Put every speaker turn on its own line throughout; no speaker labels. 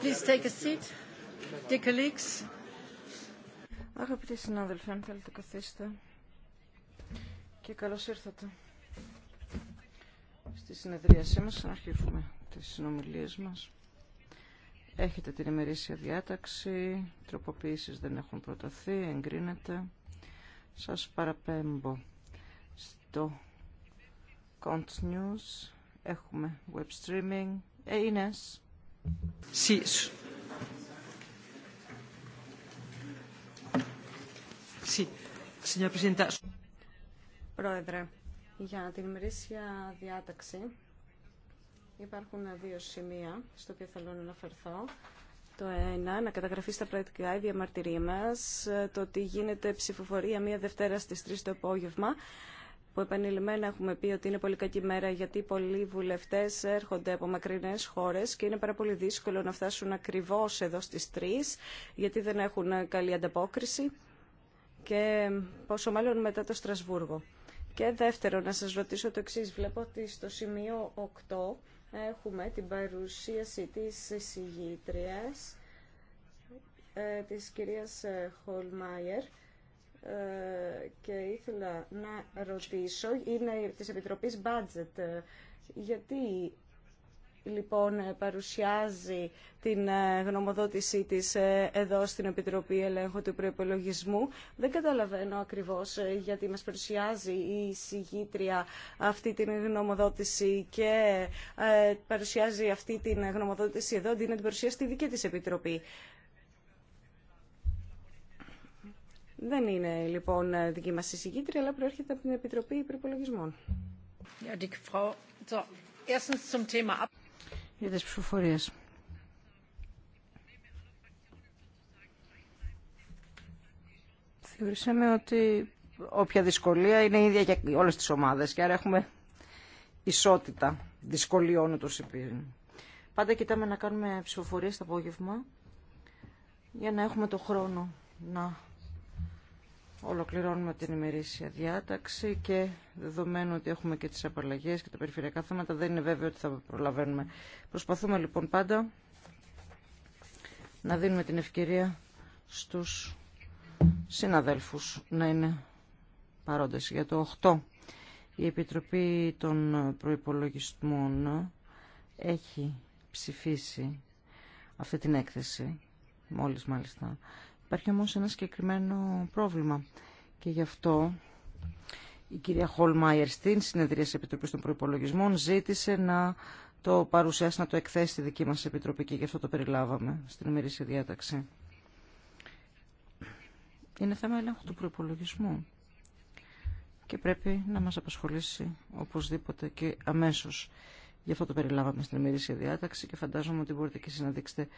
Please take a
seat. Dear colleagues. Αγαπητοί συνάδελφοι, αν θέλετε καθίστε και καλώς ήρθατε στη συνεδρίασή μας, να αρχίσουμε τις συνομιλίες μας. Έχετε την ημερήσια διάταξη, τροποποιήσεις δεν έχουν προταθεί, εγκρίνεται. Σας παραπέμπω στο Cont News, έχουμε web streaming, ε,
Πρόεδρε, για την ημερήσια διάταξη υπάρχουν δύο σημεία στο οποίο θέλω να αναφερθώ. Το ένα, να καταγραφεί στα πρακτικά η διαμαρτυρία μας, το ότι γίνεται ψηφοφορία μία Δευτέρα στις 3 το απόγευμα που επανειλημμένα έχουμε πει ότι είναι πολύ κακή μέρα γιατί πολλοί βουλευτέ έρχονται από μακρινέ χώρε και είναι πάρα πολύ δύσκολο να φτάσουν ακριβώ εδώ στι 3 γιατί δεν έχουν καλή ανταπόκριση και πόσο μάλλον μετά το Στρασβούργο. Και δεύτερο, να σας ρωτήσω το εξή. Βλέπω ότι στο σημείο 8 έχουμε την παρουσίαση της συγγήτριας, ε, της κυρίας ε, Χολμάιερ, ε, και ήθελα να ρωτήσω, είναι της Επιτροπής Budget, ε, γιατί λοιπόν παρουσιάζει την ε, γνωμοδότησή της εδώ στην Επιτροπή Ελέγχου του Προϋπολογισμού. Δεν καταλαβαίνω ακριβώς γιατί μας παρουσιάζει η συγγήτρια αυτή την γνωμοδότηση και παρουσιάζει αυτή την γνωμοδότηση εδώ αντί να την παρουσιάσει δική της Επιτροπή. Δεν είναι λοιπόν δική μας εισηγήτρια, αλλά προέρχεται από την Επιτροπή Υπερπολογισμών. Για τις ψηφοφορίες.
Θεωρήσαμε ότι όποια δυσκολία είναι ίδια για όλες τις ομάδες και άρα έχουμε ισότητα δυσκολιών ούτως υπήρει. Πάντα κοιτάμε να κάνουμε ψηφοφορίες το απόγευμα για να έχουμε το χρόνο να Ολοκληρώνουμε την ημερήσια διάταξη και δεδομένου ότι έχουμε και τις απαλλαγές και τα περιφερειακά θέματα δεν είναι βέβαιο ότι θα προλαβαίνουμε. Προσπαθούμε λοιπόν πάντα να δίνουμε την ευκαιρία στους συναδέλφους να είναι παρόντες. Για το 8 η Επιτροπή των Προϋπολογισμών έχει ψηφίσει αυτή την έκθεση, μόλις μάλιστα, Υπάρχει όμως ένα συγκεκριμένο πρόβλημα και γι' αυτό η κυρία Χολμάιερ στην συνεδρία της Επιτροπής των Προϋπολογισμών ζήτησε να το παρουσιάσει, να το εκθέσει στη δική μας Επιτροπή και γι' αυτό το περιλάβαμε στην ημερήσια διάταξη. Είναι θέμα ελέγχου του προϋπολογισμού και πρέπει να μας απασχολήσει οπωσδήποτε και αμέσως. Γι' αυτό το περιλάβαμε στην ημερήσια διάταξη και φαντάζομαι ότι μπορείτε και δείξετε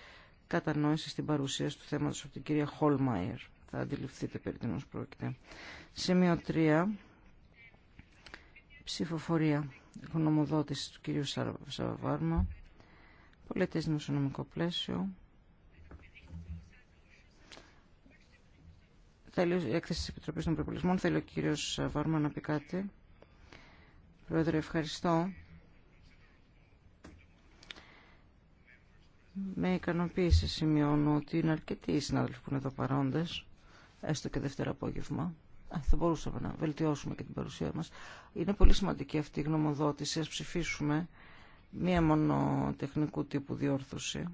κατανόηση στην παρουσίαση του θέματος από την κυρία Χολμάιερ. Θα αντιληφθείτε περί τίνος πρόκειται. Σημείο 3. Ψηφοφορία. Γνωμοδότηση του κυρίου Σαββάρμα. Πολιτές δημοσιονομικό πλαίσιο. Θέλει η έκθεση της Επιτροπής των Προπολισμών. Θέλει ο κύριος Σαββάρμα να πει κάτι. Πρόεδρε, ευχαριστώ. Με ικανοποίηση σημειώνω ότι είναι αρκετοί οι συνάδελφοι που είναι εδώ παρόντε, έστω και δεύτερο απόγευμα. Θα μπορούσαμε να βελτιώσουμε και την παρουσία μας. Είναι πολύ σημαντική αυτή η γνωμοδότηση. Ας ψηφίσουμε μία μόνο τεχνικού τύπου διόρθωση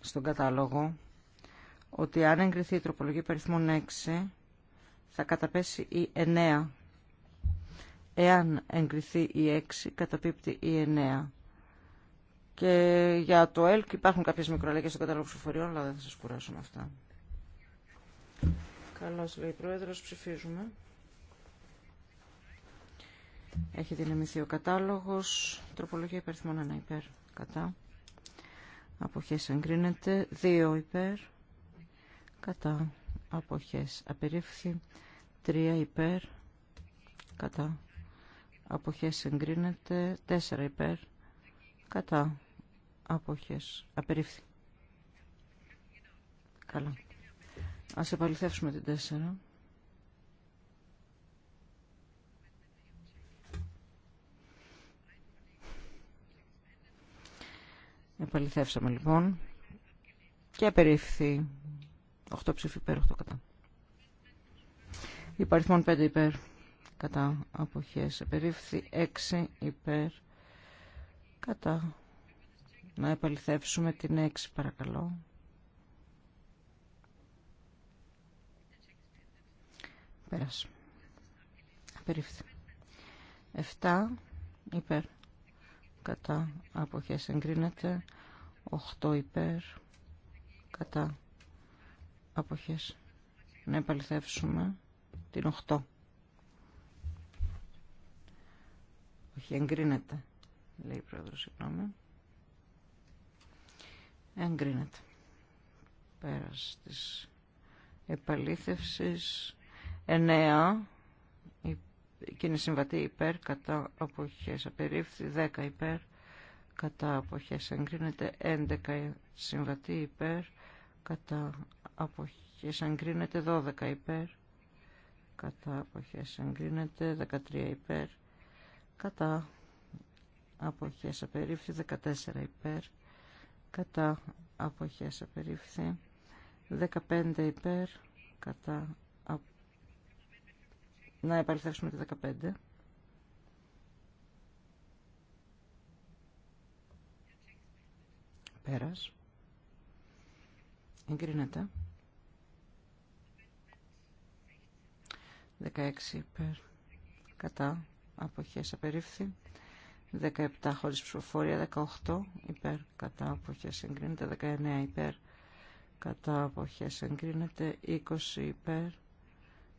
στον κατάλογο ότι αν εγκριθεί η τροπολογία περιθμών 6 θα καταπέσει η 9. Εάν εγκριθεί η 6 καταπίπτει η 9. Και για το ΕΛΚ υπάρχουν κάποιες μικροαλλαγές στο κατάλογο ψηφοφοριών, αλλά δεν θα σας κουράσω με αυτά. Καλώς λέει η Πρόεδρος, ψηφίζουμε. Έχει δυναμηθεί ο κατάλογος. Τροπολογία θυμών 1 υπέρ. Κατά. Αποχές εγκρίνεται. 2 υπέρ. Κατά. Αποχές απερίφθη. 3 υπέρ. Κατά. Αποχές εγκρίνεται. 4 υπέρ. Κατά αποχές απερίφθη καλά ας επαληθεύσουμε την 4 Επαληθεύσαμε λοιπόν και απερίφθη 8 ψήφι υπέρ, 8 κατά. Υπαριθμόν 5 υπέρ κατά αποχές απερίφθη 6 υπέρ κατά να επαληθεύσουμε την 6 παρακαλώ. Πέρασε. Απερίφθη. 7 υπέρ. Κατά αποχές εγκρίνεται. 8 υπέρ. Κατά αποχές. Να επαληθεύσουμε την 8. Όχι, εγκρίνεται, λέει η πρόεδρος, συγγνώμη. Εγκρίνεται. Πέρας της επαλήθευσης. 9. Και είναι συμβατή υπέρ κατά αποχές απερίφθη. 10 υπέρ κατά αποχές εγκρίνεται. 11 συμβατή υπέρ κατά αποχές εγκρίνεται. 12 υπέρ κατά αποχές εγκρίνεται. 13 υπέρ κατά αποχές απερίφθη. 14 υπέρ κατά αποχές απερίφθη 15 υπέρ κατά να επαληθεύσουμε το 15 πέρας εγκρίνεται 16 υπέρ κατά αποχές απερίφθη 17 χωρί ψηφοφορία, 18 υπέρ κατά αποχές εγκρίνεται, 19 υπέρ κατά αποχές εγκρίνεται, 20 υπέρ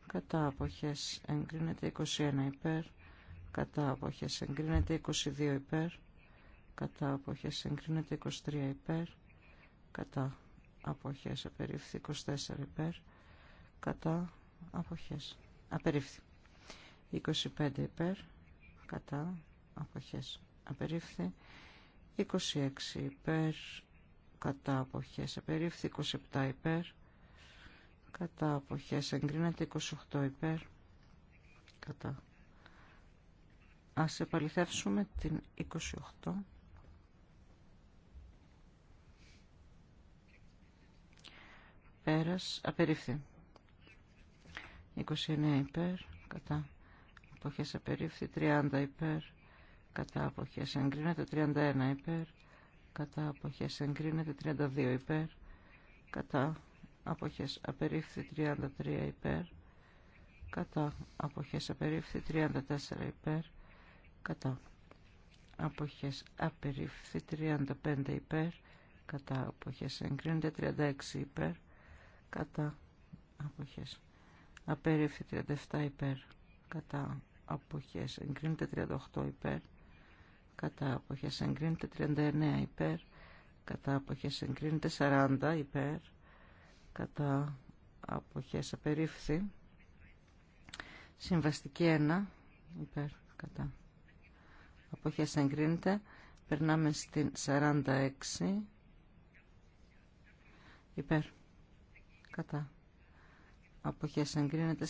κατά απόχέ εγκρίνεται, 21 υπέρ κατά αποχές εγκρίνεται, 22 υπέρ κατά αποχές εγκρίνεται, 23 υπέρ κατά αποχές απερίφθη, 24 υπέρ κατά αποχές απερίφθη, 25 υπέρ κατά αποχές απερίφθη 26 υπέρ κατά αποχές απερίφθη 27 υπέρ κατά αποχές εγκρίνεται 28 υπέρ κατά ας επαληθεύσουμε την 28 πέρας απερίφθη 29 υπέρ κατά αποχές απερίφθη 30 υπέρ κατά αποχές εγκρίνεται 31 υπέρ κατά αποχές εγκρίνεται 32 υπέρ κατά αποχές απερίφθη 33 υπέρ κατά αποχές απερίφθη 34 υπέρ κατά αποχές απερίφθη 35 υπέρ κατά αποχές εγκρίνεται 36 υπέρ κατά αποχές απερίφθη 37 υπέρ κατά αποχές εγκρίνεται 38 υπέρ κατά αποχές εγκρίνεται 39 υπέρ κατά αποχές εγκρίνεται 40 υπέρ κατά αποχές απερίφθη συμβαστική 1 υπέρ κατά αποχές εγκρίνεται περνάμε στην 46 υπέρ κατά αποχές εγκρίνεται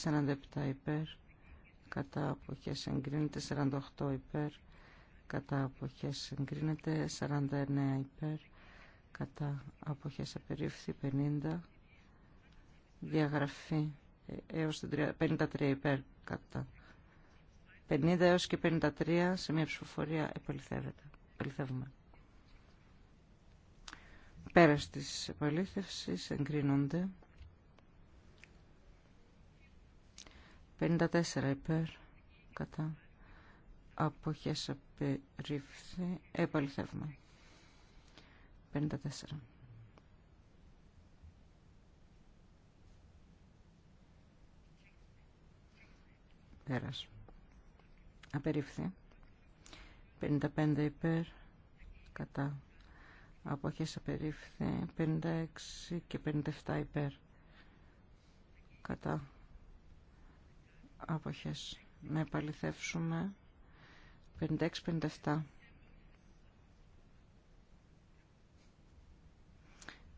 47 υπέρ κατά αποχές εγκρίνεται 48 υπέρ κατά αποχές συγκρίνεται 49 υπέρ κατά αποχές απερίφθη 50 διαγραφή ε, έως 53 υπέρ κατά 50 έως και 53 σε μια ψηφοφορία επαληθεύουμε πέρας της επαλήθευσης εγκρίνονται 54 υπέρ κατά αποχές απερίφθη επαληθεύουμε 54 πέρας απερίφθη 55 υπέρ κατά αποχές απερίφθη 56 και 57 υπέρ κατά αποχές να επαληθεύσουμε 56-57.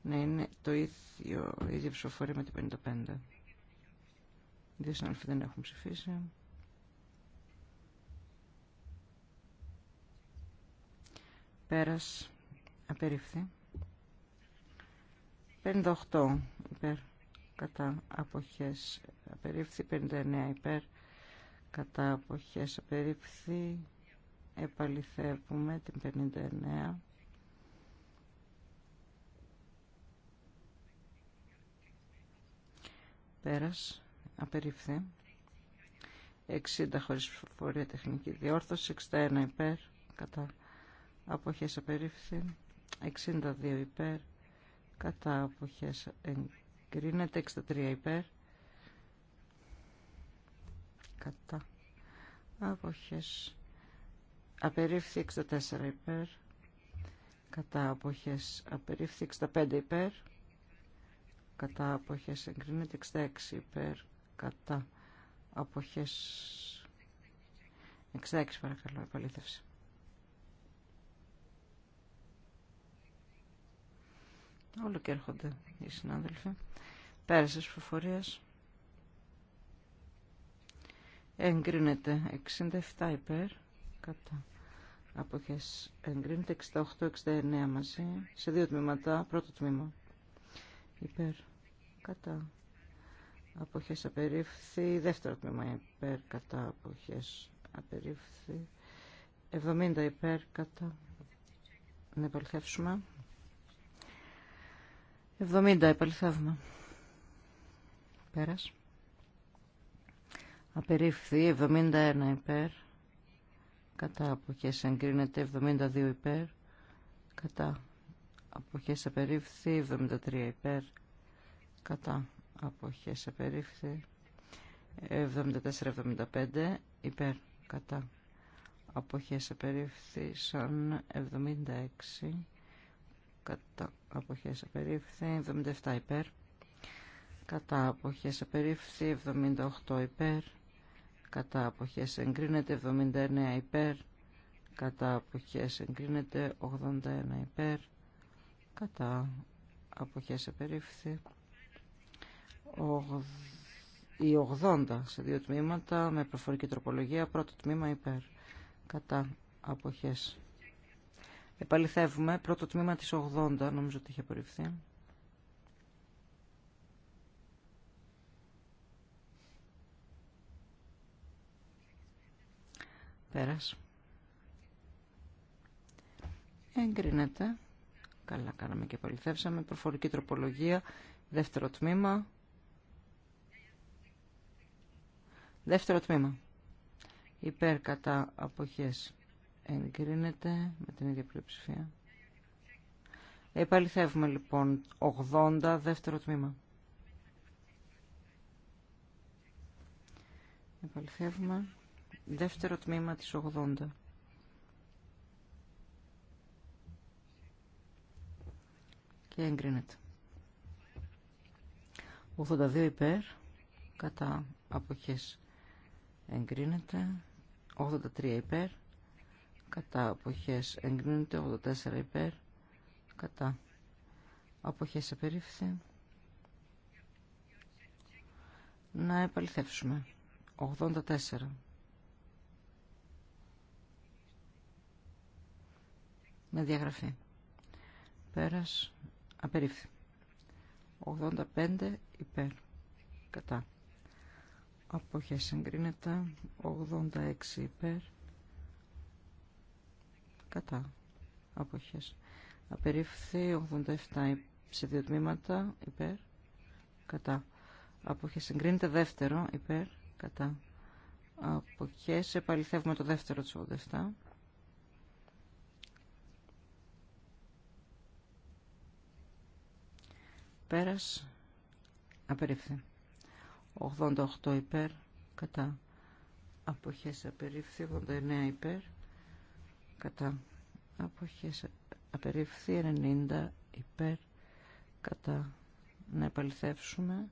Ναι, είναι το ίδιο, η ίδια ψηφοφορία με την 55. Δύο συνάδελφοι δεν έχουν ψηφίσει. Πέρας, απερίφθη. 58 υπέρ, κατά αποχές απερίφθη. 59 υπέρ, κατά αποχές απερίφθη επαληθεύουμε την 59 πέρας απερίφθη 60 χωρίς φορεία τεχνική διόρθωση 61 υπέρ κατά αποχές απερίφθη 62 υπέρ κατά αποχές εγκρίνεται 63 υπέρ κατά αποχές απερίφθη 64 υπέρ κατά αποχές απερίφθη 65 υπέρ κατά αποχές εγκρίνεται 66 υπέρ κατά αποχές 66 παρακαλώ επαλήθευση όλο και έρχονται οι συνάδελφοι πέρασε της εγκρίνεται 67 υπέρ κατά αποχές εγκρίνεται 68-69 μαζί σε δύο τμήματα πρώτο τμήμα υπέρ κατά αποχές απερίφθη δεύτερο τμήμα υπέρ κατά αποχές απερίφθη 70 υπέρ κατά να επαληθεύσουμε 70 επαληθεύουμε πέρας απερίφθη 71 υπέρ κατά αποχές εγκρίνεται 72 υπέρ κατά αποχές απερίφθη 73 υπέρ κατά αποχές απερίφθη 74-75 υπέρ κατά αποχές απερίφθη 76 κατά αποχές απερίφθη 77 υπέρ κατά αποχές απερίφθη 78 υπέρ κατά αποχές εγκρίνεται 79 υπέρ κατά αποχές εγκρίνεται 81 υπέρ κατά αποχές απερίφθη η 80 σε δύο τμήματα με προφορική τροπολογία πρώτο τμήμα υπέρ κατά αποχές επαληθεύουμε πρώτο τμήμα της 80 νομίζω ότι έχει απορριφθεί Πέρας. Εγκρίνεται. Καλά κάναμε και επαληθεύσαμε. Προφορική τροπολογία. Δεύτερο τμήμα. Δεύτερο τμήμα. Υπέρ κατά αποχές. Εγκρίνεται με την ίδια πλειοψηφία. Επαληθεύουμε λοιπόν 80 δεύτερο τμήμα. Επαληθεύουμε δεύτερο τμήμα της 80. Και εγκρίνεται. 82 υπέρ, κατά αποχές εγκρίνεται. 83 υπέρ, κατά αποχές εγκρίνεται. 84 υπέρ, κατά αποχές απερίφθη. Να επαληθεύσουμε. 84. με διαγραφή. Πέρας απερίφθη. 85 υπέρ. Κατά. Αποχές συγκρίνεται 86 υπέρ. Κατά. Αποχές. Απερίφθη. 87 σε δύο τμήματα υπέρ. Κατά. Αποχές συγκρίνεται Δεύτερο υπέρ. Κατά. Αποχές. Επαληθεύουμε το δεύτερο της 87. πέρας απερίφθη 88 υπέρ κατά αποχές απερίφθη 89 υπέρ κατά αποχές απερίφθη 90 υπέρ κατά να επαληθεύσουμε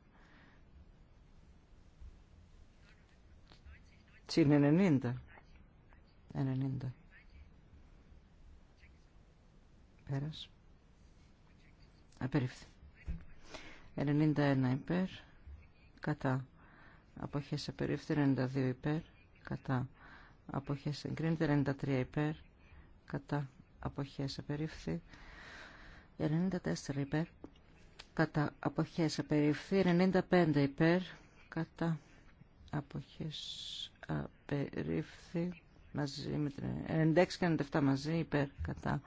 είναι 90 90 πέρας απερίφθη 91 υπέρ, κατά. Αποχές απερίφθη 92 υπέρ, κατά. Αποχές εγκρίνεται 93 υπέρ, κατά. Αποχές απερίφθη 94 υπέρ, κατά. Αποχές απερίφθη 95 υπέρ, κατά. Αποχές απερίφθη μαζί με την 96 και 97 μαζί υπέρ, κατά.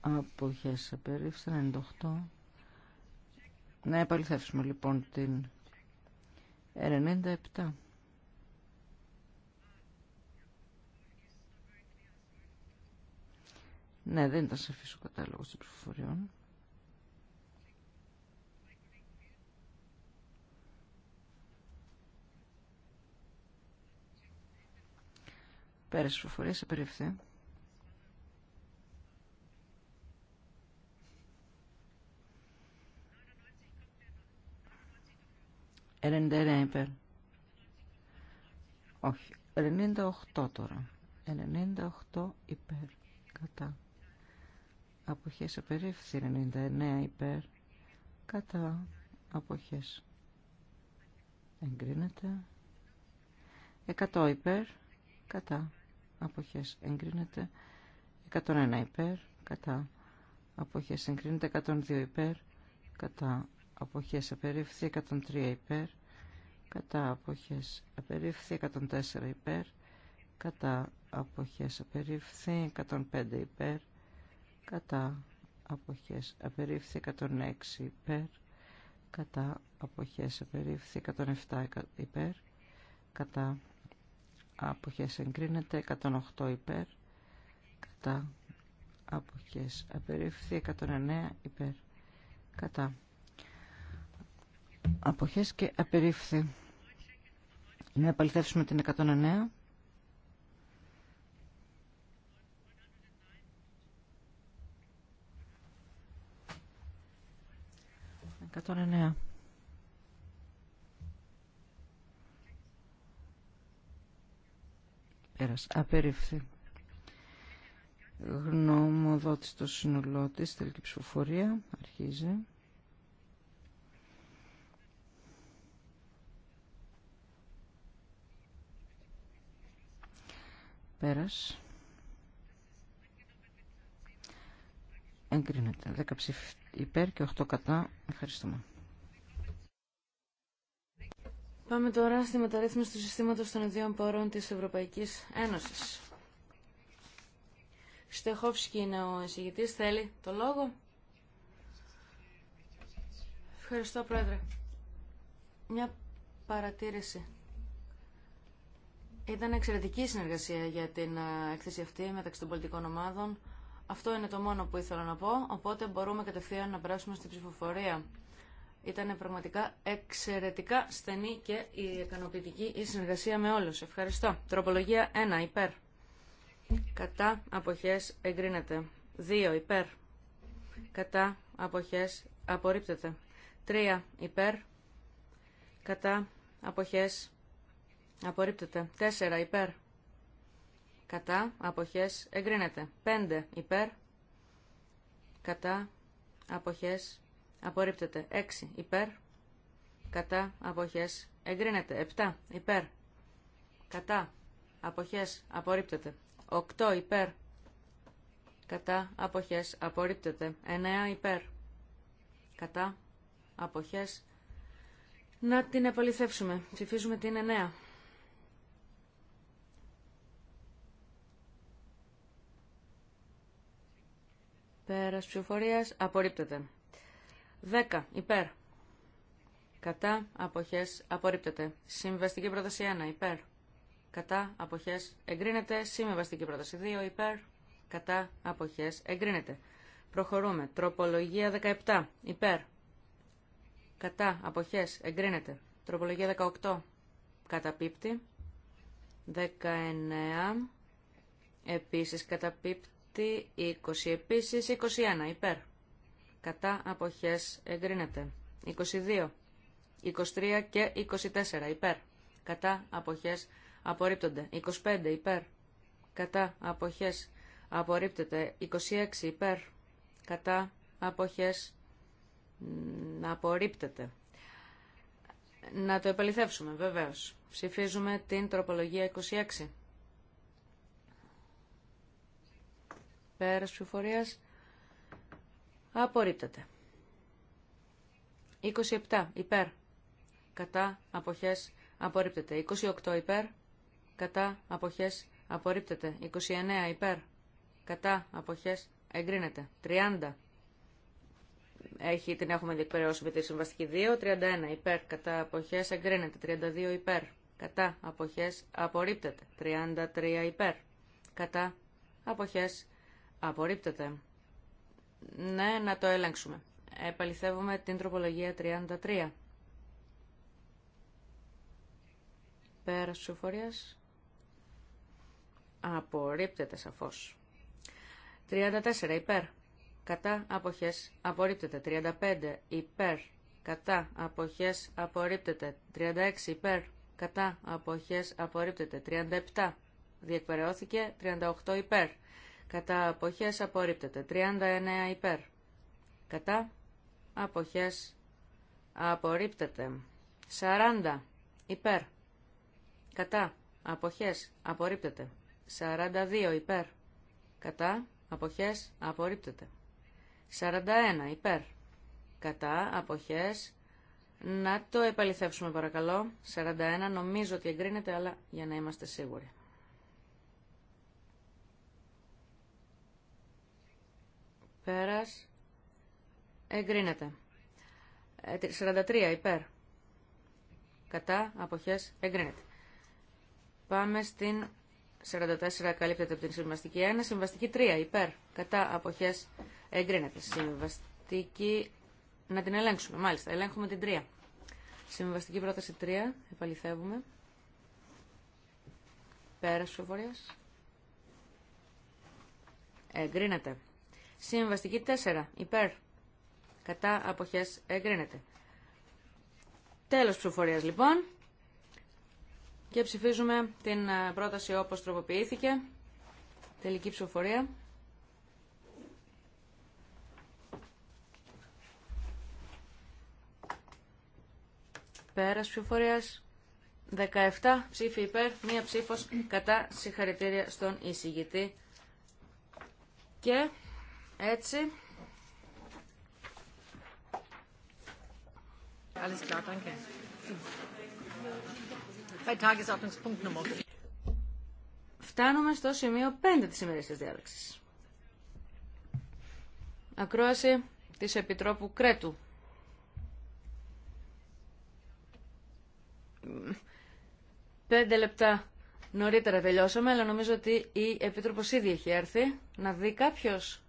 Αποχές απερίφθη 98 να επαληθεύσουμε λοιπόν την 97. Ναι, δεν ήταν σαφής ο κατάλογος των ψηφοφοριών. Πέρασε ψηφοφορία, σε 99 υπέρ. Όχι. 98 τώρα. 98 υπέρ. Κατά. Αποχές απερίφθη. 99 υπέρ. Κατά. Αποχές. Εγκρίνεται. 100 υπέρ. Κατά. Αποχές. Εγκρίνεται. 101 υπέρ. Κατά. Αποχές. Εγκρίνεται. 102 υπέρ. Κατά αποχές απερίφθη 103 υπέρ κατά αποχές απερίφθη 104 υπέρ κατά αποχές απερίφθη 105 υπέρ κατά αποχές απερίφθη 106 υπέρ κατά αποχές απερίφθη 107 υπέρ κατά αποχές εγκρίνεται 108 υπέρ κατά αποχές απερίφθη 109 υπέρ κατά αποχές και απερίφθη. Να επαληθεύσουμε την 109. 109. Πέρας. Απερίφθη. Γνωμοδότης το σύνολό της. Τελική ψηφοφορία. Αρχίζει. Πέρας. Εγκρίνεται. 10 ψήφι υπέρ και 8 κατά. Ευχαριστούμε.
Πάμε τώρα στη μεταρρύθμιση του συστήματος των ιδίων πόρων της Ευρωπαϊκής Ένωσης. Στεχόφσκι είναι ο εισηγητής. Θέλει το λόγο. Ευχαριστώ, Πρόεδρε. Μια παρατήρηση. Ήταν εξαιρετική συνεργασία για την ε, έκθεση αυτή μεταξύ των πολιτικών ομάδων. Αυτό είναι το μόνο που ήθελα να πω, οπότε μπορούμε κατευθείαν να περάσουμε στην ψηφοφορία. Ήταν πραγματικά εξαιρετικά στενή και η ικανοποιητική η συνεργασία με όλους. Ευχαριστώ. Τροπολογία 1. Υπέρ. Κατά αποχές εγκρίνεται. 2. Υπέρ. Κατά αποχές απορρίπτεται. 3. Υπέρ. Κατά αποχές Απορρίπτεται. 4 υπέρ. Κατά. Αποχές. Εγκρίνεται. 5 υπέρ. Κατά. Αποχές. Απορρίπτεται. 6 υπέρ. Κατά. Αποχές. Εγκρίνεται. 7 υπέρ. Κατά. Αποχές. Απορρίπτεται. 8 υπέρ. Κατά. Αποχές. Απορρίπτεται. 9 υπέρ. Κατά. Αποχές. Να την επαληθεύσουμε. Ψηφίζουμε την 9. Πέρα ψηφοφορία, απορρίπτεται. 10. Υπέρ. Κατά αποχέ, απορρίπτεται. Συμβαστική πρόταση 1. Υπέρ. Κατά αποχέ. εγκρίνεται. Συμβαστική πρόταση 2. Υπέρ. Κατά απόχέ, εγκρίνεται. Προχωρούμε. Τροπολογία 17. Υπέρ. Κατά αποχέ. εγκρίνεται. Τροπολογία 18. Καταπίπτει. 19. Επίση καταπίπτει. 20. Επίσης 21. Υπέρ. Κατά αποχές εγκρίνεται. 22. 23 και 24. Υπέρ. Κατά αποχές απορρίπτονται. 25. Υπέρ. Κατά αποχές απορρίπτεται. 26. Υπέρ. Κατά αποχές απορρίπτεται. Να το επαληθεύσουμε βεβαίως. Ψηφίζουμε την τροπολογία 26. Πέρας ψηφοφορίας. Απορρίπτεται. 27 υπέρ. Κατά αποχές απορρίπτεται. 28 υπέρ. Κατά αποχές απορρίπτεται. 29 υπέρ. Κατά αποχές εγκρίνεται. 30 έχει, την έχουμε διεκπαιρεώσει με τη συμβαστική 2. 31 υπέρ κατά αποχές εγκρίνεται. 32 υπέρ κατά αποχές απορρίπτεται. 33 υπέρ κατά αποχές Απορρίπτεται. Ναι, να το έλεγξουμε. Επαληθεύουμε την τροπολογία 33. Πέρας της εφορίας. Απορρίπτεται σαφώς. 34 υπέρ. Κατά αποχές απορρίπτεται. 35 υπέρ. Κατά αποχές απορρίπτεται. 36 υπέρ. Κατά αποχές απορρίπτεται. 37 διεκπαιρεώθηκε. 38 υπέρ. Κατά αποχές απορρίπτεται. 39 υπέρ. Κατά αποχές απορρίπτεται. 40 υπέρ. Κατά αποχές απορρίπτεται. 42 υπέρ. Κατά αποχές απορρίπτεται. 41 υπέρ. Κατά αποχές να το επαληθεύσουμε παρακαλώ. 41 νομίζω ότι εγκρίνεται αλλά για να είμαστε σίγουροι. Πέρας. Εγκρίνεται. 43 ε, υπέρ. Κατά αποχές εγκρίνεται. Πάμε στην 44 καλύπτεται από την συμβαστική 1. Συμβαστική 3 υπέρ. Κατά αποχές εγκρίνεται. Συμβαστική να την ελέγξουμε. Μάλιστα, ελέγχουμε την 3. Συμβαστική πρόταση 3. Επαληθεύουμε. Πέρας ψηφοφορίας. Εγκρίνεται. Συμβαστική 4. Υπέρ. Κατά αποχές εγκρίνεται. Τέλος ψηφοφορίας λοιπόν. Και ψηφίζουμε την ε, πρόταση όπως τροποποιήθηκε. Τελική ψηφοφορία. Πέρας ψηφοφορίας. 17 ψήφοι υπέρ, μία ψήφος κατά συγχαρητήρια στον εισηγητή. Και έτσι. Alles klar, danke.
Bei Tagesordnungspunkt Nummer 4.
Φτάνουμε στο σημείο 5 της ημερής της διάλεξης. Ακρόαση της Επιτρόπου Κρέτου. Πέντε λεπτά νωρίτερα τελειώσαμε, αλλά νομίζω ότι η Επίτροπος ήδη έχει έρθει. Να δει κάποιος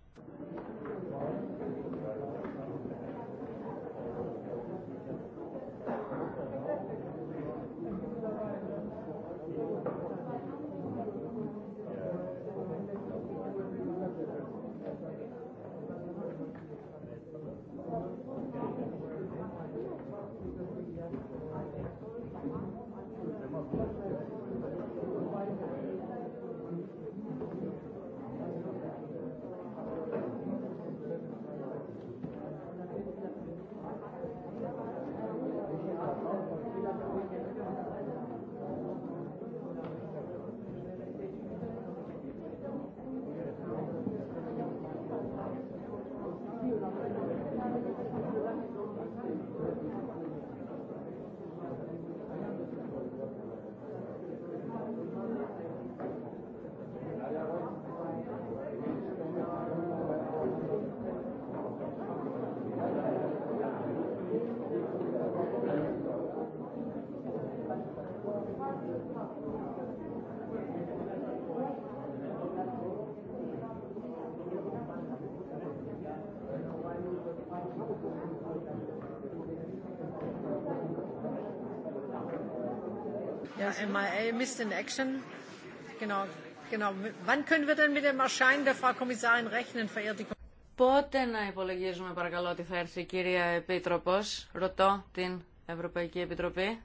Πότε να υπολογίζουμε παρακαλώ ότι θα έρθει η κυρία Επίτροπος, ρωτώ την Ευρωπαϊκή Επιτροπή.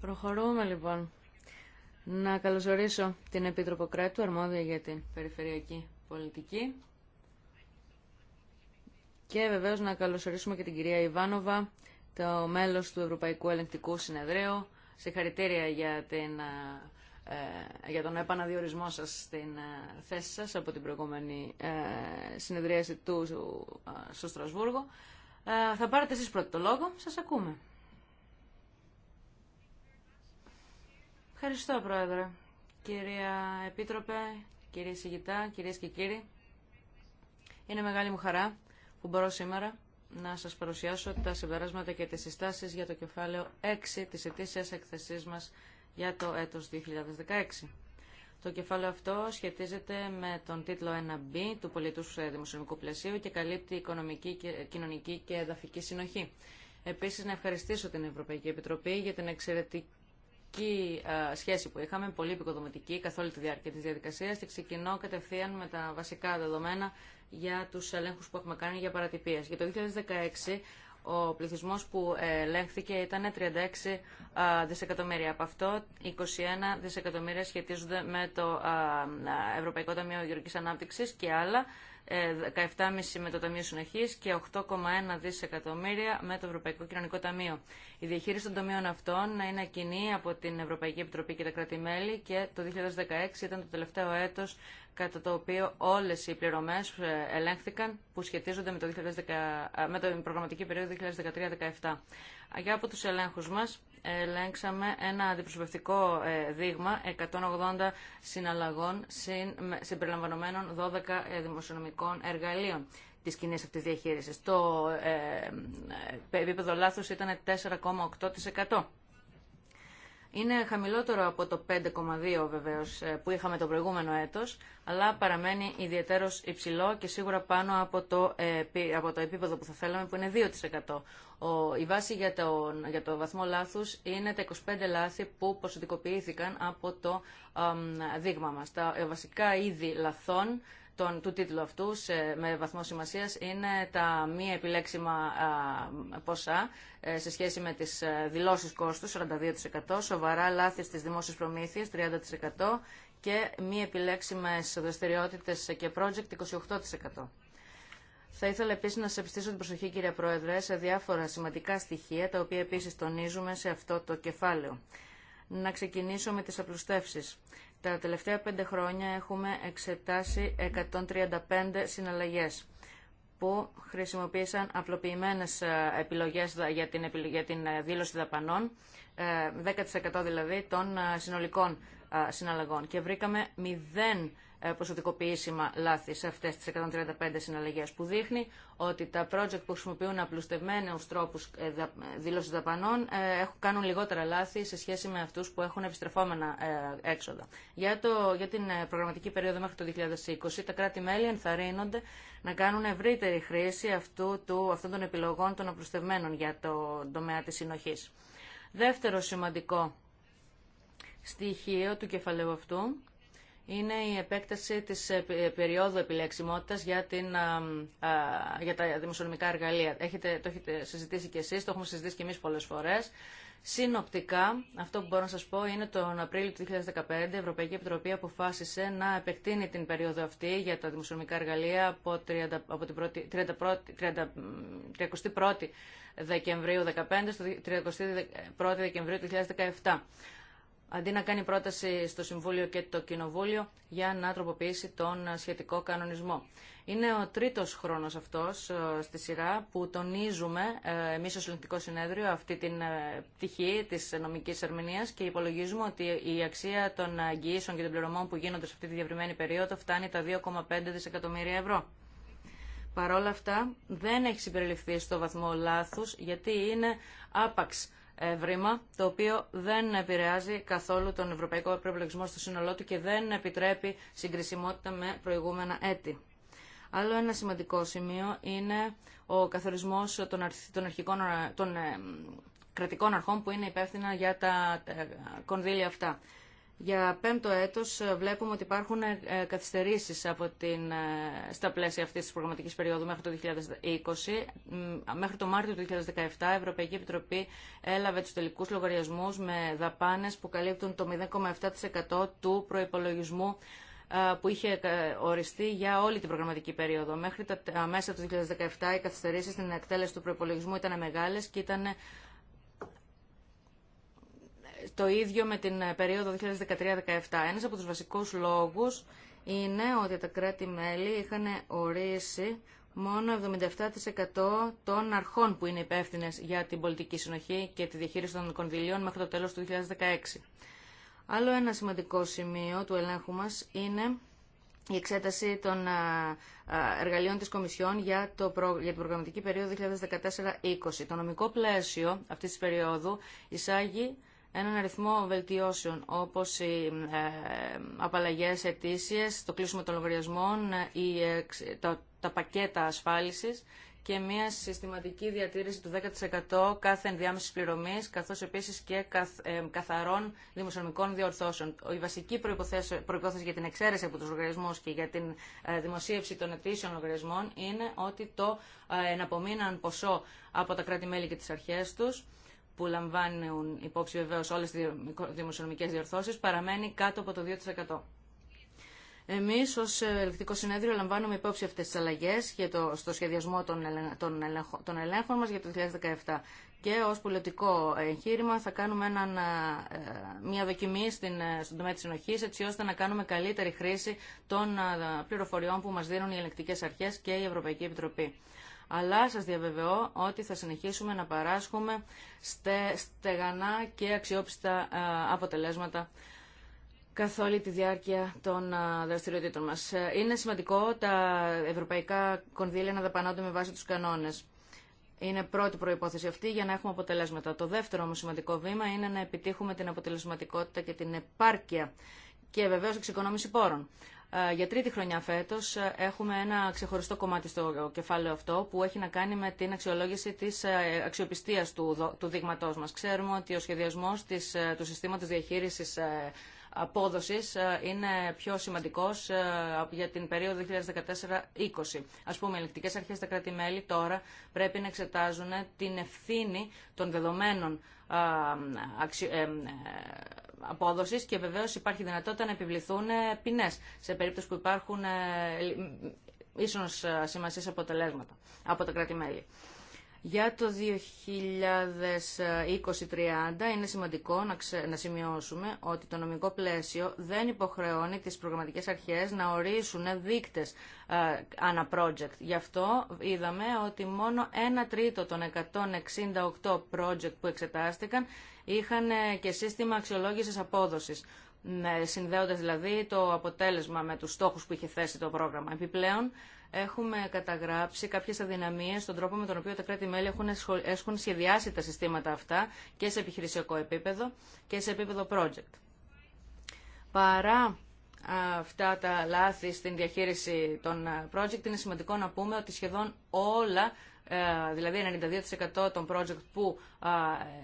Προχωρούμε λοιπόν. Να καλωσορίσω την Επίτροπο αρμόδια για την περιφερειακή πολιτική. Και βεβαίως να καλωσορίσουμε και την κυρία Ιβάνοβα, το μέλος του Ευρωπαϊκού Ελεγκτικού Συνεδρίου. Συγχαρητήρια για, ε, ε, για τον επαναδιορισμό σας στην ε, θέση σας από την προηγούμενη συνεδρίαση του στο Στρασβούργο. θα πάρετε εσείς πρώτο λόγο. Σας ακούμε. Ευχαριστώ, Πρόεδρε. Κυρία Επίτροπε, κύριε συγητά, κυρίες και κύριοι, είναι μεγάλη μου χαρά που μπορώ σήμερα να σας παρουσιάσω τα συμπεράσματα και τις συστάσεις για το κεφάλαιο 6 της ετήσιας εκθεσής μας για το έτος 2016. Το κεφάλαιο αυτό σχετίζεται με τον τίτλο 1B του πολιτού δημοσιονομικού πλαισίου και καλύπτει οικονομική, κοινωνική και εδαφική συνοχή. Επίσης, να ευχαριστήσω την Ευρωπαϊκή Επιτροπή για την εξαιρετική και ε, σχέση που είχαμε, πολύ επικοδομητική καθ' όλη τη διάρκεια τη διαδικασία, και ξεκινώ κατευθείαν με τα βασικά δεδομένα για του ελέγχου που έχουμε κάνει για παρατυπίε. Για το 2016 ο πληθυσμό που ελέγχθηκε ήταν 36 ε, δισεκατομμύρια. Από αυτό 21 δισεκατομμύρια σχετίζονται με το ε, Ευρωπαϊκό Ταμείο Γεωργικής Ανάπτυξη και άλλα 17,5 με το Ταμείο Συνοχή και 8,1 δισεκατομμύρια με το Ευρωπαϊκό Κοινωνικό Ταμείο. Η διαχείριση των τομείων αυτών είναι κοινή από την Ευρωπαϊκή Επιτροπή και τα κράτη-μέλη και το 2016 ήταν το τελευταίο έτο κατά το οποίο όλε οι πληρωμέ ε, ελέγχθηκαν που σχετίζονται με, το 2010, ε, με την προγραμματική περίοδο 2013-2017. Για από του ελέγχου μα, ελέγξαμε ένα αντιπροσωπευτικό ε, δείγμα 180 συναλλαγών συμπεριλαμβανομένων 12 ε, δημοσιονομικών εργαλείων τη κοινή αυτή διαχείριση. Το ε, επίπεδο λάθο ήταν 4,8%. Είναι χαμηλότερο από το 5,2 βεβαίως ε, που είχαμε το προηγούμενο έτος, αλλά παραμένει ιδιαίτερος υψηλό και σίγουρα πάνω από το, ε, από το επίπεδο που θα θέλαμε που είναι 2%. η βάση για το, για το βαθμό λάθους είναι τα 25 λάθη που ποσοτικοποιήθηκαν από το δείγμα μας. Τα ε, βασικά είδη λαθών τον, του τίτλου αυτού σε, με βαθμό σημασία είναι τα μη επιλέξιμα ποσά ε, σε σχέση με τι δηλώσει κόστου 42%, σοβαρά λάθη στι δημόσιε προμήθειε 30% και μη επιλέξιμες δραστηριότητες και project 28%. Θα ήθελα επίσης να σα επιστήσω την προσοχή, κύριε Πρόεδρε, σε διάφορα σημαντικά στοιχεία, τα οποία επίσης τονίζουμε σε αυτό το κεφάλαιο. Να ξεκινήσω με τι απλουστεύσεις. Τα τελευταία πέντε χρόνια έχουμε εξετάσει 135 συναλλαγές που χρησιμοποίησαν απλοποιημένες ε, επιλογές για την ε, δήλωση δαπανών, 10% ε, δηλαδή των συνολικών συναλλαγών. Και βρήκαμε μηδέν ε, προσωπικοποιήσιμα λάθη σε αυτές τις 135 συναλλαγές που δείχνει ότι τα project που χρησιμοποιούν απλουστευμένους τρόπους ε, δήλωση δαπανών ε, κάνουν λιγότερα λάθη σε σχέση με αυτούς που έχουν επιστρεφόμενα έξοδα. Για, το, για την προγραμματική περίοδο μέχρι το 2020 τα κράτη-μέλη ενθαρρύνονται να κάνουν ευρύτερη χρήση αυτών των επιλογών των απλουστευμένων για το τομέα της συνοχής. Δεύτερο σημαντικό στοιχείο του κεφαλαίου αυτού είναι η επέκταση της ε, περίοδου επιλεξιμότητας για, την, για τα δημοσιονομικά εργαλεία. Έχετε, το έχετε συζητήσει και εσείς, το έχουμε συζητήσει και εμείς πολλές φορές. Συνοπτικά, αυτό που μπορώ να σας πω είναι τον Απρίλιο του 2015 η Ευρωπαϊκή Επιτροπή αποφάσισε να επεκτείνει την περίοδο αυτή για τα δημοσιονομικά εργαλεία από, 30, από την 31η 31 η δεκεμβριου 2015 στο 31η Δεκεμβρίου 2017 αντί να κάνει πρόταση στο Συμβούλιο και το Κοινοβούλιο για να τροποποιήσει τον σχετικό κανονισμό. Είναι ο τρίτος χρόνος αυτός ε, στη σειρά που τονίζουμε ε, εμείς ως Ελληνικό Συνέδριο αυτή την ε, πτυχή της νομικής ερμηνείας και υπολογίζουμε ότι η αξία των αγγίσεων και των πληρωμών που γίνονται σε αυτή τη διαβριμένη περίοδο φτάνει τα 2,5 δισεκατομμύρια ευρώ. Παρ' αυτά δεν έχει συμπεριληφθεί στο βαθμό λάθους γιατί είναι άπαξ ευρήμα, το οποίο δεν επηρεάζει καθόλου τον ευρωπαϊκό προεπλογισμό στο σύνολό του και δεν επιτρέπει συγκρισιμότητα με προηγούμενα έτη. Άλλο ένα σημαντικό σημείο είναι ο καθορισμός των, των ε, κρατικών αρχών που είναι υπεύθυνα για τα ε, κονδύλια αυτά. Για πέμπτο έτος ε, βλέπουμε ότι υπάρχουν ε, καθυστερήσεις από την, ε, στα πλαίσια αυτής της προγραμματικής περίοδου μέχρι το 2020. Μέχρι το Μάρτιο του 2017 η Ευρωπαϊκή Επιτροπή έλαβε τους τελικούς λογαριασμούς με δαπάνες που καλύπτουν το 0,7% του προϋπολογισμού που είχε οριστεί για όλη την προγραμματική περίοδο. Μέχρι τα μέσα του 2017 οι καθυστερήσεις στην εκτέλεση του προπολογισμού ήταν μεγάλες και ήταν το ίδιο με την ε, περίοδο 2013-2017. Ένας από τους βασικούς λόγους είναι ότι τα κράτη-μέλη είχαν ορίσει μόνο 77% των αρχών που είναι υπεύθυνε για την πολιτική συνοχή και τη διαχείριση των κονδυλίων μέχρι το τέλος του 2016. Άλλο ένα σημαντικό σημείο του ελέγχου μας είναι η εξέταση των ε, ε, εργαλείων της Κομισιόν για, το για την προγραμματική περίοδο 2014-2020. Το νομικό πλαίσιο αυτής της περίοδου εισάγει έναν αριθμό βελτιώσεων, όπως οι ε, απαλλαγές αιτήσει, το κλείσιμο των λογαριασμών, τα πακέτα ασφάλισης και μια συστηματική διατήρηση του 10% κάθε ενδιάμεση πληρωμή, καθώ επίση και ε, καθαρών δημοσιονομικών διορθώσεων. Η βασική προπόθεση για την εξαίρεση από του λογαριασμού και για την ε, δημοσίευση των αιτήσεων λογαριασμών είναι ότι το εναπομείναν ποσό από τα κράτη-μέλη και τι αρχέ του που λαμβάνουν υπόψη βεβαίως όλες τις δημοσιονομικές διορθώσεις, παραμένει κάτω από το 2%. Εμείς ως ελεκτικό συνέδριο λαμβάνουμε υπόψη αυτές τις αλλαγές για το, στο σχεδιασμό των, των, των ελέγχων μας για το 2017 και ως πολιτικό εγχείρημα θα κάνουμε ε, μια δοκιμή στην, ε, στον τομέα της συνοχής έτσι ώστε να κάνουμε καλύτερη χρήση των ε, πληροφοριών που μας δίνουν οι ελεκτικές αρχές και η Ευρωπαϊκή Επιτροπή αλλά σας διαβεβαιώ ότι θα συνεχίσουμε να παράσχουμε στεγανά και αξιόπιστα ε, αποτελέσματα καθ' όλη τη διάρκεια των ε, δραστηριοτήτων μας. Ε, είναι σημαντικό τα ευρωπαϊκά κονδύλια να δαπανώνται με βάση τους κανόνες. Είναι πρώτη προϋπόθεση αυτή για να έχουμε αποτελέσματα. Το δεύτερο όμως σημαντικό βήμα είναι να επιτύχουμε την αποτελεσματικότητα και την επάρκεια και βεβαίως εξοικονόμηση πόρων. Ε, για τρίτη χρονιά φέτος ε, έχουμε ένα ξεχωριστό κομμάτι στο κεφάλαιο αυτό που έχει να κάνει με την αξιολόγηση της ε, αξιοπιστίας του, του δείγματός μας. Ξέρουμε ότι ο σχεδιασμός του συστήματος διαχείρισης απόδοσης είναι πιο σημαντικός για την περίοδο 2014-2020. Ας πούμε, οι ελεκτικές αρχές στα κράτη-μέλη τώρα πρέπει να εξετάζουν την ευθύνη των δεδομένων και βεβαίως υπάρχει δυνατότητα να επιβληθούν ε, ποινέ σε περίπτωση που υπάρχουν ε, ίσως ε, σημασίες αποτελέσματα από τα κράτη-μέλη. Για το 2020-30 είναι σημαντικό να, να σημειώσουμε ότι το νομικό πλαίσιο δεν υποχρεώνει τις προγραμματικές αρχές να ορίσουν δείκτες ε, ανά project. Γι' αυτό είδαμε ότι μόνο ένα τρίτο των 168 project που εξετάστηκαν είχαν ε, και σύστημα αξιολόγησης απόδοσης συνδέοντας δηλαδή το αποτέλεσμα με τους στόχους που είχε θέσει το πρόγραμμα. Επιπλέον, έχουμε καταγράψει κάποιες αδυναμίες στον τρόπο με τον οποίο τα κράτη-μέλη έχουν σχεδιάσει τα συστήματα αυτά και σε επιχειρησιακό επίπεδο και σε επίπεδο project. Παρά αυτά τα λάθη στην διαχείριση των project είναι σημαντικό να πούμε ότι σχεδόν όλα ε, δηλαδή 92% των project που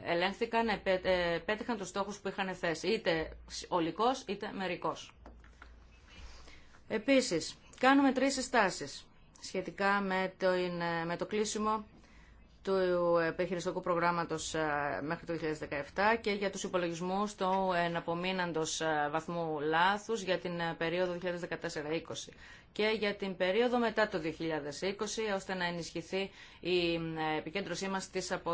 ελέγχθηκαν ε, πέτυχαν τους στόχους που είχαν θέσει είτε ολικός είτε μερικός. Επίσης, Κάνουμε τρεις συστάσεις σχετικά με το, με το κλείσιμο του ε, επιχειριστικού προγράμματος ε, μέχρι το 2017 και για τους υπολογισμούς του εναπομείναντος ε, βαθμού λάθους για την περίοδο 2014-2020 και για την περίοδο μετά το 2020, ώστε να ενισχυθεί η ε, επικέντρωσή μας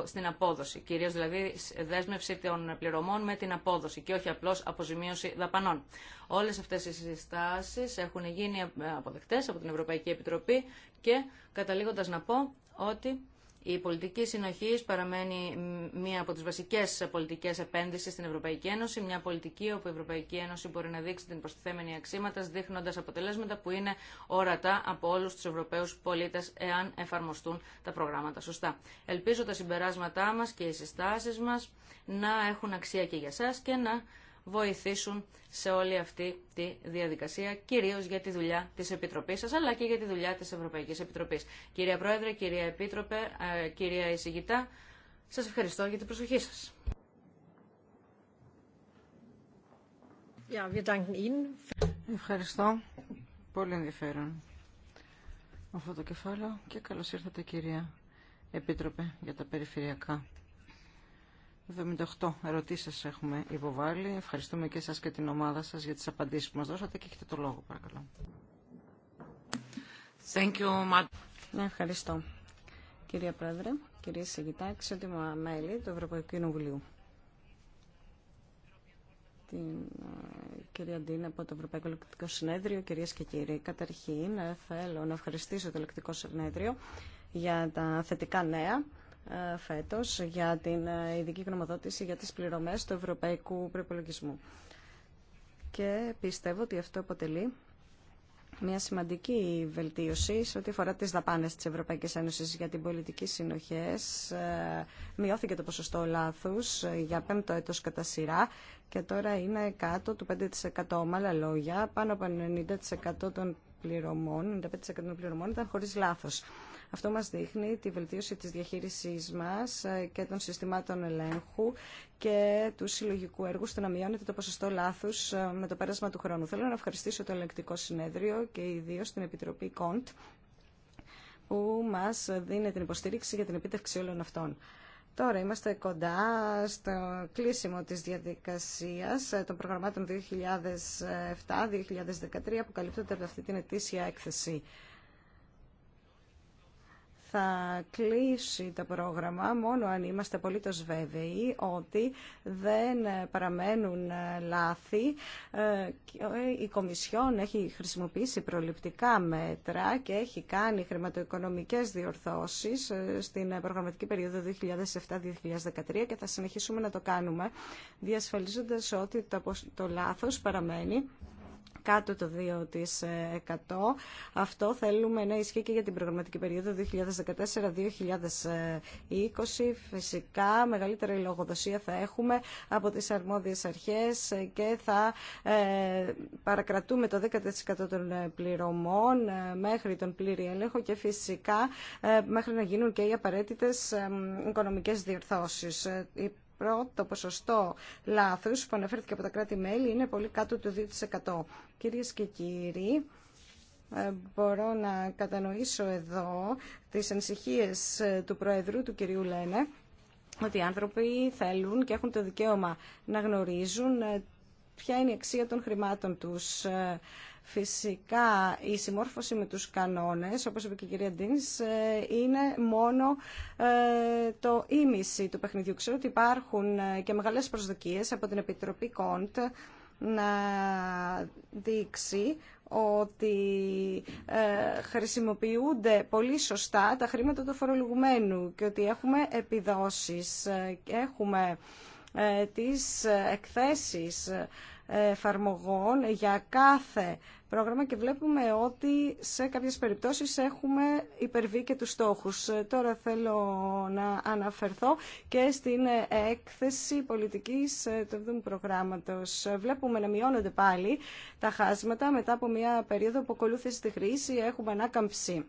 στην απόδοση, κυρίως δηλαδή δέσμευση των πληρωμών με την απόδοση και όχι απλώς αποζημίωση δαπανών. Όλες αυτές οι συστάσεις έχουν γίνει ε, αποδεκτές από την Ευρωπαϊκή Επιτροπή και καταλήγοντας να πω ότι η πολιτική συνοχή παραμένει μία από τι βασικέ πολιτικέ επένδυσει στην Ευρωπαϊκή Ένωση. Μια πολιτική όπου η Ευρωπαϊκή Ένωση μπορεί να δείξει την προστιθέμενη αξίματα, δείχνοντα αποτελέσματα που είναι ορατά από όλου του Ευρωπαίου πολίτε, εάν εφαρμοστούν τα προγράμματα σωστά. Ελπίζω τα συμπεράσματά μα και οι συστάσει μα να έχουν αξία και για εσά και να βοηθήσουν σε όλη αυτή τη διαδικασία, κυρίως για τη δουλειά της Επιτροπής σας, αλλά και για τη δουλειά της Ευρωπαϊκής Επιτροπής. Κυρία Πρόεδρε, κυρία Επίτροπε, κυρία Εισηγητά, σας ευχαριστώ για την προσοχή σας.
Ευχαριστώ. Πολύ ενδιαφέρον αυτό το κεφάλαιο και καλώς ήρθατε κυρία Επίτροπε για τα περιφερειακά. 78 ερωτήσεις έχουμε υποβάλει. Ευχαριστούμε και εσά και την ομάδα σα για τι απαντήσει που μα δώσατε και έχετε το λόγο παρακαλώ.
Thank you, ναι, ευχαριστώ. Κυρία Πρόεδρε, κυρία Σεγητά, εξότιμα μέλη του Ευρωπαϊκού Κοινοβουλίου. Την ε, κυρία Ντίνα από το Ευρωπαϊκό Ελεκτικό Συνέδριο, κυρίε και κύριοι. Καταρχήν, ε, θέλω να ευχαριστήσω το Ελεκτικό Συνέδριο για τα θετικά νέα ε, φέτος για την ε, ειδική γνωμοδότηση για τις πληρωμές του ευρωπαϊκού προπολογισμού. Και πιστεύω ότι αυτό αποτελεί μια σημαντική βελτίωση σε ό,τι αφορά τις δαπάνες της Ευρωπαϊκής Ένωσης για την πολιτική συνοχές. Ε, μειώθηκε το ποσοστό λάθους για πέμπτο έτος κατά σειρά και τώρα είναι κάτω του 5%. Με άλλα λόγια, πάνω από 90% των πληρωμών, 95% των πληρωμών ήταν χωρίς λάθος. Αυτό μας δείχνει τη βελτίωση της διαχείρισής μας ε, και των συστημάτων ελέγχου και του συλλογικού έργου στο να μειώνεται το ποσοστό λάθους ε, με το πέρασμα του χρόνου. Θέλω να ευχαριστήσω το ελεγκτικό συνέδριο και ιδίω την Επιτροπή ΚΟΝΤ που μας δίνει την υποστήριξη για την επίτευξη όλων αυτών. Τώρα είμαστε κοντά στο κλείσιμο της διαδικασίας ε, των προγραμμάτων 2007-2013 που καλύπτονται από αυτή την ετήσια έκθεση θα κλείσει το πρόγραμμα μόνο αν είμαστε απολύτως βέβαιοι ότι δεν παραμένουν λάθη. Ε, η Κομισιόν έχει χρησιμοποιήσει προληπτικά μέτρα και έχει κάνει χρηματοοικονομικές διορθώσεις ε, στην προγραμματική περίοδο 2007-2013 και θα συνεχίσουμε να το κάνουμε διασφαλίζοντας ότι το λάθος παραμένει κάτω το 2%. Αυτό θέλουμε να ισχύει και για την προγραμματική περίοδο 2014-2020. Φυσικά μεγαλύτερη λογοδοσία θα έχουμε από τις αρμόδιες αρχές και θα ε, παρακρατούμε το 10% των ε, πληρωμών ε, μέχρι τον πλήρη έλεγχο και φυσικά μέχρι να γίνουν και οι απαραίτητες οικονομικές διορθώσεις πρώτο ποσοστό λάθους που αναφέρθηκε από τα κράτη-μέλη είναι πολύ κάτω του 2%. Κυρίες και κύριοι, ε, μπορώ να κατανοήσω εδώ τις ανησυχίες ε, του Προεδρού, του κυρίου Λένε, ότι οι άνθρωποι θέλουν και έχουν το δικαίωμα να γνωρίζουν ε, ποια είναι η αξία των χρημάτων τους. Φυσικά η συμμόρφωση με τους κανόνες, όπως είπε και η κυρία Ντίνς, ε, είναι μόνο ε, το ίμιση του παιχνιδιού. Ξέρω ότι υπάρχουν ε, και μεγάλες προσδοκίες από την Επιτροπή Κοντ να δείξει ότι χρησιμοποιούνται πολύ σωστά τα χρήματα του φορολογουμένου και ότι έχουμε επιδόσεις, έχουμε τις εκθέσεις εφαρμογών για κάθε πρόγραμμα και βλέπουμε ότι σε κάποιες περιπτώσεις έχουμε υπερβεί και τους στόχους. Τώρα θέλω να αναφερθώ και στην έκθεση πολιτικής του 7ου προγράμματος. Βλέπουμε να μειώνονται πάλι τα χάσματα μετά από μια περίοδο που ακολούθησε τη χρήση έχουμε ανάκαμψη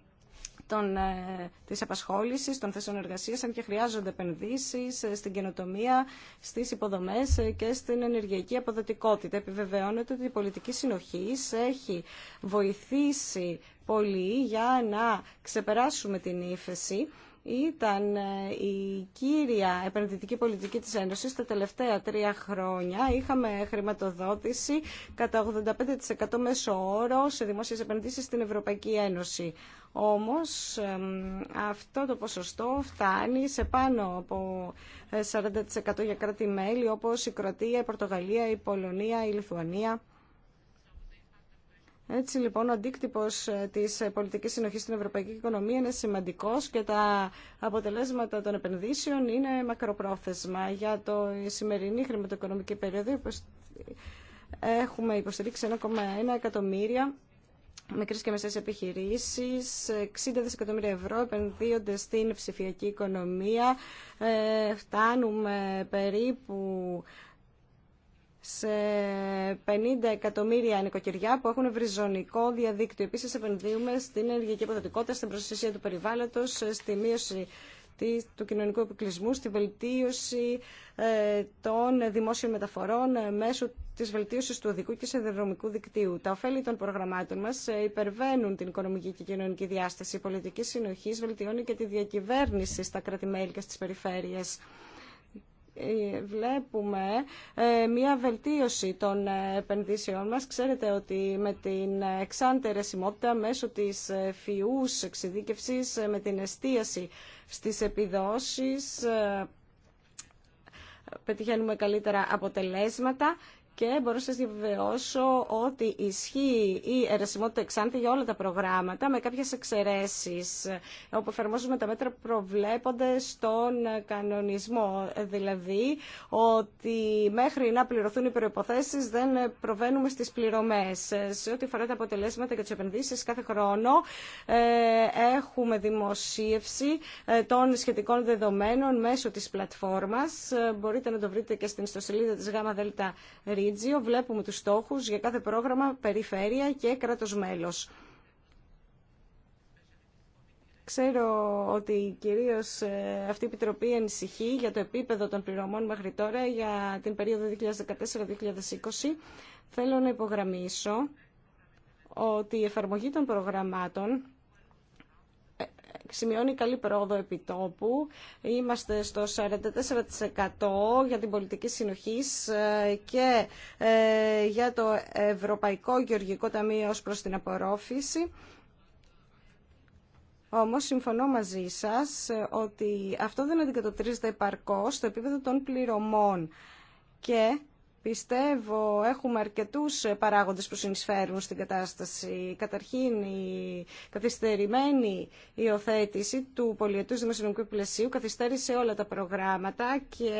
των, ε, της απασχόλησης, των θέσεων εργασίας, αν και χρειάζονται επενδύσεις ε, στην καινοτομία, στις υποδομές ε, και στην ενεργειακή αποδοτικότητα. Επιβεβαιώνεται ότι η πολιτική συνοχής έχει βοηθήσει πολύ για να ξεπεράσουμε την ύφεση ήταν ε, η κύρια επενδυτική πολιτική της Ένωσης τα τελευταία τρία χρόνια. Είχαμε χρηματοδότηση κατά 85% μέσο όρο σε δημόσιες επενδύσεις στην Ευρωπαϊκή Ένωση. Όμως αυτό το ποσοστό φτάνει σε πάνω από 40% ε, για κράτη-μέλη όπως η Κροατία, η Πορτογαλία, η Πολωνία, η Λιθουανία. Έτσι λοιπόν ο αντίκτυπος ε, της ε, πολιτικής συνοχής στην ευρωπαϊκή οικονομία είναι σημαντικός και τα αποτελέσματα των επενδύσεων είναι μακροπρόθεσμα. Για το σημερινή χρηματοοικονομική περίοδο έχουμε υποστηρίξει 1,1 εκατομμύρια μικρές και μεσές επιχειρήσεις, 60 δισεκατομμύρια ευρώ επενδύονται στην ψηφιακή οικονομία. Ε, φτάνουμε περίπου σε 50 εκατομμύρια νοικοκυριά που έχουν ευρυζωνικό διαδίκτυο. Επίσης επενδύουμε στην ενεργειακή αποδοτικότητα, στην προστασία του περιβάλλοντος, στη μείωση του κοινωνικού επικλεισμού, στη βελτίωση ε, των δημόσιων μεταφορών ε, μέσω της βελτίωσης του οδικού και σιδηροδρομικού δικτύου. Τα ωφέλη των προγραμμάτων μας ε, υπερβαίνουν την οικονομική και κοινωνική διάσταση. Η πολιτική συνοχή βελτιώνει και τη διακυβέρνηση στα κράτη-μέλη και στις περιφέρειες. Ε, βλέπουμε ε, μια βελτίωση των ε, επενδύσεών μας. Ξέρετε ότι με την εξάντε μέσω της φιούς εξειδίκευσης, με την εστίαση στις επιδόσεις, πετυχαίνουμε καλύτερα αποτελέσματα και μπορώ να σα διαβεβαιώσω ότι ισχύει η αιρεσιμότητα εξάντη για όλα τα προγράμματα με κάποιες εξαιρέσεις όπου εφαρμόζουμε τα μέτρα που προβλέπονται στον κανονισμό. Δηλαδή ότι μέχρι να πληρωθούν οι προϋποθέσεις δεν προβαίνουμε στις πληρωμές. Σε ό,τι αφορά τα αποτελέσματα και τις επενδύσεις κάθε χρόνο ε, έχουμε δημοσίευση ε, των σχετικών δεδομένων μέσω της πλατφόρμας. Ε, μπορείτε να το βρείτε και στην ιστοσελίδα της ΓΔΡ βλέπουμε τους στόχους για κάθε πρόγραμμα, περιφέρεια και κράτος μέλος. Ξέρω ότι κυρίως ε, αυτή η Επιτροπή ανησυχεί για το επίπεδο των πληρωμών μέχρι τώρα για την περίοδο 2014-2020. Θέλω να υπογραμμίσω ότι η εφαρμογή των προγραμμάτων σημειώνει καλή πρόοδο επιτόπου. Είμαστε στο 44% για την πολιτική συνοχής ε, και ε, για το Ευρωπαϊκό Γεωργικό Ταμείο ως προς την απορρόφηση. Όμως συμφωνώ μαζί σας ε, ότι αυτό δεν αντικατοπτρίζεται επαρκώς στο επίπεδο των πληρωμών και Πιστεύω έχουμε αρκετούς παράγοντες που συνεισφέρουν στην κατάσταση. Καταρχήν η καθυστερημένη υιοθέτηση του πολιετούς δημοσιονομικού πλαισίου καθυστέρησε όλα τα προγράμματα και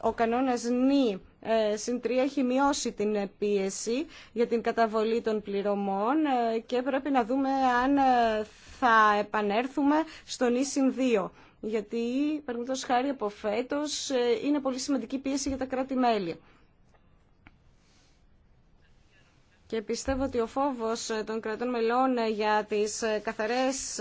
ο κανόνας νη ε, συν τρία έχει μειώσει την πίεση για την καταβολή των πληρωμών ε, και πρέπει να δούμε αν ε, θα επανέρθουμε στον νη συν 2 γιατί, παραδείγματο χάρη από φέτο, ε, είναι πολύ σημαντική πίεση για τα κράτη-μέλη. Και πιστεύω ότι ο φόβος ε, των κρατών μελών ε, για τις καθαρές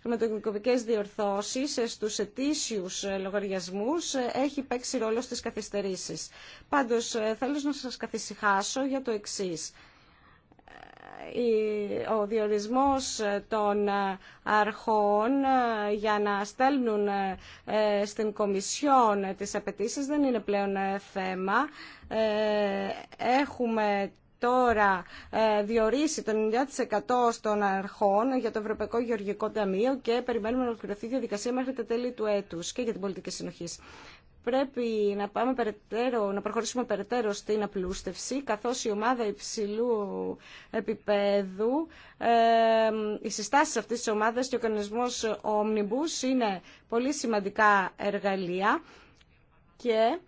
χρηματοοικονομικές διορθώσεις στους ετήσιους λογαριασμούς έχει παίξει ρόλο στις καθυστερήσεις. Πάντως, θέλω να σας καθησυχάσω για το εξής ο διορισμός των αρχών ε, για να στέλνουν ε, ε, στην Κομισιόν τις απαιτήσει δεν είναι πλέον θέμα. Έχουμε τώρα διορίσει το 90% των αρχών για το Ευρωπαϊκό Γεωργικό Ταμείο και περιμένουμε να ολοκληρωθεί η διαδικασία μέχρι τα τέλη του έτους και για την πολιτική συνοχή πρέπει να, πάμε περαιτέρω, να προχωρήσουμε περαιτέρω στην απλούστευση, καθώς η ομάδα υψηλού επίπεδου, ε, οι συστάσεις αυτής της ομάδας και ο κανονισμός Omnibus είναι πολύ σημαντικά εργαλεία και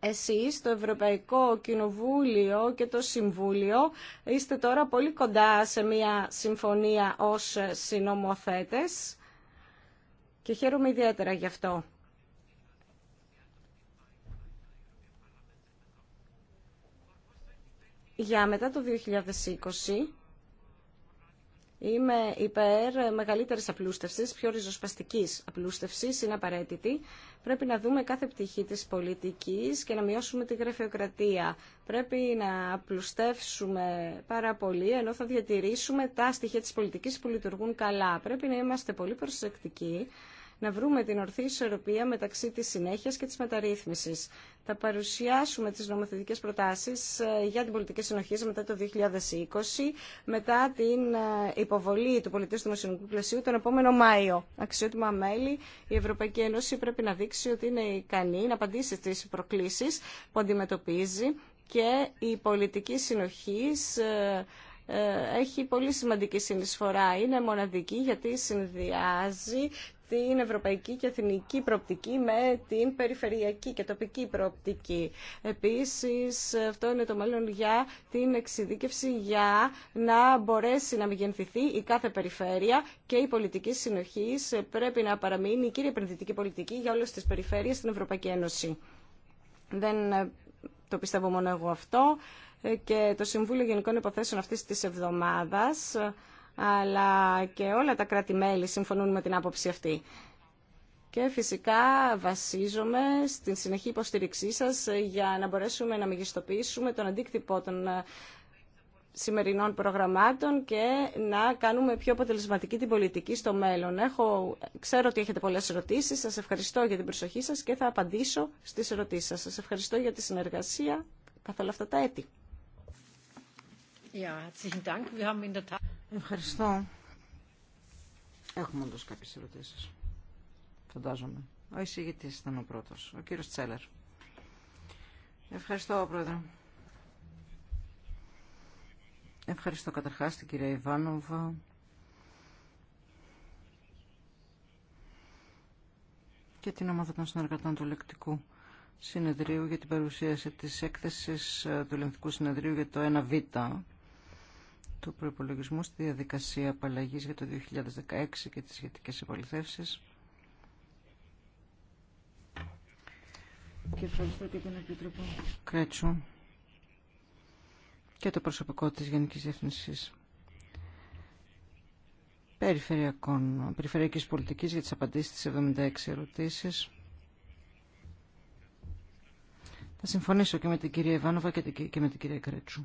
εσείς, το Ευρωπαϊκό Κοινοβούλιο και το Συμβούλιο, είστε τώρα πολύ κοντά σε μια συμφωνία ως συνομοθέτες και χαίρομαι ιδιαίτερα γι' αυτό. για μετά το 2020 είμαι υπέρ μεγαλύτερης απλούστευσης, πιο ριζοσπαστικής απλούστευσης, είναι απαραίτητη. Πρέπει να δούμε κάθε πτυχή της πολιτικής και να μειώσουμε τη γραφειοκρατία. Πρέπει να απλουστεύσουμε πάρα πολύ, ενώ θα διατηρήσουμε τα στοιχεία της πολιτικής που λειτουργούν καλά. Πρέπει να είμαστε πολύ προσεκτικοί να βρούμε την ορθή ισορροπία μεταξύ της συνέχειας και της μεταρρύθμισης. Θα παρουσιάσουμε τις νομοθετικές προτάσεις ε, για την πολιτική συνοχή μετά το 2020, μετά την ε, υποβολή του πολιτικού δημοσιονομικού πλαισίου τον επόμενο Μάιο. Αξιότιμα μέλη, η Ευρωπαϊκή Ένωση πρέπει να δείξει ότι είναι ικανή να απαντήσει στις προκλήσεις που αντιμετωπίζει και η πολιτική συνοχής ε, έχει πολύ σημαντική συνεισφορά. Είναι μοναδική γιατί συνδυάζει την ευρωπαϊκή και εθνική προοπτική με την περιφερειακή και τοπική προοπτική. Επίσης, αυτό είναι το μέλλον για την εξειδίκευση για να μπορέσει να μεγενθηθεί η κάθε περιφέρεια και η πολιτική συνοχή πρέπει να παραμείνει η κύρια επενδυτική πολιτική για όλες τις περιφέρειες στην Ευρωπαϊκή Ένωση. Δεν ε, το πιστεύω μόνο εγώ αυτό ε, και το Συμβούλιο Γενικών Υποθέσεων αυτής της εβδομάδας αλλά και όλα τα κράτη-μέλη συμφωνούν με την άποψη αυτή. Και φυσικά βασίζομαι στην συνεχή υποστήριξή σας για να μπορέσουμε να μεγιστοποιήσουμε τον αντίκτυπο των ε, σημερινών προγραμμάτων και να κάνουμε πιο αποτελεσματική την πολιτική στο μέλλον. Έχω, ξέρω ότι έχετε πολλές ερωτήσεις. Σας ευχαριστώ για την προσοχή σας και θα απαντήσω στις ερωτήσεις σας. Σας ευχαριστώ για τη συνεργασία καθ' όλα αυτά τα έτη. Ευχαριστώ.
Έχουμε όντω κάποιε ερωτήσει. Φαντάζομαι. Ο εισηγητή ήταν ο πρώτο. ο κύριο Τσέλερ. Ευχαριστώ, Πρόεδρε. Ευχαριστώ καταρχάς την κυρία Ιβάνοβα. και την ομάδα των συνεργατών του Λεκτικού Συνεδρίου για την παρουσίαση της έκθεσης ε, του Λεκτικού Συνεδρίου για το 1Β του προπολογισμού στη διαδικασία απαλλαγής για το 2016 και τις σχετικές επαληθεύσεις. Και ευχαριστώ και τον Επίτροπο Κρέτσου και το προσωπικό της Γενικής Διεύθυνσης Περιφερειακών, Περιφερειακής Πολιτικής για τις απαντήσεις στις 76 ερωτήσεις. Θα συμφωνήσω και με την κυρία Ιβάνοβα και με την κυρία Κρέτσου.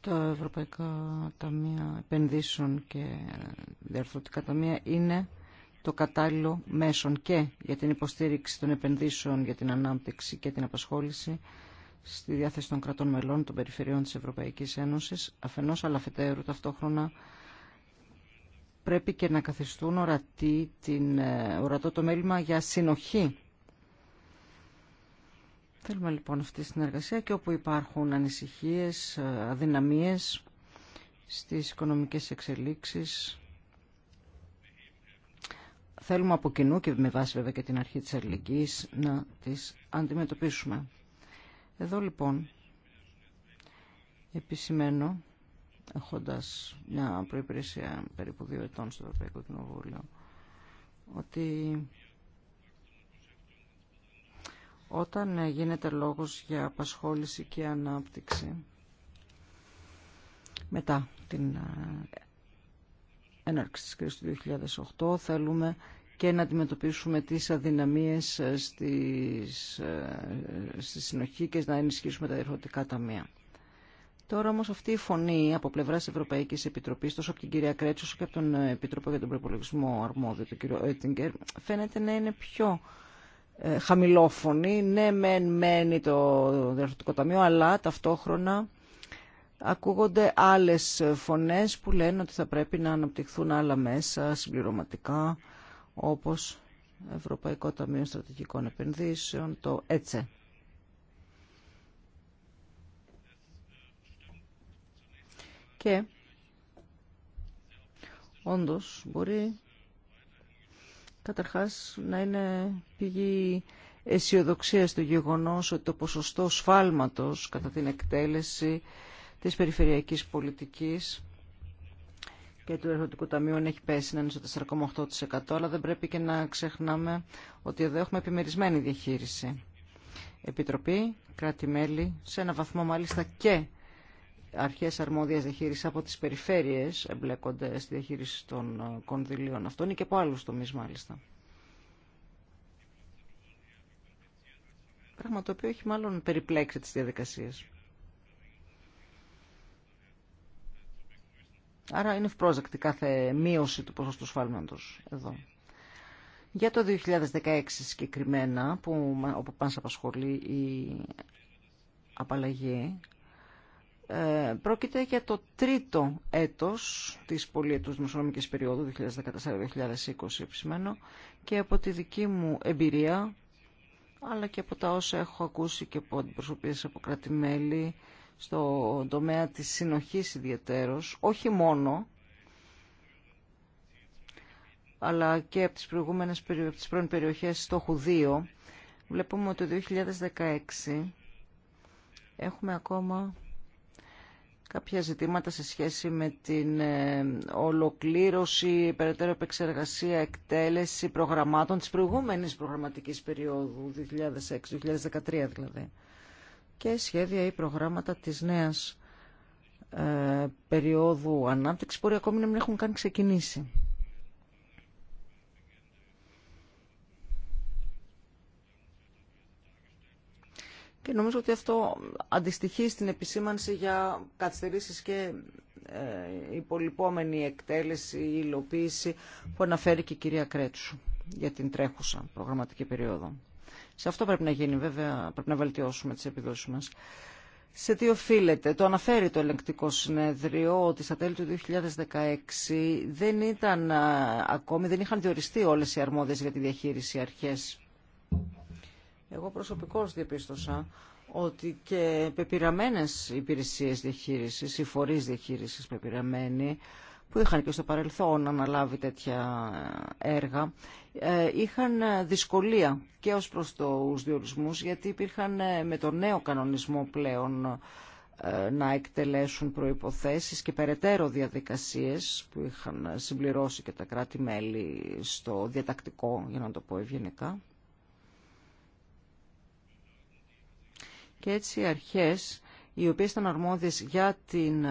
το Ευρωπαϊκό Ταμείο Επενδύσεων και Διαρθρωτικά Ταμεία είναι το κατάλληλο μέσον και για την υποστήριξη των επενδύσεων για την ανάπτυξη και την απασχόληση στη διάθεση των κρατών μελών των περιφερειών της Ευρωπαϊκής Ένωσης αφενός αλλά αφετέρου ταυτόχρονα πρέπει και να καθιστούν ορατή, την, ε, ορατό το μέλημα για συνοχή Θέλουμε λοιπόν αυτή τη συνεργασία και όπου υπάρχουν ανησυχίες, αδυναμίες στις οικονομικές εξελίξεις. Θέλουμε από κοινού και με βάση βέβαια και την αρχή της αλληλεγγύης να τις αντιμετωπίσουμε. Εδώ λοιπόν επισημαίνω έχοντας μια προϋπηρεσία περίπου δύο ετών στο Ευρωπαϊκό Κοινοβούλιο ότι όταν ε, γίνεται λόγος για απασχόληση και ανάπτυξη μετά την ε, έναρξη της κρίσης του 2008 θέλουμε και να αντιμετωπίσουμε τις αδυναμίες ε, στις, στη συνοχή και να ενισχύσουμε τα διευθυντικά ταμεία. Τώρα όμως αυτή η φωνή από πλευράς Ευρωπαϊκής Επιτροπής, τόσο από την κυρία Κρέτσο και από τον Επιτροπό για τον Προπολογισμό Αρμόδιο, τον κύριο Έτιγκερ, φαίνεται να είναι πιο ε, χαμηλόφωνη. Ναι, μεν μένει το Διευθυντικό Ταμείο, αλλά ταυτόχρονα ακούγονται άλλες φωνές που λένε ότι θα πρέπει να αναπτυχθούν άλλα μέσα συμπληρωματικά, όπως Ευρωπαϊκό Ταμείο Στρατηγικών Επενδύσεων, το ΕΤΣΕ. Και όντως μπορεί καταρχάς να είναι πηγή αισιοδοξία στο γεγονός ότι το ποσοστό σφάλματος κατά την εκτέλεση της περιφερειακής πολιτικής και του Ερωτικού Ταμείου έχει πέσει να είναι στο 4,8% αλλά δεν πρέπει και να ξεχνάμε ότι εδώ έχουμε επιμερισμένη διαχείριση. Επιτροπή, κράτη-μέλη, σε ένα βαθμό μάλιστα και αρχές αρμόδιας διαχείρισης από τις περιφέρειες εμπλέκονται στη διαχείριση των ε, κονδυλίων αυτών ή και από άλλους τομείς μάλιστα. Πράγμα το οποίο έχει μάλλον περιπλέξει τις διαδικασίες. Άρα είναι ευπρόζεκτη κάθε μείωση του ποσοστού σφάλματος εδώ. Για το 2016 συγκεκριμένα, που, όπου σε απασχολεί η απαλλαγή, ε, πρόκειται για το τρίτο έτος της πολιετούς δημοσιονομικής περίοδου 2014-2020 επισημένο και από τη δική μου εμπειρία αλλά και από τα όσα έχω ακούσει και από αντιπροσωπείες από κρατημέλη στο τομέα της συνοχής ιδιαίτερος, όχι μόνο αλλά και από τις, προηγούμενες, από τις πρώην περιοχές στόχου 2 βλέπουμε ότι το 2016 έχουμε ακόμα κάποια ζητήματα σε σχέση με την ε, ολοκλήρωση, περαιτέρω επεξεργασία, εκτέλεση προγραμμάτων της προηγούμενης προγραμματικής περίοδου, 2006-2013 δηλαδή, και σχέδια ή προγράμματα της νέας ε, περίοδου ανάπτυξης, μπορεί ακόμη να μην έχουν καν ξεκινήσει. Και νομίζω ότι αυτό αντιστοιχεί στην επισήμανση για καθυστερήσει και ε, υπολοιπόμενη εκτέλεση ή υλοποίηση που αναφέρει και η κυρία Κρέτσου για την τρέχουσα προγραμματική περίοδο. Σε αυτό πρέπει να γίνει βέβαια, πρέπει να βελτιώσουμε τις επιδόσεις μας. Σε τι οφείλεται. Το αναφέρει το ελεγκτικό συνέδριο ότι στα τέλη του 2016 δεν ήταν ε, ακόμη, δεν είχαν διοριστεί όλες οι αρμόδιες για τη διαχείριση αρχές εγώ προσωπικώς διαπίστωσα ότι και πεπειραμένες υπηρεσίες διαχείρισης ή φορείς διαχείρισης πεπειραμένοι που είχαν και στο παρελθόν αναλάβει τέτοια έργα, ε, είχαν δυσκολία και ως προς τους διορισμούς, γιατί υπήρχαν ε, με τον νέο κανονισμό πλέον ε, να εκτελέσουν προϋποθέσεις και περαιτέρω διαδικασίες που είχαν συμπληρώσει και τα κράτη-μέλη στο διατακτικό, για να το πω ευγενικά. Και έτσι οι αρχές, οι οποίες ήταν αρμόδιες για την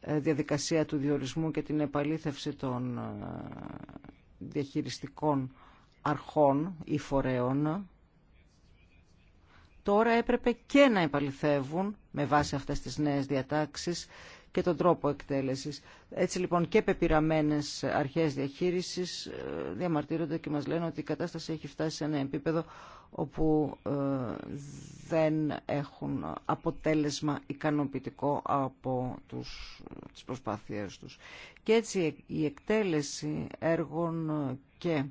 ε, διαδικασία του διορισμού και την επαλήθευση των ε, διαχειριστικών αρχών ή φορέων, τώρα έπρεπε και να επαληθεύουν με βάση αυτές τις νέες διατάξεις και τον τρόπο εκτέλεσης. Έτσι λοιπόν και πεπειραμένες αρχές διαχείρισης ε, διαμαρτύρονται και μας λένε ότι η κατάσταση έχει φτάσει σε ένα επίπεδο όπου ε, δεν έχουν αποτέλεσμα ικανοποιητικό από τους, τις προσπάθειές τους. Και έτσι η εκτέλεση έργων και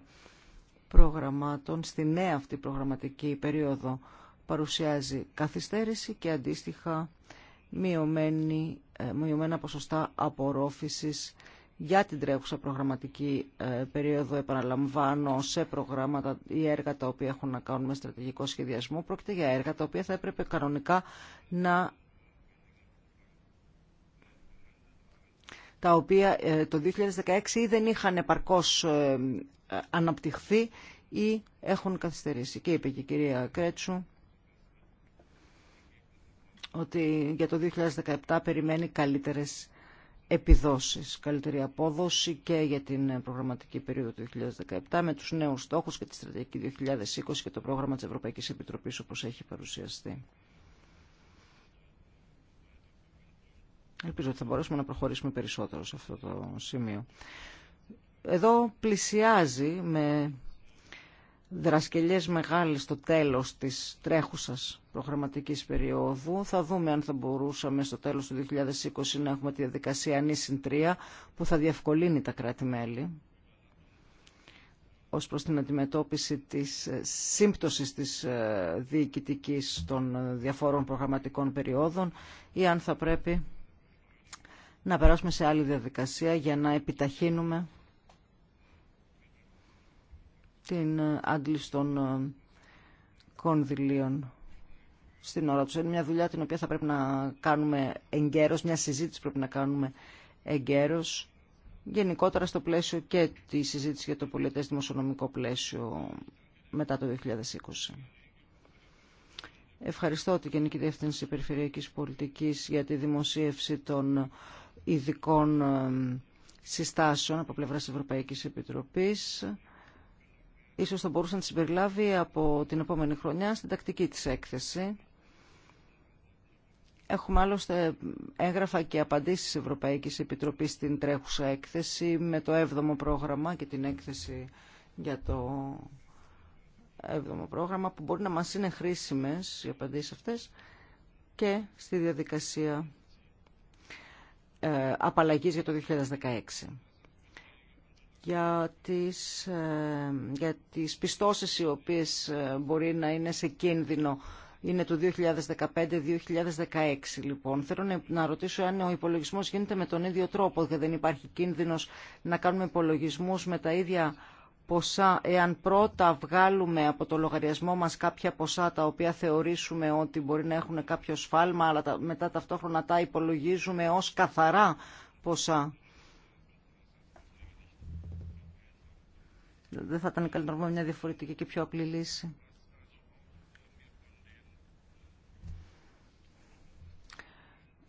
προγραμμάτων στη νέα αυτή προγραμματική περίοδο παρουσιάζει καθυστέρηση και αντίστοιχα μειωμένη, ε, μειωμένα ποσοστά απορρόφησης για την τρέχουσα προγραμματική ε, περίοδο, επαναλαμβάνω, σε προγράμματα ή έργα τα οποία έχουν να κάνουν με στρατηγικό σχεδιασμό. Πρόκειται για έργα τα οποία θα έπρεπε κανονικά να τα οποία ε, το 2016 ή δεν είχαν επαρκώς αναπτυχθεί ή έχουν καθυστερήσει. Και είπε και η κυρία Κρέτσου ότι για το 2017 περιμένει καλύτερες επιδόσεις, καλύτερη απόδοση και για την προγραμματική περίοδο του 2017 με τους νέους στόχους και τη στρατηγική 2020 και το πρόγραμμα της Ευρωπαϊκής Επιτροπής όπως έχει παρουσιαστεί. Ελπίζω ότι θα μπορέσουμε να προχωρήσουμε περισσότερο σε αυτό το σημείο. Εδώ πλησιάζει με δρασκελιές μεγάλες στο τέλος της τρέχουσας προγραμματικής περίοδου. Θα δούμε αν θα μπορούσαμε στο τέλος του 2020 να έχουμε τη διαδικασία νήσιν που θα διευκολύνει τα κράτη-μέλη ως προς την αντιμετώπιση της ε, σύμπτωσης της ε, διοικητικής των διαφόρων προγραμματικών περιόδων ή αν θα πρέπει να περάσουμε σε άλλη διαδικασία για να επιταχύνουμε την ε, άντληση των ε, κονδυλίων στην ώρα τους. Είναι μια δουλειά την οποία θα πρέπει να κάνουμε εγκαίρως, μια συζήτηση πρέπει να κάνουμε εγκαίρως, γενικότερα στο πλαίσιο και τη συζήτηση για το πολιτές δημοσιονομικό πλαίσιο μετά το 2020. Ευχαριστώ τη Γενική Διεύθυνση Περιφερειακής Πολιτικής για τη δημοσίευση των ειδικών ε, συστάσεων από πλευράς Ευρωπαϊκής Επιτροπής ίσως θα μπορούσε να τη συμπεριλάβει από την επόμενη χρονιά στην τακτική της έκθεση. Έχουμε άλλωστε έγγραφα και απαντήσεις Ευρωπαϊκής Επιτροπής στην τρέχουσα έκθεση με το 7ο πρόγραμμα και την έκθεση για το 7ο πρόγραμμα που μπορεί να μας είναι χρήσιμες οι απαντήσεις αυτές και στη διαδικασία ε, απαλλαγής για το 2016 για τις, ε, για τις πιστώσεις οι οποίες ε, μπορεί να είναι σε κίνδυνο. Είναι το 2015-2016 λοιπόν. Θέλω να ρωτήσω αν ο υπολογισμός γίνεται με τον ίδιο τρόπο, δηλαδή δεν υπάρχει κίνδυνος να κάνουμε υπολογισμούς με τα ίδια ποσά, εάν πρώτα βγάλουμε από το λογαριασμό μας κάποια ποσά τα οποία θεωρήσουμε ότι μπορεί να έχουν κάποιο σφάλμα, αλλά μετά ταυτόχρονα τα υπολογίζουμε ως καθαρά ποσά. δεν θα ήταν καλύτερο να μια διαφορετική και πιο απλή λύση.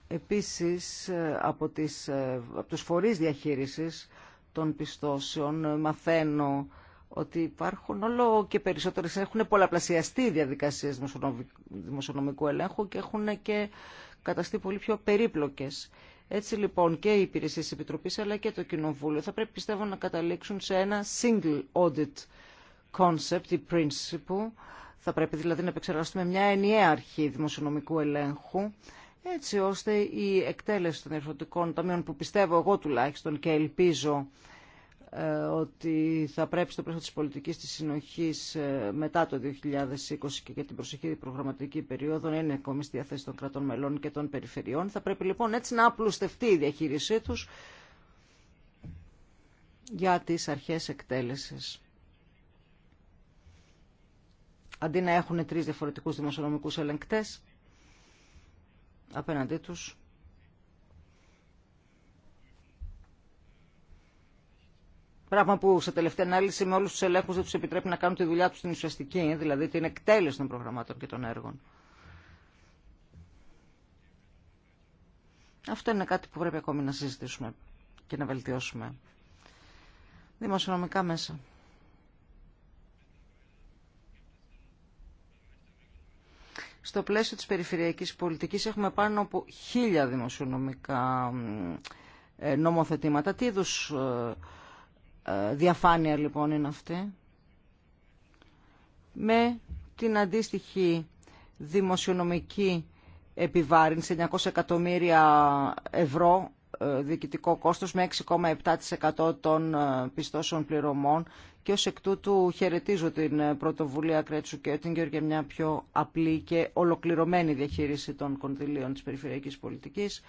Επίσης, ε, από, τις, ε, από τους φορείς διαχείρισης των πιστώσεων ε, μαθαίνω ότι υπάρχουν όλο και περισσότερες, έχουν πολλαπλασιαστεί οι διαδικασίες δημοσιονομικού ελέγχου και έχουν και καταστεί πολύ πιο περίπλοκες. Έτσι λοιπόν και οι υπηρεσίε τη Επιτροπή αλλά και το Κοινοβούλιο θα πρέπει πιστεύω να καταλήξουν σε ένα single audit concept ή principle. Θα πρέπει δηλαδή να επεξεργαστούμε μια ενιαία αρχή δημοσιονομικού ελέγχου έτσι ώστε η εκτέλεση των ερθωτικών ταμείων που πιστεύω εγώ τουλάχιστον και ελπίζω ε, ότι θα πρέπει στο πλαίσιο της πολιτικής της συνοχής ε, μετά το 2020 και για την προσεχή προγραμματική περίοδο να είναι ακόμη στη διαθέση των κρατών μελών και των περιφερειών. Θα πρέπει λοιπόν έτσι να απλουστευτεί η διαχείρισή τους για τις αρχές εκτέλεσης. Αντί να έχουν τρεις διαφορετικούς δημοσιονομικούς ελεγκτές απέναντί τους Πράγμα που σε τελευταία ανάλυση με όλου του ελέγχου δεν του επιτρέπει να κάνουν τη δουλειά του στην ουσιαστική, δηλαδή την εκτέλεση των προγραμμάτων και των έργων. Αυτό είναι κάτι που πρέπει ακόμη να συζητήσουμε και να βελτιώσουμε. Δημοσιονομικά μέσα. Στο πλαίσιο της περιφερειακής πολιτικής έχουμε πάνω από χίλια δημοσιονομικά ε, νομοθετήματα. Τι είδους ε, ε, διαφάνεια λοιπόν είναι αυτή με την αντίστοιχη δημοσιονομική επιβάρυνση 900 εκατομμύρια ευρώ ε, διοικητικό κόστος με 6,7% των ε, πιστώσεων πληρωμών και ως εκ τούτου χαιρετίζω την πρωτοβουλία Κρέτσου και για μια πιο απλή και ολοκληρωμένη διαχείριση των κονδυλίων της περιφερειακής πολιτικής.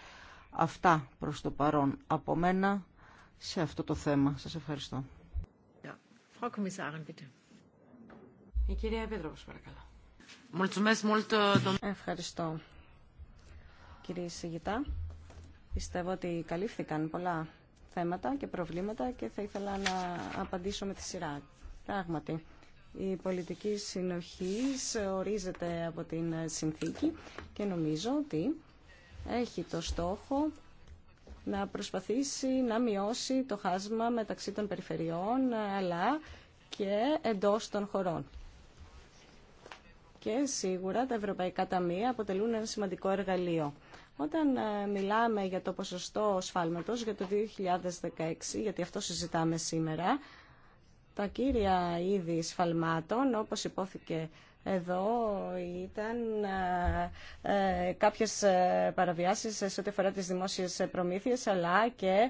Αυτά προς το παρόν από μένα σε αυτό το θέμα. Σας ευχαριστώ. κυρία παρακαλώ.
Uh, ευχαριστώ, κύριε Σιγητά. Πιστεύω ότι καλύφθηκαν πολλά θέματα και προβλήματα και θα ήθελα να απαντήσω με τη σειρά. Πράγματι, η πολιτική συνοχή ορίζεται από την συνθήκη και νομίζω ότι έχει το στόχο να προσπαθήσει να μειώσει το χάσμα μεταξύ των περιφερειών αλλά και εντός των χωρών. Και σίγουρα τα ευρωπαϊκά ταμεία αποτελούν ένα σημαντικό εργαλείο. Όταν ε, μιλάμε για το ποσοστό σφάλματος για το 2016, γιατί αυτό συζητάμε σήμερα, τα κύρια είδη σφαλμάτων, όπως υπόθηκε εδώ ήταν ε, ε, κάποιες ε, παραβιάσεις σε ό,τι αφορά τις δημόσιες προμήθειες, αλλά και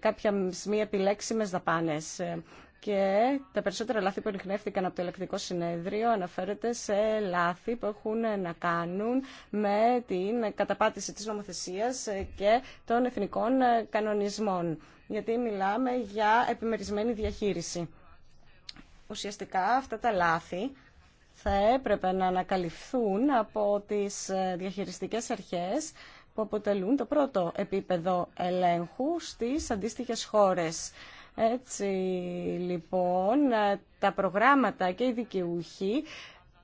κάποια μη επιλέξιμες δαπάνες και τα περισσότερα λάθη που ενιχνεύτηκαν από το ελεκτικό συνέδριο αναφέρεται σε λάθη που έχουν να κάνουν με την καταπάτηση της νομοθεσίας και των εθνικών κανονισμών. Γιατί μιλάμε για επιμερισμένη διαχείριση. Ουσιαστικά αυτά τα λάθη θα έπρεπε να ανακαλυφθούν από τις ε, διαχειριστικές αρχές που αποτελούν το πρώτο επίπεδο ελέγχου στις αντίστοιχες χώρες. Έτσι λοιπόν ε, τα προγράμματα και οι δικαιούχοι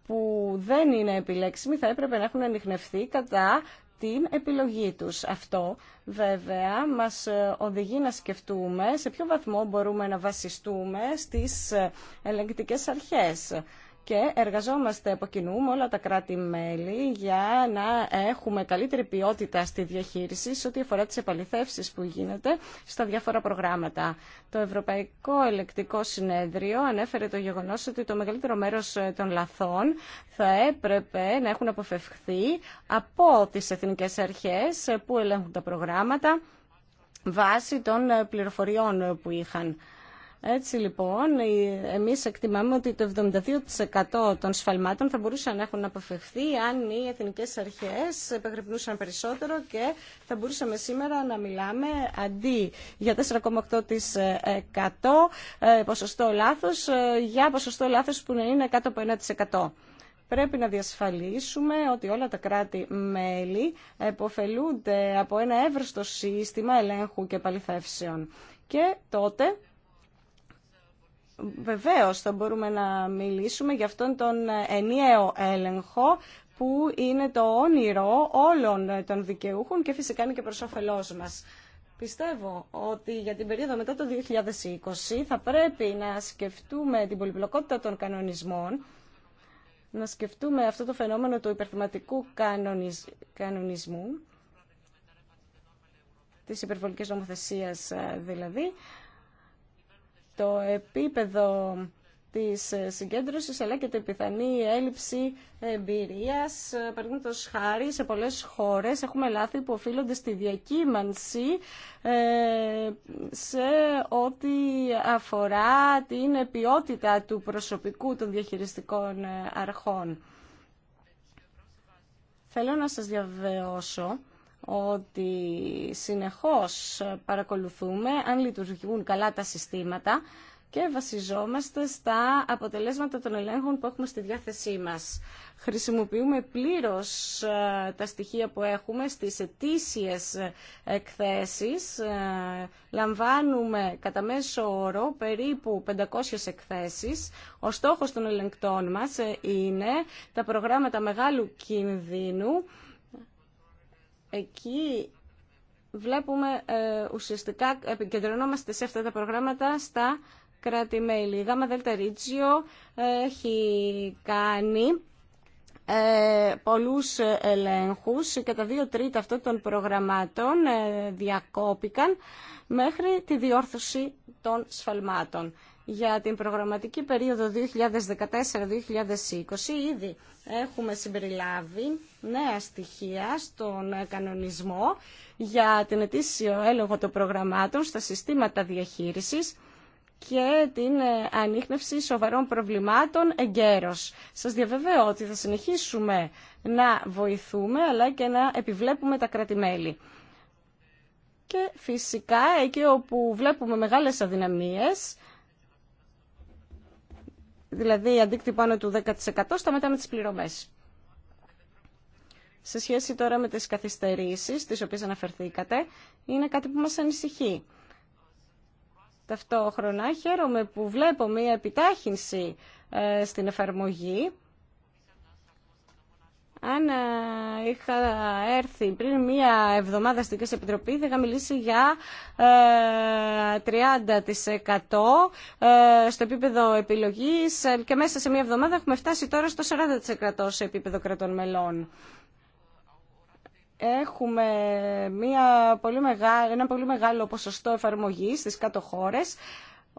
που δεν είναι επιλέξιμοι θα έπρεπε να έχουν ανοιχνευθεί κατά την επιλογή τους. Αυτό βέβαια μας ε, οδηγεί να σκεφτούμε σε ποιο βαθμό μπορούμε να βασιστούμε στις ελεγκτικές αρχές και εργαζόμαστε από κοινού όλα τα κράτη-μέλη για να έχουμε καλύτερη ποιότητα στη διαχείριση σε ό,τι αφορά τις επαληθεύσεις που γίνεται στα διάφορα προγράμματα. Το Ευρωπαϊκό Ελεκτικό Συνέδριο ανέφερε το γεγονός ότι το μεγαλύτερο μέρος ε, των λαθών θα έπρεπε να έχουν αποφευχθεί από τις εθνικές αρχές που ελέγχουν τα προγράμματα βάσει των ε, πληροφοριών που είχαν. Έτσι λοιπόν, εμείς εκτιμάμε ότι το 72% των σφαλμάτων θα μπορούσαν να έχουν αποφευθεί αν οι εθνικές αρχές επεγρυπνούσαν περισσότερο και θα μπορούσαμε σήμερα να μιλάμε αντί για 4,8% ε, ποσοστό λάθος, ε, για ποσοστό λάθος που να είναι κάτω από 1% πρέπει να διασφαλίσουμε ότι όλα τα κράτη-μέλη εποφελούνται από ένα εύρωστο σύστημα ελέγχου και παληθεύσεων. Και τότε Βεβαίως θα μπορούμε να μιλήσουμε για αυτόν τον ενιαίο έλεγχο που είναι το όνειρο όλων των δικαιούχων και φυσικά είναι και προς όφελός μας. Πιστεύω ότι για την περίοδο μετά το 2020 θα πρέπει να σκεφτούμε την πολυπλοκότητα των κανονισμών, να σκεφτούμε αυτό το φαινόμενο του υπερθυματικού κανονισμού, της υπερβολικής νομοθεσίας ε, δηλαδή, το επίπεδο της συγκέντρωσης αλλά και την πιθανή έλλειψη εμπειρίας. Παραδείγματο χάρη σε πολλές χώρες έχουμε λάθη που οφείλονται στη διακύμανση ε, σε ό,τι αφορά την ποιότητα του προσωπικού των διαχειριστικών αρχών. Θέλω να σας διαβεβαιώσω ότι συνεχώς παρακολουθούμε αν λειτουργούν καλά τα συστήματα και βασιζόμαστε στα αποτελέσματα των ελέγχων που έχουμε στη διάθεσή μας. Χρησιμοποιούμε πλήρως ε, τα στοιχεία που έχουμε στις ετήσιες ε, εκθέσεις. Ε, λαμβάνουμε κατά μέσο όρο περίπου 500 εκθέσεις. Ο στόχος των ελεγκτών μας είναι τα προγράμματα μεγάλου κινδύνου Εκεί βλέπουμε ε, ουσιαστικά επικεντρωνόμαστε σε αυτά τα προγράμματα στα κράτη-μέλη. Η ΓΑΜΑ ΔΕΛΤΑ ε, έχει κάνει ε, πολλούς ελέγχους και τα δύο τρίτα αυτών των προγραμμάτων ε, διακόπηκαν μέχρι τη διόρθωση των σφαλμάτων για την προγραμματική περίοδο 2014-2020 ήδη έχουμε συμπεριλάβει νέα στοιχεία στον κανονισμό για την ετήσιο έλεγχο των προγραμμάτων στα συστήματα διαχείρισης και την ανείχνευση σοβαρών προβλημάτων εγκαίρως. Σας διαβεβαιώ ότι θα συνεχίσουμε να βοηθούμε αλλά και να επιβλέπουμε τα κρατη Και φυσικά εκεί όπου βλέπουμε μεγάλες αδυναμίες δηλαδή αντίκτυπο πάνω του 10% στα μετά με τις πληρωμές. Σε σχέση τώρα με τις καθυστερήσεις, τις οποίες αναφερθήκατε, είναι κάτι που μας ανησυχεί. Ταυτόχρονα χαίρομαι που βλέπω μία επιτάχυνση ε, στην εφαρμογή αν ε, είχα έρθει πριν μία εβδομάδα στην Κέση Επιτροπή, θα είχα μιλήσει για 30% ε, ε, στο επίπεδο επιλογής και μέσα σε μία εβδομάδα έχουμε φτάσει τώρα στο 40% σε επίπεδο κρατών μελών. Έχουμε μια πολύ μεγάλη, ένα πολύ μεγάλο ποσοστό εφαρμογής στις κάτω χώρες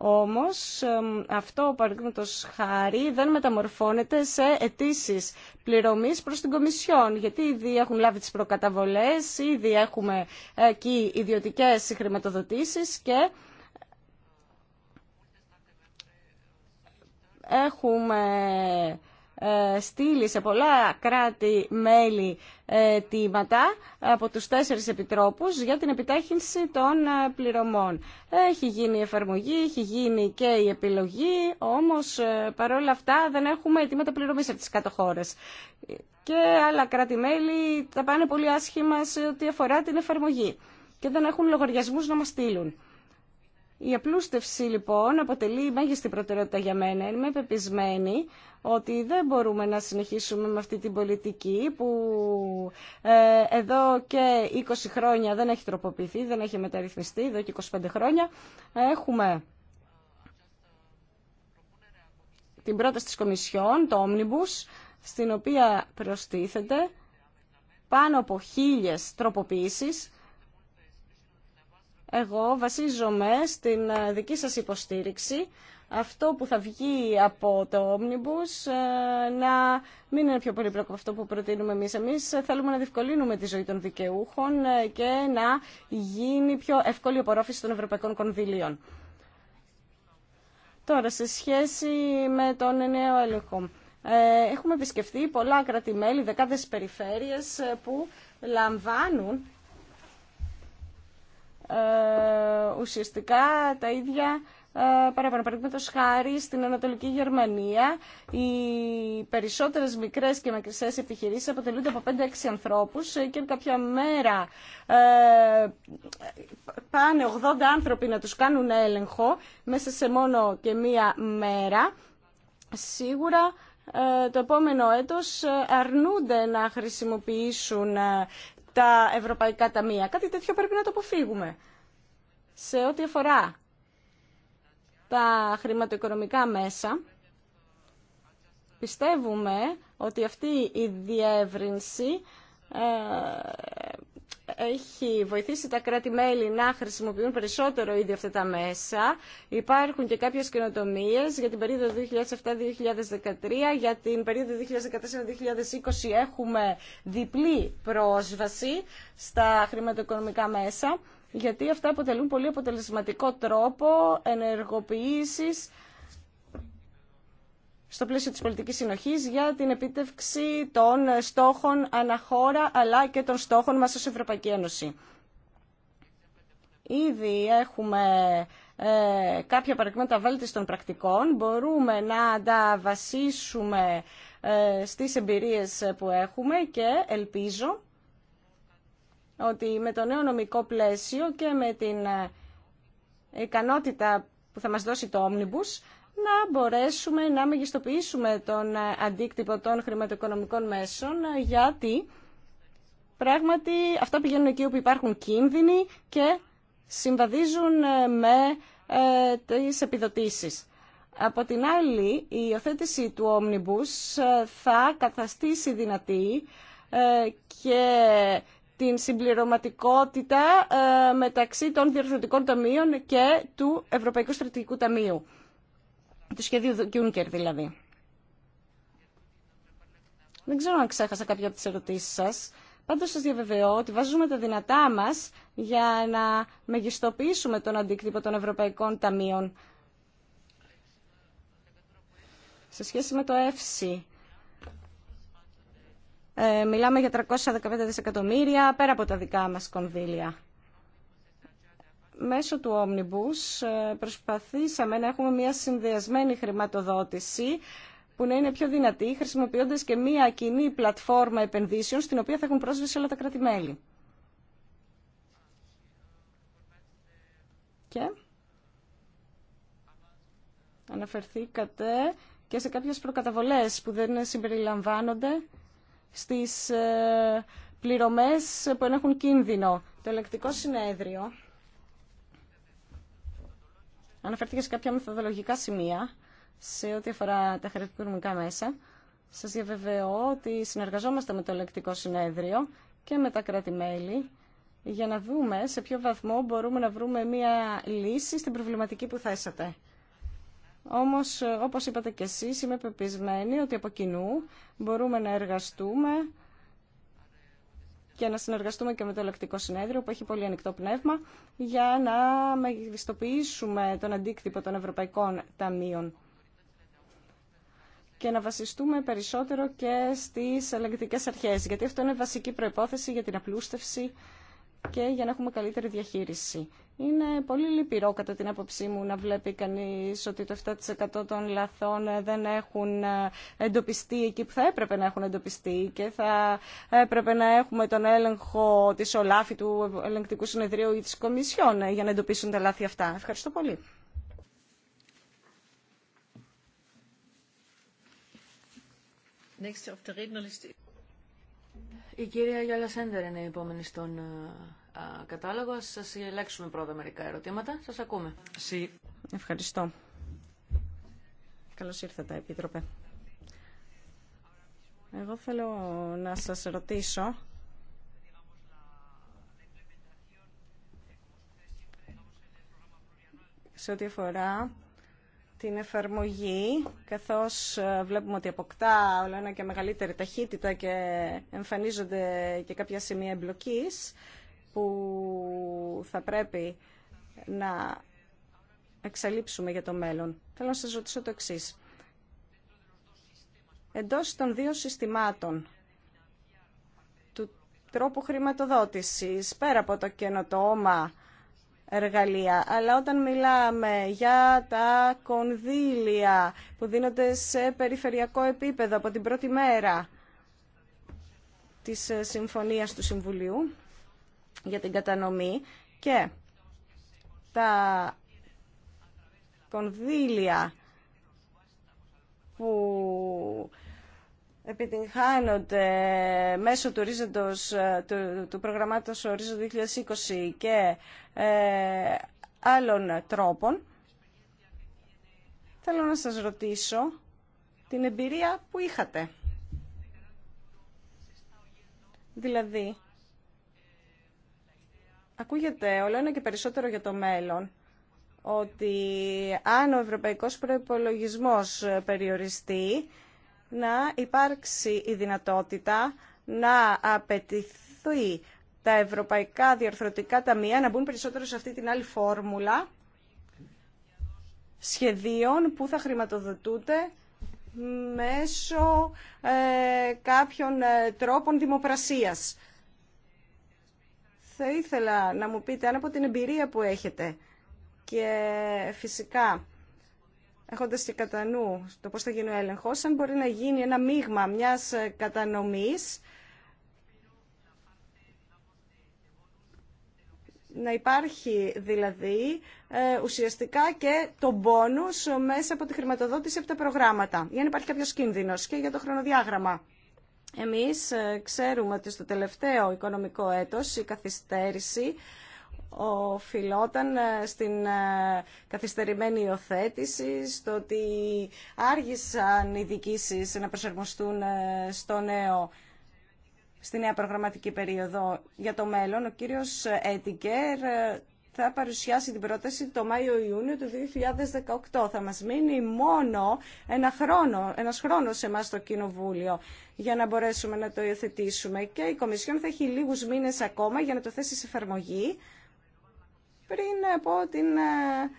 όμως αυτό, παραδείγματο χάρη, δεν μεταμορφώνεται σε αιτήσει πληρωμής προς την Κομισιόν, γιατί ήδη έχουν λάβει τις προκαταβολές, ήδη έχουμε εκεί ιδιωτικές χρηματοδοτήσεις και έχουμε ε, στείλει σε πολλά κράτη-μέλη ε, τίματα από τους τέσσερις επιτρόπους για την επιτάχυνση των ε, πληρωμών. Έχει γίνει η εφαρμογή, έχει γίνει και η επιλογή, όμως παρόλα αυτά δεν έχουμε αιτήματα πληρωμής από τις κάτω χώρες. Και άλλα κράτη-μέλη τα πάνε πολύ άσχημα σε ό,τι αφορά την εφαρμογή και δεν έχουν λογαριασμούς να μας στείλουν. Η απλούστευση λοιπόν αποτελεί η μέγιστη προτεραιότητα για μένα. Είμαι πεπισμένη ότι δεν μπορούμε να συνεχίσουμε με αυτή την πολιτική που ε, εδώ και 20 χρόνια δεν έχει τροποποιηθεί, δεν έχει μεταρρυθμιστεί, εδώ και 25 χρόνια έχουμε την πρόταση της Κομισιόν, το Omnibus, στην οποία προστίθεται πάνω από χίλιες τροποποίησεις εγώ βασίζομαι στην ε, δική σας υποστήριξη αυτό που θα βγει από το Omnibus ε, να μην είναι πιο πολύπλοκο από αυτό που προτείνουμε εμείς. Εμείς θέλουμε να διευκολύνουμε τη ζωή των δικαιούχων ε, και να γίνει πιο εύκολη η απορρόφηση των ευρωπαϊκών κονδυλίων. Τώρα, σε σχέση με τον νέο έλεγχο. Έχουμε επισκεφτεί πολλά κρατημέλη, δεκάδες περιφέρειες που λαμβάνουν ε, ουσιαστικά τα ίδια ε, παραπάνω. Παραδείγματο χάρη στην Ανατολική Γερμανία, οι περισσότερε μικρέ και μακρισέ επιχειρήσει αποτελούνται από 5-6 ανθρώπου ε, και κάποια μέρα πάνε 80 άνθρωποι να του κάνουν έλεγχο μέσα σε μόνο και μία μέρα. Σίγουρα το επόμενο έτος αρνούνται να χρησιμοποιήσουν τα ευρωπαϊκά ταμεία. Κάτι τέτοιο πρέπει να το αποφύγουμε. Σε ό,τι αφορά τα χρηματοοικονομικά μέσα, πιστεύουμε ότι αυτή η διεύρυνση ε, έχει βοηθήσει τα κράτη-μέλη να χρησιμοποιούν περισσότερο ήδη αυτά τα μέσα. Υπάρχουν και κάποιες καινοτομίε για την περίοδο 2007-2013. Για την περίοδο 2014-2020 έχουμε διπλή πρόσβαση στα χρηματοοικονομικά μέσα, γιατί αυτά αποτελούν πολύ αποτελεσματικό τρόπο ενεργοποίησης στο πλαίσιο της πολιτικής συνοχής για την επίτευξη των στόχων αναχώρα αλλά και των στόχων μας ως Ευρωπαϊκή Ένωση. Ήδη έχουμε ε, κάποια παραδείγματα των πρακτικών. Μπορούμε να τα βασίσουμε ε, στις εμπειρίες που έχουμε και ελπίζω ότι με το νέο νομικό πλαίσιο και με την ε, ικανότητα που θα μας δώσει το Omnibus να μπορέσουμε να μεγιστοποιήσουμε τον ε, αντίκτυπο των χρηματοοικονομικών μέσων ε, γιατί πράγματι αυτά πηγαίνουν εκεί όπου υπάρχουν κίνδυνοι και συμβαδίζουν ε, με ε, τις επιδοτήσεις. Από την άλλη, η υιοθέτηση του Omnibus θα καταστήσει δυνατή και την συμπληρωματικότητα μεταξύ των διορθωτικών ταμείων και του Ευρωπαϊκού Στρατηγικού Ταμείου του σχεδίου Juncker δηλαδή. Δεν ξέρω αν ξέχασα κάποια από τις ερωτήσεις σας. Πάντως σας διαβεβαιώ ότι βάζουμε τα δυνατά μας για να μεγιστοποιήσουμε τον αντίκτυπο των Ευρωπαϊκών Ταμείων. Σε σχέση με το ΕΦΣΥ, μιλάμε για 315 δισεκατομμύρια πέρα από τα δικά μας κονδύλια μέσω του Omnibus ε, προσπαθήσαμε να έχουμε μια συνδυασμένη χρηματοδότηση που να είναι πιο δυνατή, χρησιμοποιώντας και μια κοινή πλατφόρμα επενδύσεων στην οποία θα έχουν πρόσβαση όλα τα κράτη-μέλη. Και αναφερθήκατε και σε κάποιες προκαταβολές που δεν συμπεριλαμβάνονται στις ε, πληρωμές που έχουν κίνδυνο. Το ελεκτικό συνέδριο Αναφέρθηκε σε κάποια μεθοδολογικά σημεία σε ό,τι αφορά τα χαρακτηριστικά μέσα. Σας διαβεβαιώ ότι συνεργαζόμαστε με το Ελεκτικό Συνέδριο και με τα κράτη-μέλη για να δούμε σε ποιο βαθμό μπορούμε να βρούμε μία λύση στην προβληματική που θέσατε. Όμως, όπως είπατε και εσείς, είμαι πεπισμένη ότι από κοινού μπορούμε να εργαστούμε και να συνεργαστούμε και με το Ελεκτικό Συνέδριο που έχει πολύ ανοιχτό πνεύμα για να μεγιστοποιήσουμε τον αντίκτυπο των Ευρωπαϊκών Ταμείων και να βασιστούμε περισσότερο και στις ελεγκτικές αρχές, γιατί αυτό είναι βασική προϋπόθεση για την απλούστευση και για να έχουμε καλύτερη διαχείριση. Είναι πολύ λυπηρό κατά την άποψή μου να βλέπει κανείς ότι το 7% των λαθών δεν έχουν ε, εντοπιστεί εκεί που θα έπρεπε να έχουν εντοπιστεί και θα έπρεπε να έχουμε τον έλεγχο της ΟΛΑΦΗ του Ελεγκτικού Συνεδρίου ή της Κομισιόν ε, για να εντοπίσουν τα λάθη αυτά. Ευχαριστώ πολύ.
Η κυρία Γιάλα Σέντερ είναι η επόμενη στον ε, κατάλογο. Ας σας ελέγξουμε πρώτα μερικά ερωτήματα. Σας ακούμε.
Ευχαριστώ. Καλώς ήρθατε, Επίτροπε. Εγώ θέλω να σας ρωτήσω σε ό,τι αφορά την εφαρμογή, καθώς ε, βλέπουμε ότι αποκτά όλο ένα και μεγαλύτερη ταχύτητα και εμφανίζονται και κάποια σημεία εμπλοκής που θα πρέπει να εξαλείψουμε για το μέλλον. Θέλω να σας ρωτήσω το εξής. Εντός των δύο συστημάτων του τρόπου χρηματοδότησης, πέρα από το καινοτόμα εργαλεία. Αλλά όταν μιλάμε για τα κονδύλια που δίνονται σε περιφερειακό επίπεδο από την πρώτη μέρα της ε, συμφωνίας του Συμβουλίου για την κατανομή και τα κονδύλια που επιτυγχάνονται μέσω του, ρίζετος ε, του, του προγραμμάτος 2020 και ε, άλλων τρόπων. Θέλω να σας ρωτήσω την εμπειρία που είχατε. Δηλαδή, ακούγεται όλο ένα και περισσότερο για το μέλλον ότι αν ο ευρωπαϊκός προϋπολογισμός ε, περιοριστεί, να υπάρξει η δυνατότητα να απαιτηθεί τα ευρωπαϊκά διαρθρωτικά ταμεία να μπουν περισσότερο σε αυτή την άλλη φόρμουλα σχεδίων που θα χρηματοδοτούνται μέσω ε, κάποιων ε, τρόπων δημοπρασίας. Θα ήθελα να μου πείτε, αν από την εμπειρία που έχετε και φυσικά έχοντα και κατά νου το πώ θα γίνει ο έλεγχο, αν μπορεί να γίνει ένα μείγμα μια ε, κατανομή. Να υπάρχει δηλαδή ε, ουσιαστικά και το πόνους μέσα από τη χρηματοδότηση από τα προγράμματα, για να υπάρχει κάποιο κίνδυνο και για το χρονοδιάγραμμα. Εμείς ε, ξέρουμε ότι στο τελευταίο οικονομικό έτος η καθυστέρηση οφειλόταν ε, στην ε, καθυστερημένη υιοθέτηση, στο ότι άργησαν οι να προσαρμοστούν ε, στο νέο στη νέα προγραμματική περίοδο για το μέλλον. Ο κύριος Έτικερ θα παρουσιάσει την πρόταση το Μάιο-Ιούνιο του 2018. Θα μας μείνει μόνο ένα χρόνο, ένας χρόνος σε εμάς το Κοινοβούλιο για να μπορέσουμε να το υιοθετήσουμε και η Κομισιόν θα έχει λίγους μήνες ακόμα για να το θέσει σε εφαρμογή πριν από την ε,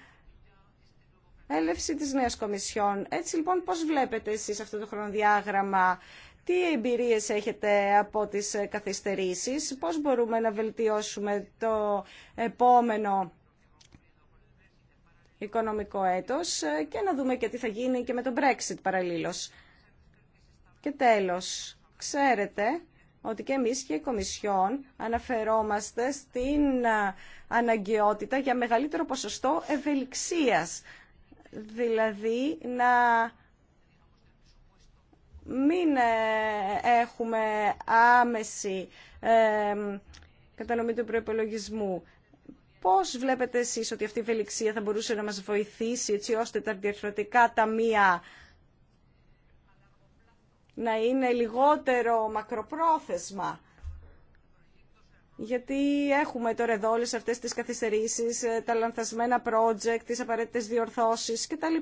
έλευση της νέας Κομισιόν. Έτσι λοιπόν πώς βλέπετε εσείς αυτό το χρονοδιάγραμμα, τι εμπειρίες έχετε από τις ε, καθυστερήσεις, πώς μπορούμε να βελτιώσουμε το επόμενο οικονομικό έτος ε, και να δούμε και τι θα γίνει και με το Brexit παραλλήλως. Και τέλος, ξέρετε ότι και εμείς και η Κομισιόν αναφερόμαστε στην αναγκαιότητα για μεγαλύτερο ποσοστό ευελιξίας. Δηλαδή να μην ε, έχουμε άμεση ε, κατανομή του προϋπολογισμού. Πώς βλέπετε εσείς ότι αυτή η ευελιξία θα μπορούσε να μας βοηθήσει έτσι ώστε τα διαφορετικά ταμεία να είναι λιγότερο μακροπρόθεσμα. Γιατί έχουμε τώρα εδώ όλες αυτές τις καθυστερήσεις, ε, τα λανθασμένα project, τις απαραίτητες διορθώσεις κτλ.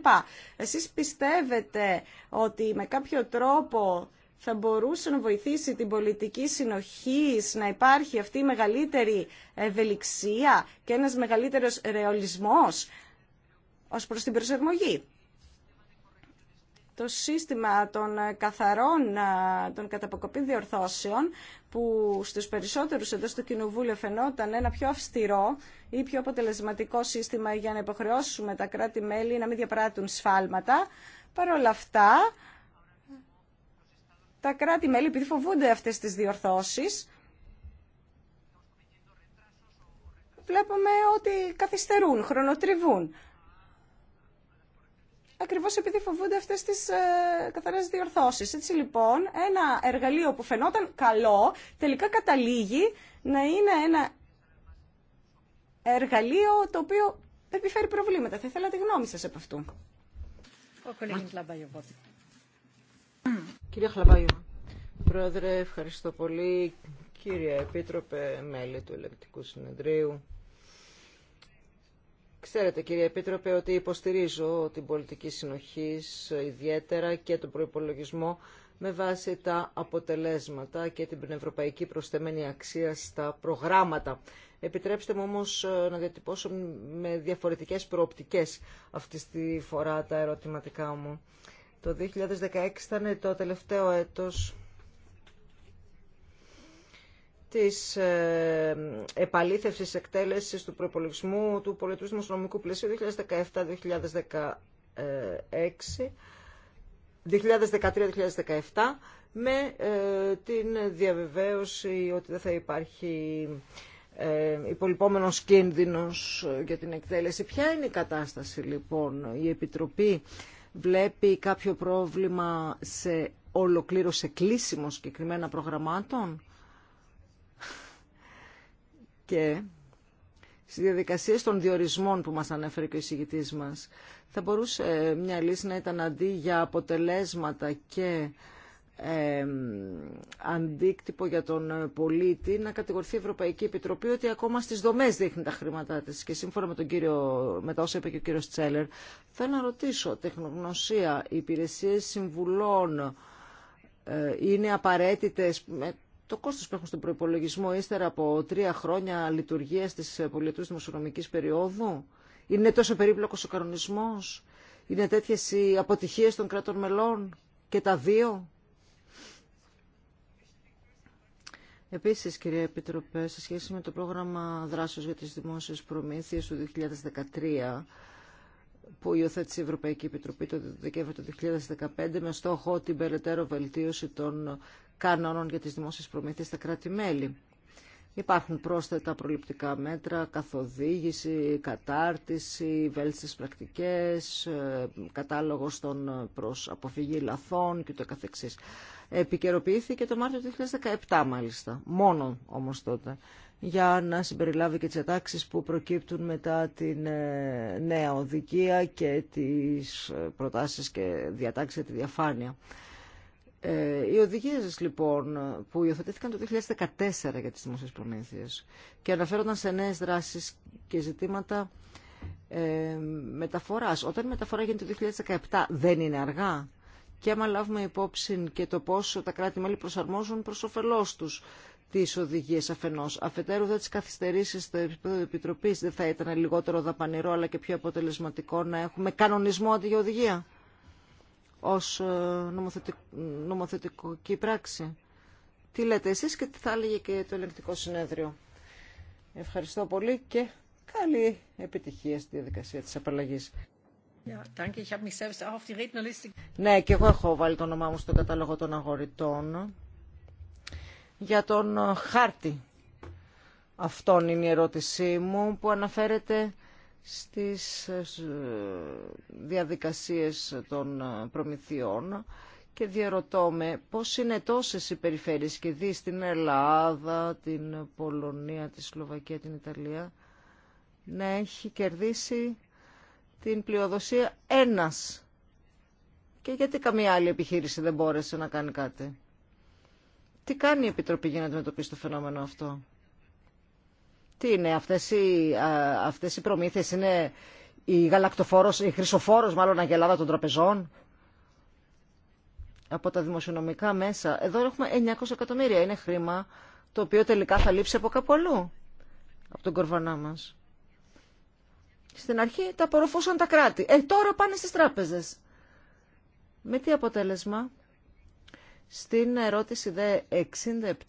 Εσείς πιστεύετε ότι με κάποιο τρόπο θα μπορούσε να βοηθήσει την πολιτική συνοχή να υπάρχει αυτή η μεγαλύτερη ευελιξία και ένας μεγαλύτερος ρεολισμός ως προς την προσαρμογή το σύστημα των ε, καθαρών, ε, των καταποκοπή διορθώσεων, που στους περισσότερους εδώ στο Κοινοβούλιο φαινόταν ένα πιο αυστηρό ή πιο αποτελεσματικό σύστημα για να υποχρεώσουμε τα κράτη-μέλη να μην διαπράττουν σφάλματα. Παρ' όλα αυτά, τα κράτη-μέλη, επειδή φοβούνται αυτές τις διορθώσεις, βλέπουμε ότι καθυστερούν, χρονοτριβούν. Ακριβώ επειδή φοβούνται αυτές τις ε, καθαρές διορθώσεις. Έτσι λοιπόν, ένα εργαλείο που φαινόταν καλό, τελικά καταλήγει να είναι ένα εργαλείο το οποίο επιφέρει προβλήματα. Θα ήθελα τη γνώμη σα από αυτού. Κυρία Χλαμπάγιο, Πρόεδρε, ευχαριστώ
πολύ. Κύριε Επίτροπε, μέλη του Ελεκτικού Συνεδρίου. Ξέρετε κύριε Επίτροπε ότι υποστηρίζω την πολιτική συνοχής ιδιαίτερα και τον προϋπολογισμό με βάση τα αποτελέσματα και την ευρωπαϊκή προσθεμένη αξία στα προγράμματα. Επιτρέψτε μου όμως ε, να διατυπώσω με διαφορετικές προοπτικές αυτή τη φορά τα ερωτηματικά μου. Το 2016 ήταν το τελευταίο έτος της ε, επαλήθευσης εκτέλεσης του προπολογισμού του πολιτού δημοσιονομικού πλαισίου 2017-2016 2013-2017 με ε, την διαβεβαίωση ότι δεν θα υπάρχει ε, υπολοιπόμενος κίνδυνος για την εκτέλεση. Ποια είναι η κατάσταση λοιπόν, η Επιτροπή βλέπει κάποιο πρόβλημα σε ολοκλήρωση κλείσιμο συγκεκριμένα προγραμμάτων και στις διαδικασίες των διορισμών που μας ανέφερε και ο εισηγητής μας. Θα μπορούσε ε, μια λύση να ήταν αντί για αποτελέσματα και αντίκτυπο για τον ε, πολίτη να κατηγορηθεί η Ευρωπαϊκή Επιτροπή ότι ακόμα στις δομές δείχνει τα χρήματά της και σύμφωνα με, τον κύριο, με τα όσα είπε και ο κύριος Τσέλερ θέλω να ρωτήσω τεχνογνωσία, υπηρεσίες συμβουλών ε, είναι απαραίτητες το κόστος που έχουν στον προϋπολογισμό ύστερα από τρία χρόνια λειτουργίας της πολιτούς δημοσιονομικής περίοδου. Είναι τόσο περίπλοκος ο κανονισμός. Είναι τέτοιες οι αποτυχίες των κρατών μελών και τα δύο. Επίσης, κυρία Επιτροπέ, σε σχέση με το πρόγραμμα δράσεως για τις δημόσιες προμήθειες του 2013, που υιοθέτησε η Ευρωπαϊκή Επιτροπή το Δεκέμβριο του 2015 με στόχο την περαιτέρω βελτίωση των κανόνων για τις δημόσιες προμήθειες στα κράτη-μέλη. Υπάρχουν πρόσθετα προληπτικά μέτρα, καθοδήγηση, κατάρτιση, βέλτιστες πρακτικές, ε, κατάλογος των ε, προς αποφυγή λαθών και το καθεξής. Επικαιροποιήθηκε το Μάρτιο του 2017 μάλιστα, μόνο όμως τότε, για να συμπεριλάβει και τις ατάξεις που προκύπτουν μετά την ε, νέα οδηγία και τις προτάσεις και διατάξεις για τη διαφάνεια. Ε, οι οδηγίες λοιπόν που υιοθετήθηκαν το 2014 για τις δημόσιες προμήθειες και αναφέρονταν σε νέες δράσεις και ζητήματα ε, μεταφοράς. Όταν η μεταφορά γίνεται το 2017 δεν είναι αργά και άμα λάβουμε υπόψη και το πόσο τα κράτη-μέλη προσαρμόζουν προς όφελός τους τις οδηγίες αφενός. Αφετέρου δεν τις καθυστερήσεις στο επίπεδο επιτροπής δεν θα ήταν λιγότερο δαπανηρό αλλά και πιο αποτελεσματικό να έχουμε κανονισμό αντί για οδηγία ως ε, νομοθετική πράξη. Τι λέτε εσείς και τι θα έλεγε και το ελεγκτικό συνέδριο. Ευχαριστώ πολύ και καλή επιτυχία στη διαδικασία της απαλλαγής. Ναι, και εγώ έχω βάλει το όνομά μου στον κατάλογο των αγορητών. Για τον ε, χάρτη. Αυτόν είναι η ερώτησή μου που αναφέρεται στις διαδικασίες των ε, προμηθειών και διαρωτώ με πώς είναι τόσες οι περιφέρειες και δει στην Ελλάδα, την Πολωνία, τη Σλοβακία, την Ιταλία να έχει κερδίσει την πλειοδοσία ένας και γιατί καμία άλλη επιχείρηση δεν μπόρεσε να κάνει κάτι. Τι κάνει η Επιτροπή για να αντιμετωπίσει το φαινόμενο αυτό. Τι είναι αυτές οι, αυτές οι προμήθειες, είναι η γαλακτοφόρος, η χρυσοφόρος μάλλον αγελάδα των τραπεζών από τα δημοσιονομικά μέσα. Εδώ έχουμε 900 εκατομμύρια. Είναι χρήμα το οποίο τελικά θα λείψει από κάπου αλλού, από τον κορβανά μας. Στην αρχή τα απορροφούσαν τα κράτη. Ε, τώρα πάνε στις τράπεζες. Με τι αποτέλεσμα στην ερώτηση δε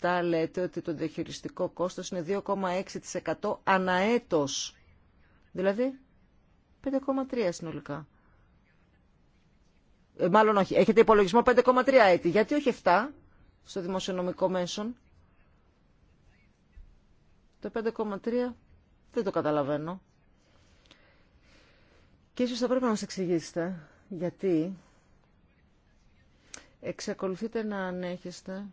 67 λέτε ότι το διαχειριστικό κόστος είναι 2,6% αναέτος. Δηλαδή 5,3 συνολικά. Ε, μάλλον όχι. Έχετε υπολογισμό 5,3 έτη. Γιατί όχι 7 στο δημοσιονομικό μέσον. Το 5,3 δεν το καταλαβαίνω. Και ίσως θα πρέπει να μας εξηγήσετε γιατί εξακολουθείτε να ανέχεστε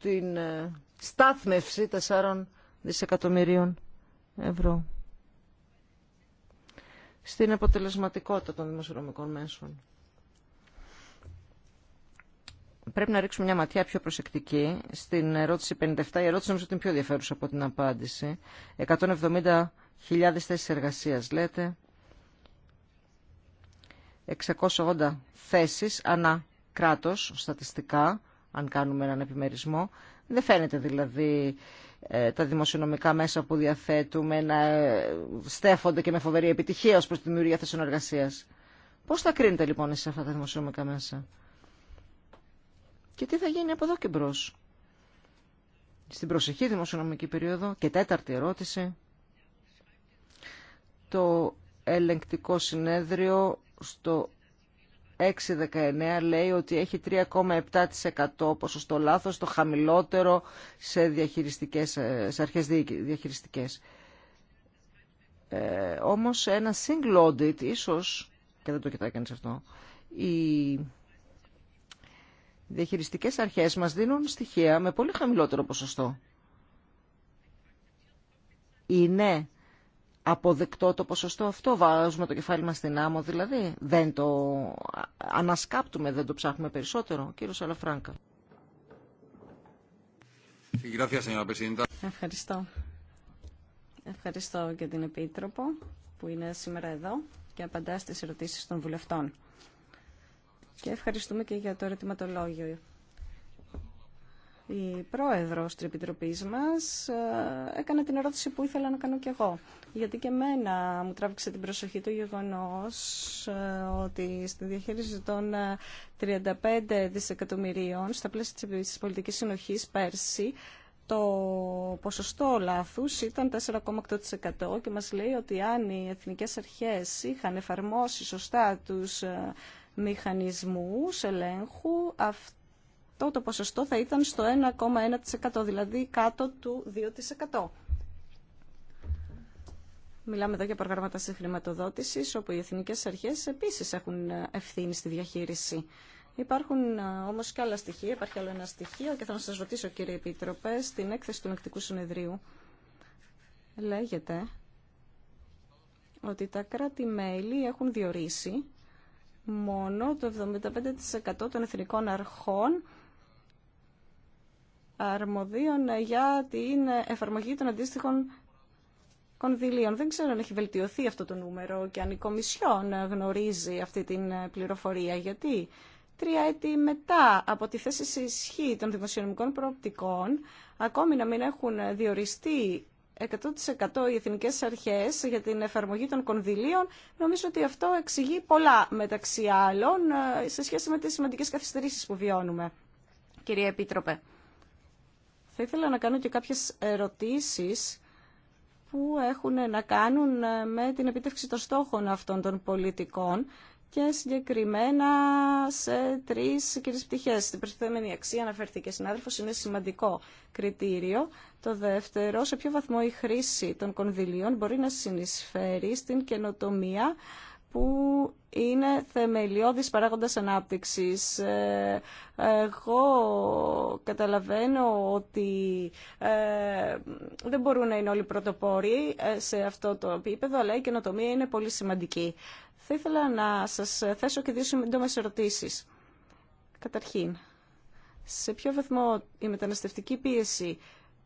την ε, στάθμευση 4 δισεκατομμυρίων ευρώ στην αποτελεσματικότητα των δημοσιονομικών μέσων. Πρέπει να ρίξουμε μια ματιά πιο προσεκτική στην ερώτηση 57. Η ερώτηση νομίζω ότι είναι πιο ενδιαφέρουσα από την απάντηση. 170.000 θέσεις εργασίας λέτε. 680 θέσεις ανά κράτος στατιστικά, αν κάνουμε έναν επιμερισμό. Δεν φαίνεται δηλαδή ε, τα δημοσιονομικά μέσα που διαθέτουμε να ε, στέφονται και με φοβερή επιτυχία ως προς τη δημιουργία θέσεων εργασίας. Πώς θα κρίνετε λοιπόν εσείς αυτά τα δημοσιονομικά μέσα και τι θα γίνει από εδώ και μπρο. Στην προσεχή δημοσιονομική περίοδο και τέταρτη ερώτηση. Το ελεγκτικό συνέδριο στο 6-19 λέει ότι έχει 3,7% ποσοστό λάθος, το χαμηλότερο σε, διαχειριστικές, ε, σε αρχές διαχειριστικές. Ε, όμως ένα single audit ίσως, και δεν το κοιτάει κανείς αυτό, οι διαχειριστικές αρχές μας δίνουν στοιχεία με πολύ χαμηλότερο ποσοστό. Είναι αποδεκτό το ποσοστό αυτό, βάζουμε το κεφάλι μας στην άμμο δηλαδή, δεν το ανασκάπτουμε, δεν το ψάχνουμε περισσότερο. Κύριο Αλαφράγκα.
Ευχαριστώ. Ευχαριστώ και την Επίτροπο που είναι σήμερα εδώ και απαντά στις ερωτήσεις των βουλευτών. Και ευχαριστούμε και για το ερωτηματολόγιο η πρόεδρος της Επιτροπής μας ε, έκανε την ερώτηση που ήθελα να κάνω κι εγώ. Γιατί και μένα μου τράβηξε την προσοχή το γεγονός ε, ότι στη διαχείριση των 35 ε, δισεκατομμυρίων στα πλαίσια της πολιτικής συνοχής πέρσι το ποσοστό λάθους ήταν 4,8% και μας λέει ότι αν οι εθνικές αρχές είχαν εφαρμόσει σωστά τους μηχανισμούς ελέγχου, αυτό αυτό το ποσοστό θα ήταν στο 1,1%, δηλαδή κάτω του 2%. Μιλάμε εδώ για προγράμματα χρηματοδότηση όπου οι εθνικέ αρχέ επίση έχουν ε, ευθύνη στη διαχείριση. Υπάρχουν ε, όμω και άλλα στοιχεία, υπάρχει άλλο ένα στοιχείο και θα σα ρωτήσω κύριε Επίτροπε, στην έκθεση του Νεκτικού Συνεδρίου λέγεται ότι τα κράτη-μέλη έχουν διορίσει μόνο το 75% των εθνικών αρχών αρμοδίων ε, για την εφαρμογή των αντίστοιχων κονδυλίων. Δεν ξέρω αν έχει βελτιωθεί αυτό το νούμερο και αν η Κομισιόν ε, γνωρίζει αυτή την ε, πληροφορία. Γιατί τρία έτη μετά από τη θέση σε ισχύ των δημοσιονομικών προοπτικών, ακόμη να μην έχουν διοριστεί 100% οι εθνικέ αρχέ για την εφαρμογή των κονδυλίων, νομίζω ότι αυτό εξηγεί πολλά μεταξύ άλλων σε σχέση με τι σημαντικέ καθυστερήσει που βιώνουμε. Κυρία Επίτροπε. Θα ήθελα να κάνω και κάποιες ερωτήσεις που έχουν να κάνουν ε, με την επίτευξη των στόχων αυτών των πολιτικών και συγκεκριμένα σε τρεις κυρίες πτυχέ. Στην προσθέμενη αξία αναφέρθηκε συνάδελφος, είναι σημαντικό κριτήριο. Το δεύτερο, σε ποιο βαθμό η χρήση των κονδυλίων μπορεί να συνεισφέρει στην καινοτομία που είναι θεμελιώδης παράγοντας ανάπτυξης. Ε, εγώ καταλαβαίνω ότι ε, δεν μπορούν να είναι όλοι πρωτοπόροι ε, σε αυτό το επίπεδο, αλλά η καινοτομία είναι πολύ σημαντική. Θα ήθελα να σας θέσω και δύο σύντομες ερωτήσεις. Καταρχήν, σε ποιο βαθμό η μεταναστευτική πίεση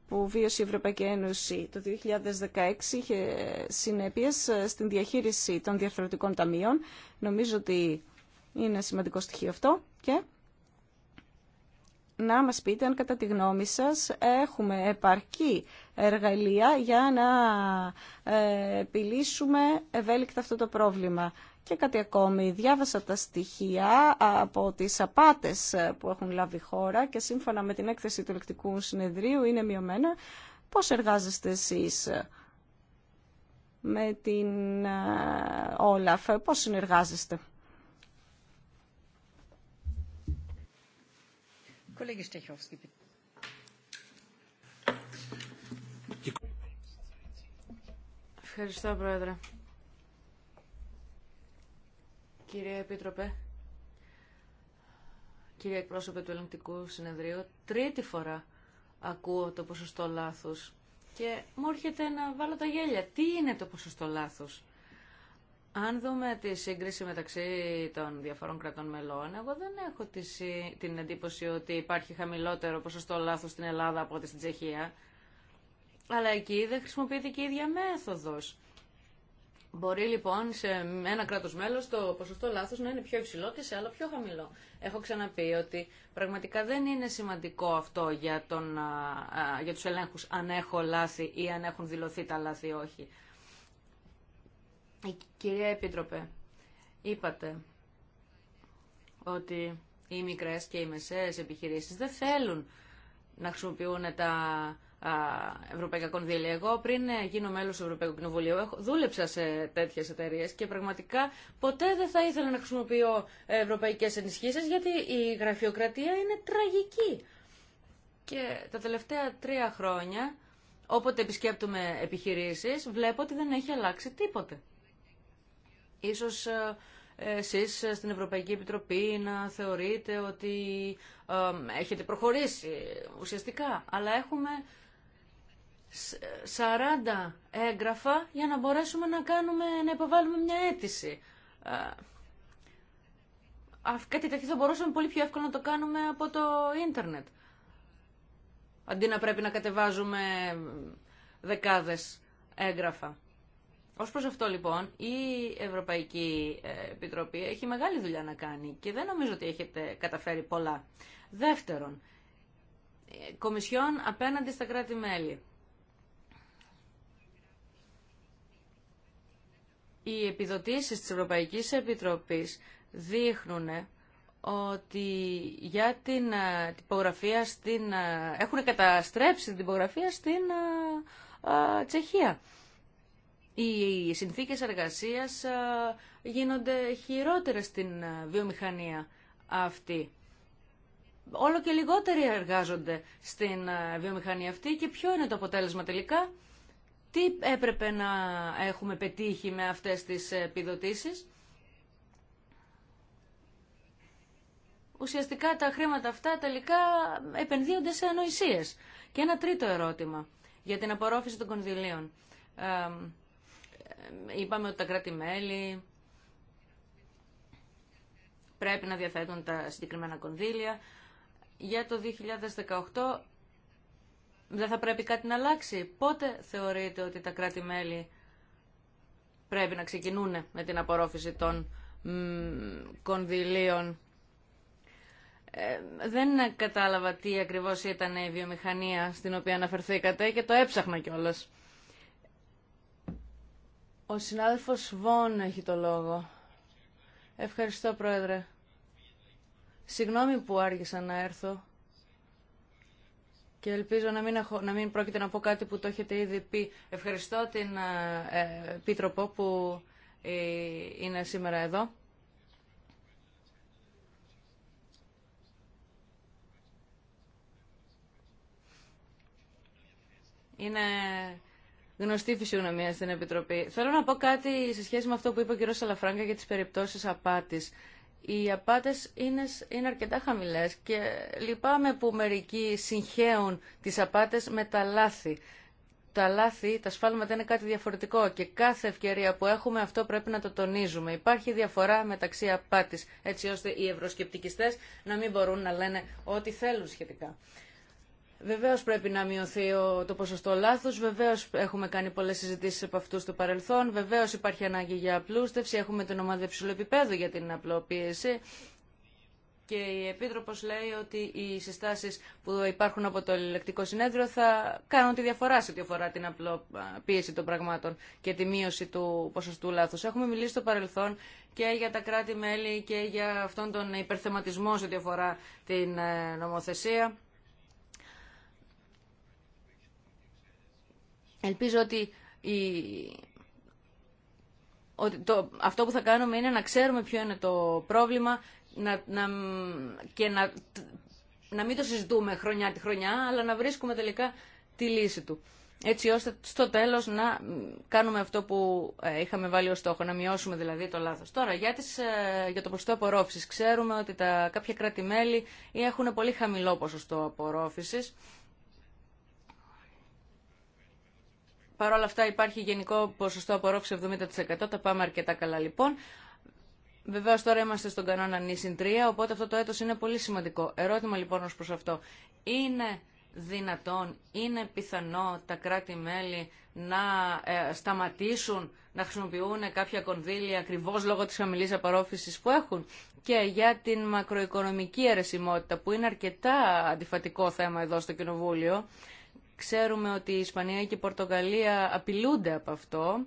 που βίωσε η Ευρωπαϊκή Ένωση το 2016 είχε συνέπειες ε, στην διαχείριση των διαφορετικών ταμείων. Νομίζω ότι είναι σημαντικό στοιχείο αυτό και να μας πείτε αν κατά τη γνώμη σας έχουμε επαρκή εργαλεία για να ε, επιλύσουμε ευέλικτα αυτό το πρόβλημα. Και κάτι ακόμη, διάβασα τα στοιχεία από τις απάτες ε, που έχουν λάβει η χώρα και σύμφωνα με την έκθεση του Λεκτικού συνεδρίου είναι μειωμένα. Πώς εργάζεστε εσείς ε, με την ε, Όλαφ, πώς συνεργάζεστε.
Ευχαριστώ, Πρόεδρε. Κύριε Επίτροπε, κύριε εκπρόσωπε του Ελληνικού Συνεδρίου, τρίτη φορά ακούω το ποσοστό λάθους και μου έρχεται να βάλω τα γέλια. Τι είναι το ποσοστό λάθους. Αν δούμε τη σύγκριση μεταξύ των διαφορών κρατών μελών, εγώ δεν έχω την εντύπωση ότι υπάρχει χαμηλότερο ποσοστό λάθος στην Ελλάδα από ό,τι στην Τσεχία. Αλλά εκεί δεν χρησιμοποιείται και η ίδια μέθοδος. Μπορεί λοιπόν σε ένα κράτος μέλος το ποσοστό λάθος να είναι πιο υψηλό και σε άλλο πιο χαμηλό. Έχω ξαναπεί ότι πραγματικά δεν είναι σημαντικό αυτό για, τον, για τους ελέγχους αν έχω λάθη ή αν έχουν δηλωθεί τα λάθη ή όχι. Η κυρία Επίτροπε, είπατε ότι οι μικρές και οι μεσαίες επιχειρήσεις δεν θέλουν να χρησιμοποιούν τα ευρωπαϊκά κονδύλια. Εγώ πριν ε, γίνω μέλο του Ευρωπαϊκού Κοινοβουλίου δούλεψα σε τέτοιε εταιρείε και πραγματικά ποτέ δεν θα ήθελα να χρησιμοποιώ ευρωπαϊκέ ενισχύσει γιατί η γραφειοκρατία είναι τραγική. Και τα τελευταία τρία χρόνια, όποτε επισκέπτομαι επιχειρήσεις, βλέπω ότι δεν έχει αλλάξει τίποτε. Ίσως ε, εσείς στην Ευρωπαϊκή Επιτροπή να θεωρείτε ότι ε, έχετε προχωρήσει ουσιαστικά, αλλά έχουμε 40 έγγραφα για να μπορέσουμε να, κάνουμε, να υποβάλουμε μια αίτηση. Κάτι τέτοιο θα μπορούσαμε πολύ πιο εύκολα να το κάνουμε από το ίντερνετ. Αντί να πρέπει να κατεβάζουμε δεκάδες έγγραφα. Ως προς αυτό λοιπόν, η Ευρωπαϊκή ε, Επιτροπή έχει μεγάλη δουλειά να κάνει και δεν νομίζω ότι έχετε καταφέρει πολλά. Δεύτερον, ε, Κομισιόν απέναντι στα κράτη-μέλη. οι επιδοτήσεις της Ευρωπαϊκής Επιτροπής δείχνουν ότι για την ε, τυπογραφία στην... Ε, έχουν καταστρέψει την τυπογραφία στην ε, Τσεχία. Οι συνθήκες εργασίας γίνονται χειρότερες στην βιομηχανία αυτή. Όλο και λιγότεροι εργάζονται στην βιομηχανία αυτή και ποιο είναι το αποτέλεσμα τελικά τι έπρεπε να έχουμε πετύχει με αυτές τις επιδοτήσεις. Ουσιαστικά τα χρήματα αυτά τελικά επενδύονται σε ανοησίες. Και ένα τρίτο ερώτημα για την απορρόφηση των κονδυλίων. Ε, είπαμε ότι τα κράτη-μέλη πρέπει να διαθέτουν τα συγκεκριμένα κονδύλια. Για το 2018 δεν θα πρέπει κάτι να αλλάξει. Πότε θεωρείτε ότι τα κράτη-μέλη πρέπει να ξεκινούν με την απορρόφηση των κονδυλίων. Ε, δεν κατάλαβα τι ακριβώς ήταν η βιομηχανία στην οποία αναφερθήκατε και το έψαχνα κιόλας. Ο συνάδελφος Βόν έχει το λόγο. Ευχαριστώ, Πρόεδρε. Συγγνώμη που άργησα να έρθω και ελπίζω να μην, να πρόκειται να πω κάτι που το έχετε ήδη πει. Ευχαριστώ την ε, ε, πίτροπο που ε, είναι σήμερα εδώ. Είναι γνωστή φυσιογνωμία στην Επιτροπή. Θέλω να πω κάτι σε σχέση με αυτό που είπε ο κ. Σαλαφράγκα για τις περιπτώσεις απάτης οι απάτες είναι, αρκετά χαμηλές και λυπάμαι που μερικοί συγχέουν τις απάτες με τα λάθη. Τα λάθη, τα σφάλματα είναι κάτι διαφορετικό και κάθε ευκαιρία που έχουμε αυτό πρέπει να το τονίζουμε. Υπάρχει διαφορά μεταξύ απάτης έτσι ώστε οι ευρωσκεπτικιστές να μην μπορούν να λένε ό,τι θέλουν σχετικά. Βεβαίω πρέπει να μειωθεί το ποσοστό λάθους, βεβαίω έχουμε κάνει πολλέ συζητήσει από αυτού στο παρελθόν, βεβαίω υπάρχει ανάγκη για απλούστευση, έχουμε την ομάδα υψηλού επίπεδου για την απλοποίηση και η επίτροπο λέει ότι οι συστάσει που υπάρχουν από το ελεκτικό συνέδριο θα κάνουν τη διαφορά σε ό,τι αφορά την απλοποίηση των πραγμάτων και τη μείωση του ποσοστού λάθου. Έχουμε μιλήσει στο παρελθόν και για τα κράτη-μέλη και για αυτόν τον υπερθεματισμό σε ό,τι αφορά την ε, νομοθεσία. Ελπίζω ότι, αυτό που θα κάνουμε είναι να ξέρουμε ποιο είναι το πρόβλημα και να... μην το συζητούμε χρονιά τη χρονιά, αλλά να βρίσκουμε τελικά τη λύση του έτσι ώστε στο τέλος να κάνουμε αυτό που ε, είχαμε βάλει ως στόχο, να μειώσουμε δηλαδή το λάθος. Τώρα, για, τις, ε, για το ποσοστό απορρόφησης, ξέρουμε ότι τα κάποια κράτη-μέλη έχουν πολύ χαμηλό ποσοστό απορρόφησης Παρ' όλα αυτά υπάρχει γενικό ποσοστό απορρόφηση 70%, τα πάμε αρκετά καλά λοιπόν. Βεβαίω τώρα είμαστε στον κανόνα νήσιν 3, οπότε αυτό το έτος είναι πολύ σημαντικό. Ερώτημα λοιπόν ως προς αυτό. Είναι δυνατόν, είναι πιθανό τα κράτη-μέλη να ε, σταματήσουν να χρησιμοποιούν κάποια κονδύλια ακριβώ λόγω της χαμηλής απορρόφησης που έχουν και για την μακροοικονομική αιρεσιμότητα που είναι αρκετά αντιφατικό θέμα εδώ στο Κοινοβούλιο. Ξέρουμε ότι η Ισπανία και η Πορτογαλία απειλούνται από αυτό.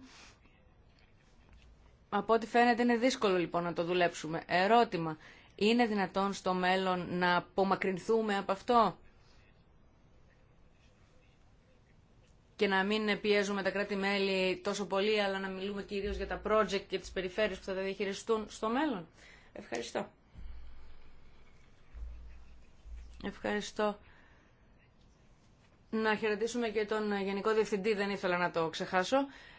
Από ό,τι φαίνεται είναι δύσκολο λοιπόν να το δουλέψουμε. Ερώτημα, είναι δυνατόν στο μέλλον να απομακρυνθούμε από αυτό και να μην πιέζουμε τα κράτη-μέλη τόσο πολύ, αλλά να μιλούμε κυρίως για τα project και τις περιφέρειες που θα τα διαχειριστούν στο μέλλον. Ευχαριστώ. Ευχαριστώ να χαιρετήσουμε και τον Γενικό Διευθυντή, δεν ήθελα να το ξεχάσω.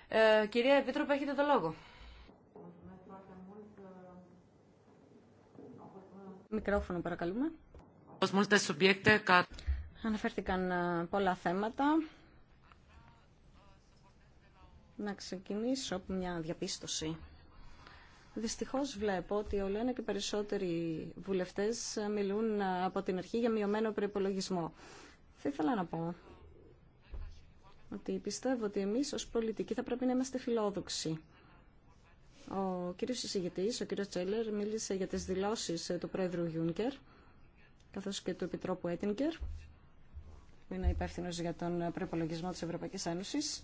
Ε, κυρία Επίτροπε,
έχετε το λόγο. Μικρόφωνο παρακαλούμε. Αναφέρθηκαν ε, πολλά θέματα. Να ξεκινήσω από μια διαπίστωση. Δυστυχώς βλέπω ότι όλο ένα και περισσότεροι βουλευτές ε, μιλούν ε, από την αρχή για μειωμένο προπολογισμό. Θα ήθελα να πω ότι πιστεύω ότι εμείς ως πολιτικοί θα πρέπει να είμαστε φιλόδοξοι. Ο κύριος συζητητής, ο κύριος Τσέλερ, μίλησε για τις δηλώσεις ε, του πρόεδρου Γιούνκερ, καθώς και του Επιτρόπου Έτινκερ, που είναι υπεύθυνο για τον προπολογισμό της Ευρωπαϊκής Ένωσης.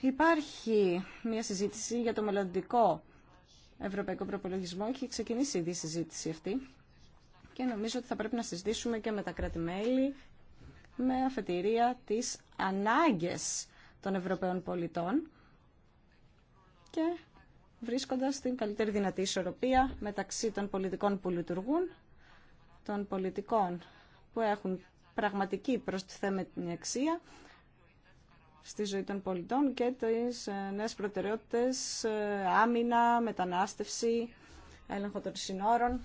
Υπάρχει μια συζήτηση για το μελλοντικό ευρωπαϊκό προπολογισμό. Έχει ξεκινήσει ήδη η συζήτηση αυτή και νομίζω ότι θα πρέπει να συζητήσουμε και με τα κράτη-μέλη με αφετηρία τις ανάγκες των Ευρωπαίων πολιτών και βρίσκοντας την καλύτερη δυνατή ισορροπία μεταξύ των πολιτικών που λειτουργούν, των πολιτικών που έχουν πραγματική προστιθέμενη αξία στη ζωή των πολιτών και τις ε, νέες προτεραιότητες ε, άμυνα, μετανάστευση, έλεγχο των συνόρων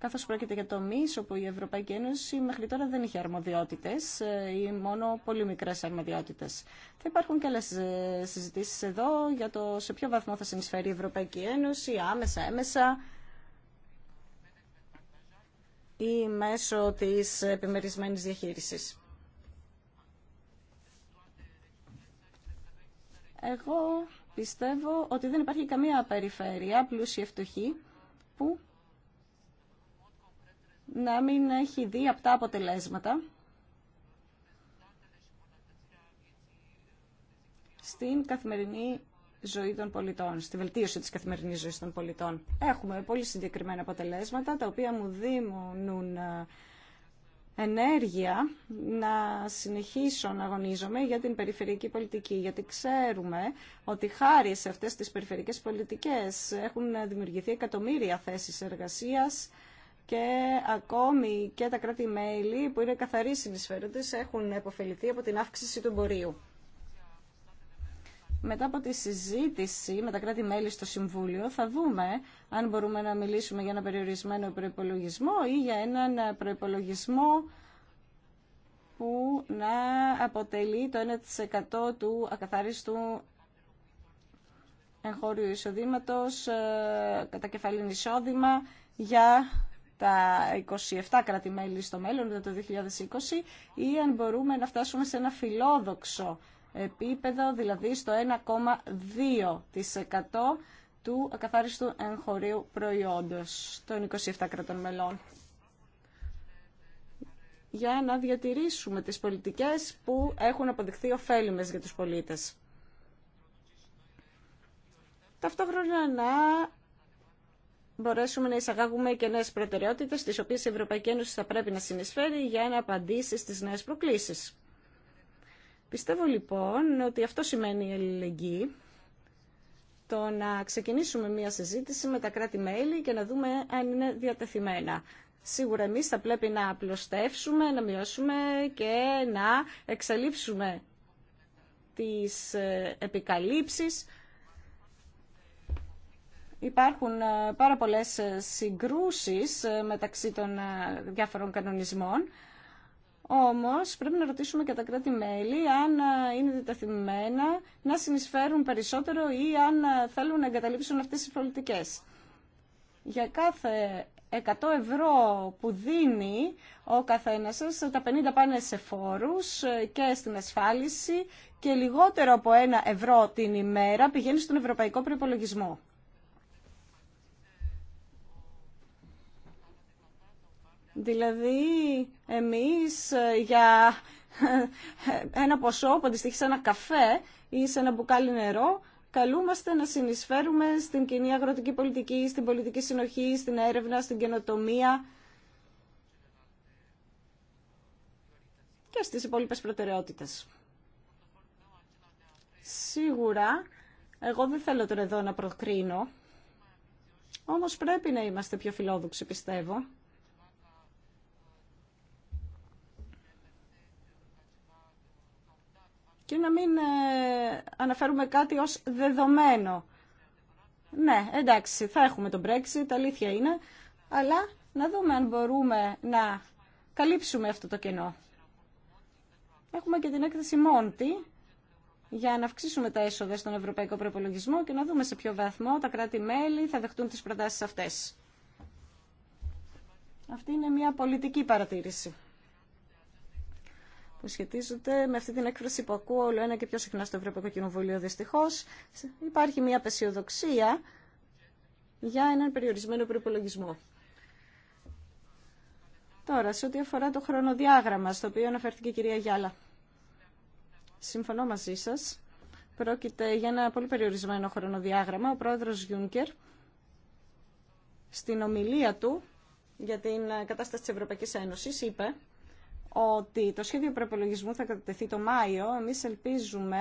καθώς πρόκειται για τομείς όπου η Ευρωπαϊκή Ένωση μέχρι τώρα δεν είχε αρμοδιότητε ε, ή μόνο πολύ μικρέ αρμοδιότητε. Θα υπάρχουν και άλλε ε, συζητήσεις εδώ για το σε ποιο βαθμό θα συνεισφέρει η Ευρωπαϊκή Ένωση, άμεσα, έμεσα ή μέσω τη επιμερισμένη διαχείριση. Εγώ πιστεύω ότι δεν υπάρχει καμία περιφέρεια πλούσια φτωχή που να μην έχει δει αυτά αποτελέσματα στην καθημερινή ζωή των πολιτών, στη βελτίωση της καθημερινής ζωής των πολιτών. Έχουμε πολύ συγκεκριμένα αποτελέσματα, τα οποία μου δίνουν ε, ενέργεια να συνεχίσω να αγωνίζομαι για την περιφερειακή πολιτική, γιατί ξέρουμε ότι χάρη σε αυτές τις περιφερειακές πολιτικές έχουν δημιουργηθεί εκατομμύρια θέσεις εργασίας, και ακόμη και τα κράτη-μέλη που είναι καθαροί συνεισφέροντες έχουν επωφεληθεί από την αύξηση του εμπορίου. Μετά από τη συζήτηση με τα κράτη-μέλη στο Συμβούλιο θα δούμε αν μπορούμε να μιλήσουμε για ένα περιορισμένο προϋπολογισμό ή για έναν προϋπολογισμό που να αποτελεί το 1% του ακαθαρίστου εγχώριου εισοδήματος, ε, κατά κεφαλήν εισόδημα για τα 27 κράτη-μέλη στο μέλλον, το 2020, ή αν μπορούμε να φτάσουμε σε ένα φιλόδοξο επίπεδο, δηλαδή στο 1,2% του ακαθάριστου εγχωρίου προϊόντος των 27 κρατών μελών για να διατηρήσουμε τις πολιτικές που έχουν αποδειχθεί ωφέλιμες για τους πολίτες. Ταυτόχρονα μπορέσουμε να εισαγάγουμε και νέες προτεραιότητες, τις οποίες η Ευρωπαϊκή Ένωση θα πρέπει να συνεισφέρει για να απαντήσει στις νέες προκλήσεις. Πιστεύω λοιπόν ότι αυτό σημαίνει η ελληνική, το να ξεκινήσουμε μία συζήτηση με τα κράτη-μέλη και να δούμε αν είναι διατεθειμένα. Σίγουρα εμείς θα πρέπει να απλωστεύσουμε, να μειώσουμε και να εξαλείψουμε τις ε, επικαλύψεις Υπάρχουν ε, πάρα πολλές ε, συγκρούσεις ε, μεταξύ των διάφορων κανονισμών. Όμως πρέπει να ρωτήσουμε και τα κράτη-μέλη αν είναι διτεθειμένα να συνεισφέρουν περισσότερο ή αν θέλουν να εγκαταλείψουν αυτές τις πολιτικές. Για κάθε 100 ευρώ που δίνει ο καθένας σας, τα 50 πάνε σε φόρους και στην ασφάλιση και λιγότερο από ένα ευρώ την ημέρα πηγαίνει στον ευρωπαϊκό προϋπολογισμό. Δηλαδή, εμείς ε, για ε, ένα ποσό που αντιστοιχεί σε ένα καφέ ή σε ένα μπουκάλι νερό, καλούμαστε να συνεισφέρουμε στην κοινή αγροτική πολιτική, στην πολιτική συνοχή, στην έρευνα, στην καινοτομία και στις υπόλοιπες προτεραιότητες. Σίγουρα, εγώ δεν θέλω τώρα εδώ να προκρίνω, όμως πρέπει να είμαστε πιο φιλόδοξοι, πιστεύω. και να μην ε, αναφέρουμε κάτι ως δεδομένο. Ναι, εντάξει, θα έχουμε τον Brexit, αλήθεια είναι, αλλά να δούμε αν μπορούμε να καλύψουμε αυτό το κενό. Έχουμε και την έκθεση Μόντι για να αυξήσουμε τα έσοδα στον ευρωπαϊκό προπολογισμό και να δούμε σε ποιο βαθμό τα κράτη-μέλη θα δεχτούν τις προτάσεις αυτές. Αυτή είναι μια πολιτική παρατήρηση που σχετίζονται με αυτή την έκφραση που ακούω όλο ένα και πιο συχνά στο Ευρωπαϊκό Κοινοβούλιο. Δυστυχώ υπάρχει μια απεσιοδοξία για έναν περιορισμένο προπολογισμό. Τώρα, σε ό,τι αφορά το χρονοδιάγραμμα, στο οποίο αναφέρθηκε η κυρία Γιάλα. Συμφωνώ μαζί σας. Πρόκειται για ένα πολύ περιορισμένο χρονοδιάγραμμα. Ο πρόεδρος Γιούνκερ, στην ομιλία του για την κατάσταση της Ευρωπαϊκής Ένωσης, είπε ότι το σχέδιο προπολογισμού θα κατατεθεί το Μάιο. Εμείς ελπίζουμε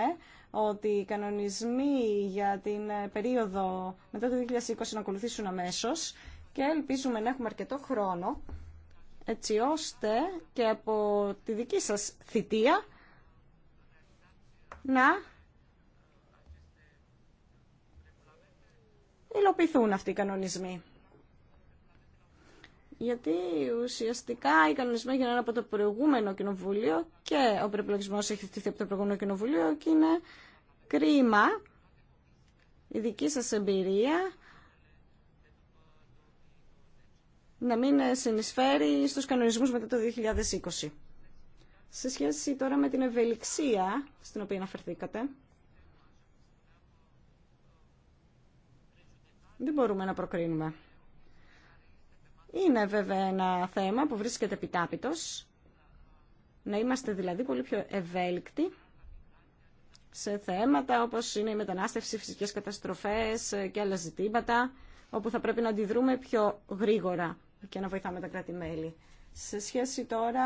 ότι οι κανονισμοί για την ε, περίοδο μετά το 2020 να ακολουθήσουν αμέσως και ελπίζουμε να έχουμε αρκετό χρόνο έτσι ώστε και από τη δική σας θητεία να υλοποιηθούν αυτοί οι κανονισμοί γιατί ουσιαστικά οι κανονισμοί γίνονται από το προηγούμενο κοινοβούλιο και ο προεπλογισμός έχει χτιστεί από το προηγούμενο κοινοβούλιο και είναι κρίμα η δική σας εμπειρία να μην συνεισφέρει στους κανονισμούς μετά το 2020. Σε σχέση τώρα με την ευελιξία στην οποία αναφερθήκατε, δεν μπορούμε να προκρίνουμε είναι βέβαια ένα θέμα που βρίσκεται επιτάπητος, να είμαστε δηλαδή πολύ πιο ευέλικτοι σε θέματα όπως είναι η μετανάστευση, φυσικές καταστροφές και άλλα ζητήματα, όπου θα πρέπει να αντιδρούμε πιο γρήγορα και να βοηθάμε τα κράτη-μέλη. Σε σχέση τώρα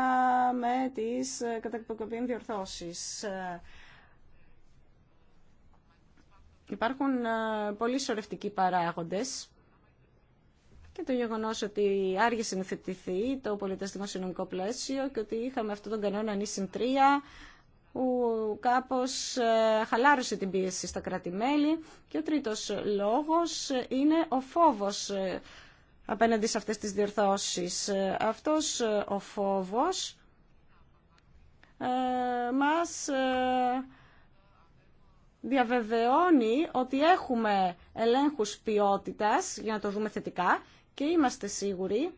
με τις κατακοπήν διορθώσεις. Υπάρχουν ε, πολύ σωρευτικοί παράγοντες και το γεγονό ότι άργησε να θετηθεί το πολιτεστικό συνομικο πλαίσιο και ότι είχαμε αυτόν τον κανόνα νήσιν 3 που κάπως ε, χαλάρωσε την πίεση στα κράτη-μέλη. Και ο τρίτος λόγος είναι ο φόβος ε, απέναντι σε αυτές τις διορθώσεις. Ε, αυτός ο φόβος μας διαβεβαιώνει ότι έχουμε ελέγχους ποιότητας, για να το δούμε θετικά, και είμαστε σίγουροι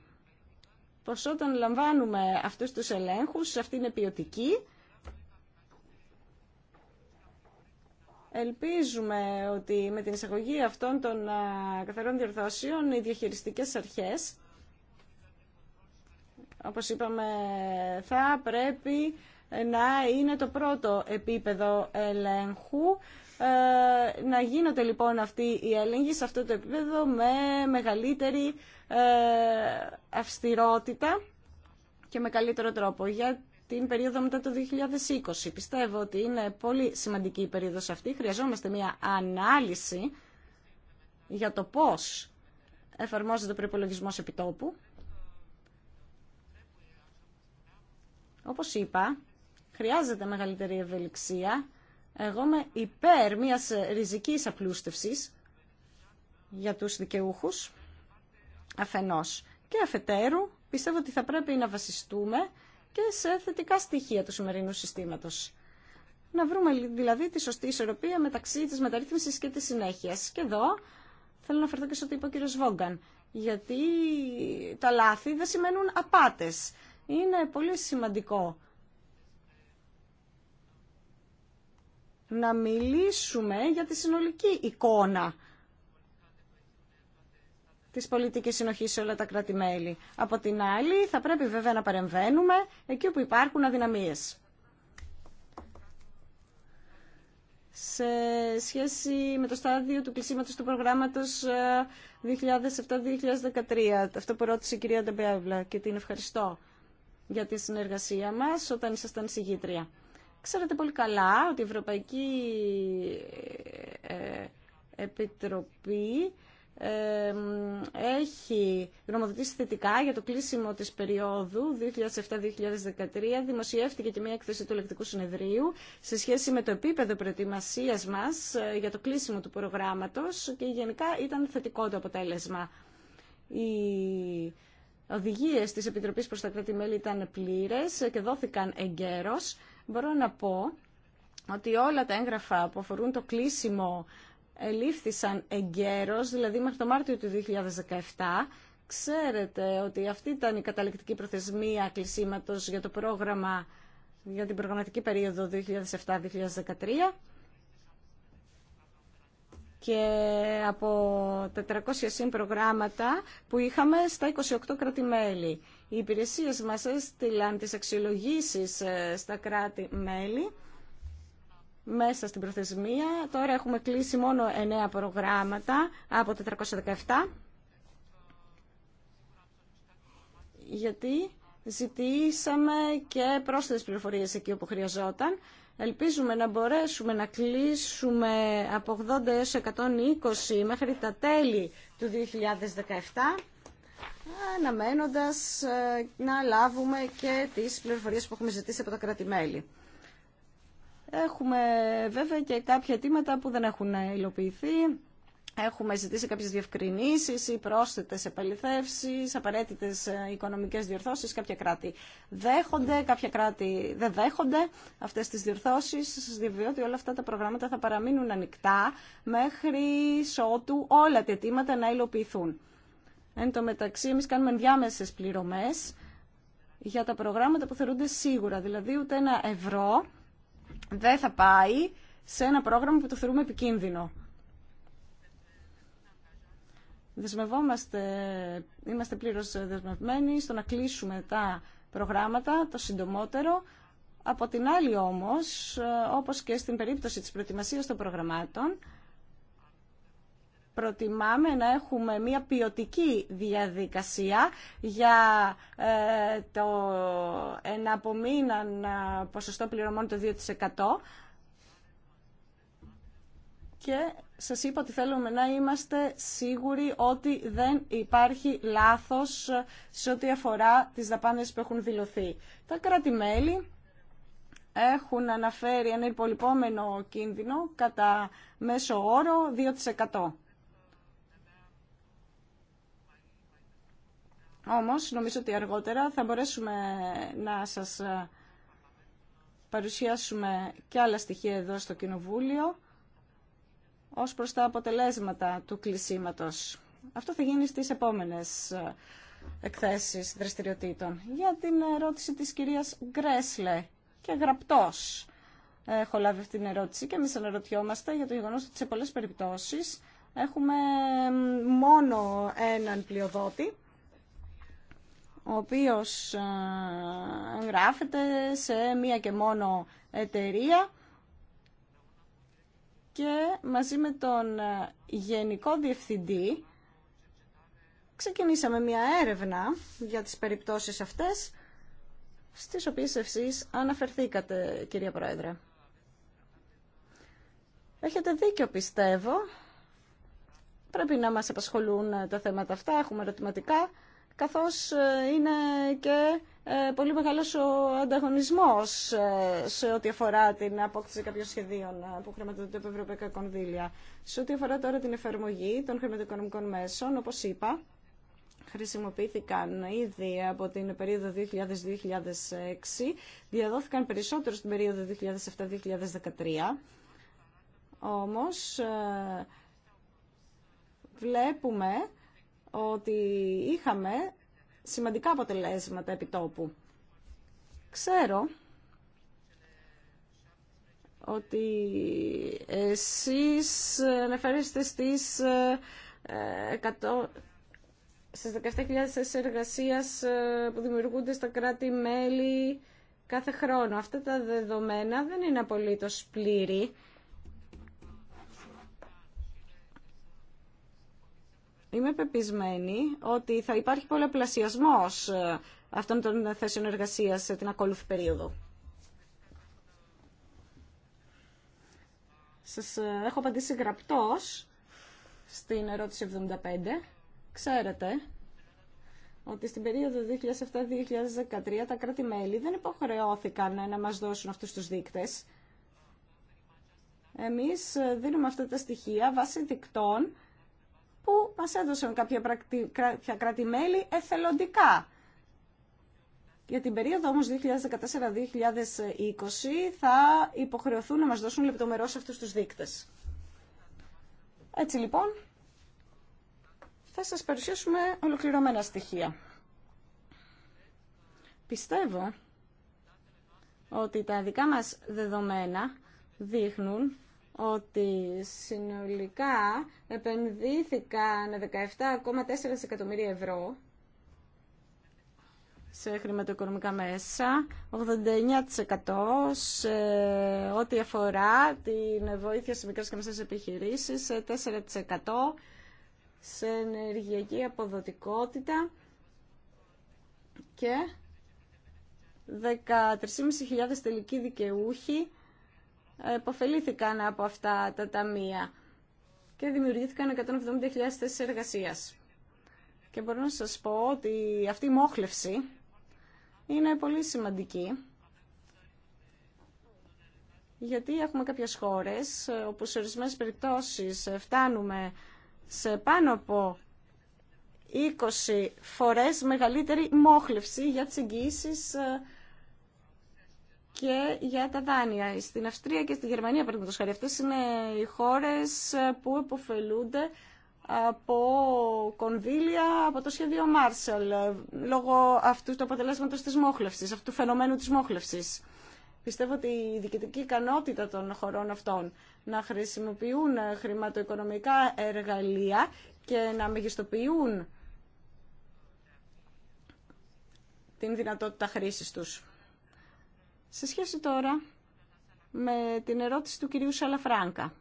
πως όταν λαμβάνουμε αυτούς τους ελέγχους, αυτή είναι ποιοτική, Ελπίζουμε ότι με την εισαγωγή αυτών των καθαρών διορθώσεων οι διαχειριστικές αρχές, όπως είπαμε, θα πρέπει να είναι το πρώτο επίπεδο ελέγχου ε, να γίνονται λοιπόν αυτοί οι έλεγχοι σε αυτό το επίπεδο με μεγαλύτερη ε, αυστηρότητα και με καλύτερο τρόπο για την περίοδο μετά το 2020. Πιστεύω ότι είναι πολύ σημαντική η περίοδος αυτή. Χρειαζόμαστε μια ανάλυση για το πώς εφαρμόζεται ο προπολογισμό επιτόπου. Όπως είπα, χρειάζεται μεγαλύτερη ευελιξία εγώ είμαι υπέρ μιας ριζικής απλούστευσης για τους δικαιούχους αφενός και αφετέρου πιστεύω ότι θα πρέπει να βασιστούμε και σε θετικά στοιχεία του σημερινού συστήματος. Να βρούμε δηλαδή τη σωστή ισορροπία μεταξύ της μεταρρύθμισης και της συνέχειας. Και εδώ θέλω να φερθώ και στο τύπο κύριο Βόγκαν, γιατί τα λάθη δεν σημαίνουν απάτες. Είναι πολύ σημαντικό να μιλήσουμε για τη συνολική εικόνα της πολιτικής συνοχής σε όλα τα κράτη-μέλη. Από την άλλη, θα πρέπει βέβαια να παρεμβαίνουμε εκεί όπου υπάρχουν αδυναμίες. Σε σχέση με το στάδιο του κλεισίματος του προγράμματος 2007-2013, ε, αυτό που ρώτησε η κυρία Ντεμπέβλα και την ευχαριστώ για τη συνεργασία μας όταν ήσασταν συγγήτρια. Ξέρετε πολύ καλά ότι η Ευρωπαϊκή ε, ε, Επιτροπή ε, έχει γνωμοδοτήσει θετικά για το κλείσιμο της περίοδου 2007-2013. Δημοσιεύτηκε και μια έκθεση του Ελεκτικού Συνεδρίου σε σχέση με το επίπεδο προετοιμασίας μας για το κλείσιμο του προγράμματος και γενικά ήταν θετικό το αποτέλεσμα. Οι οδηγίες της Επιτροπής προς τα κράτη-μέλη ήταν πλήρες και δόθηκαν εγκαίρως μπορώ να πω ότι όλα τα έγγραφα που αφορούν το κλείσιμο ελήφθησαν εγκαίρως, δηλαδή μέχρι το Μάρτιο του 2017. Ξέρετε ότι αυτή ήταν η καταληκτική προθεσμία κλεισίματος για το πρόγραμμα για την προγραμματική περίοδο 2007-2013 και από 400 συμπρογράμματα προγράμματα που είχαμε στα 28 κρατημέλη. Οι υπηρεσίες μας έστειλαν τις αξιολογήσεις ε, στα κράτη-μέλη μέσα στην προθεσμία. Τώρα έχουμε κλείσει μόνο 9 προγράμματα από 417. Γιατί ζητήσαμε και πρόσθετες πληροφορίες εκεί όπου χρειαζόταν. Ελπίζουμε να μπορέσουμε να κλείσουμε από 80 έως 120 μέχρι τα τέλη του 2017 αναμένοντας ε, να λάβουμε και τις πληροφορίες που έχουμε ζητήσει από τα κράτη-μέλη. Έχουμε βέβαια και κάποια αιτήματα που δεν έχουν υλοποιηθεί. Έχουμε ζητήσει κάποιες διευκρινήσεις ή πρόσθετες επαληθεύσεις, απαραίτητες ε, οικονομικές διορθώσεις. Κάποια κράτη δέχονται, κάποια κράτη δεν δέχονται αυτές τις διορθώσεις, ότι όλα αυτά τα προγράμματα θα παραμείνουν ανοιχτά μέχρι ότου όλα τα αιτήματα να υλοποιηθούν. Εν τω μεταξύ, εμεί κάνουμε διάμεσε πληρωμέ για τα προγράμματα που θεωρούνται σίγουρα. Δηλαδή, ούτε ένα ευρώ δεν θα πάει σε ένα πρόγραμμα που το θεωρούμε επικίνδυνο. Δεσμευόμαστε, είμαστε πλήρως δεσμευμένοι στο να κλείσουμε τα προγράμματα το συντομότερο. Από την άλλη όμως, όπως και στην περίπτωση της προετοιμασίας των προγραμμάτων, προτιμάμε να έχουμε μια ποιοτική διαδικασία για ε, το ένα ε, ποσοστό πληρωμών το 2% και σας είπα ότι θέλουμε να είμαστε σίγουροι ότι δεν υπάρχει λάθος σε ό,τι αφορά τις δαπάνες που έχουν δηλωθεί. Τα κράτη-μέλη έχουν αναφέρει ένα υπολοιπόμενο κίνδυνο κατά μέσο όρο 2%. Όμως νομίζω ότι αργότερα θα μπορέσουμε να σας ε, παρουσιάσουμε και άλλα στοιχεία εδώ στο Κοινοβούλιο ως προς τα αποτελέσματα του κλεισίματος. Αυτό θα γίνει στις επόμενες ε, εκθέσεις δραστηριοτήτων. Για την ερώτηση της κυρίας Γκρέσλε και γραπτός έχω λάβει αυτή την ερώτηση και εμείς αναρωτιόμαστε για το γεγονός ότι σε πολλές περιπτώσεις έχουμε μόνο έναν πλειοδότη ο οποίος ε, γράφεται σε μία και μόνο εταιρεία και μαζί με τον ε, Γενικό Διευθυντή ξεκινήσαμε μία έρευνα για τις περιπτώσεις αυτές στις οποίες εσείς αναφερθήκατε, κυρία Πρόεδρε. Έχετε δίκιο, πιστεύω. Πρέπει να μας απασχολούν τα θέματα αυτά, έχουμε ερωτηματικά καθώς ε, είναι και ε, πολύ μεγάλος ο ανταγωνισμός ε, σε ό,τι αφορά την απόκτηση κάποιων σχεδίων που χρηματοδοτούνται από ευρωπαϊκά κονδύλια. Σε ό,τι αφορά τώρα την εφαρμογή των χρηματοοικονομικών μέσων, όπως είπα, χρησιμοποιήθηκαν ήδη από την περίοδο 2000-2006, διαδόθηκαν περισσότερο στην περίοδο 2007-2013, όμως βλέπουμε ότι είχαμε σημαντικά αποτελέσματα επιτόπου. Ξέρω ότι εσείς αναφέρεστε στις ε, στις 17.000 θέσεις ε, που δημιουργούνται στα κράτη-μέλη κάθε χρόνο. Αυτά τα δεδομένα δεν είναι απολύτως πλήρη Είμαι πεπισμένη ότι θα υπάρχει πολλαπλασιασμός ε, αυτών των θέσεων εργασίας σε την ακόλουθη περίοδο. Σας ε, έχω απαντήσει γραπτός στην ερώτηση 75. Ξέρετε ότι στην περίοδο 2007-2013 τα κράτη-μέλη δεν υποχρεώθηκαν να μας δώσουν αυτούς τους δείκτες. Εμείς ε, δίνουμε αυτά τα στοιχεία βάσει δικτών που μας έδωσαν κάποια, πρακτι... κάποια κράτη-μέλη εθελοντικά. Για την περίοδο όμως 2014-2020 θα υποχρεωθούν να μας δώσουν λεπτομερώς αυτούς τους δείκτες. Έτσι λοιπόν, θα σας παρουσιάσουμε ολοκληρωμένα στοιχεία. Πιστεύω ότι τα δικά μας δεδομένα δείχνουν ότι συνολικά επενδύθηκαν 17,4 εκατομμύρια ευρώ σε χρηματοοικονομικά μέσα, 89% σε ό,τι αφορά την βοήθεια σε μικρές και μεσές επιχειρήσεις, 4% σε ενεργειακή αποδοτικότητα και 13.500 τελικοί δικαιούχοι υποφελήθηκαν από αυτά τα ταμεία και δημιουργήθηκαν 170.000 θέσεις εργασίας. Και μπορώ να σας πω ότι αυτή η μόχλευση είναι πολύ σημαντική γιατί έχουμε κάποιες χώρες όπου σε ορισμένες περιπτώσεις φτάνουμε σε πάνω από 20 φορές μεγαλύτερη μόχλευση για τις εγγυήσεις ε, και για τα δάνεια. Στην Αυστρία και στη Γερμανία, παραδείγματο χάρη, αυτέ είναι οι χώρε που υποφελούνται από κονδύλια από το σχέδιο Μάρσελ, λόγω αυτού του αποτελέσματος της μόχλευσης, αυτού του φαινομένου της μόχλευσης. Πιστεύω ότι η διοικητική ικανότητα των χωρών αυτών να χρησιμοποιούν χρηματοοικονομικά εργαλεία και να μεγιστοποιούν την δυνατότητα χρήσης τους. Σε σχέση τώρα με την ερώτηση του κυρίου Σαλαφράνκα.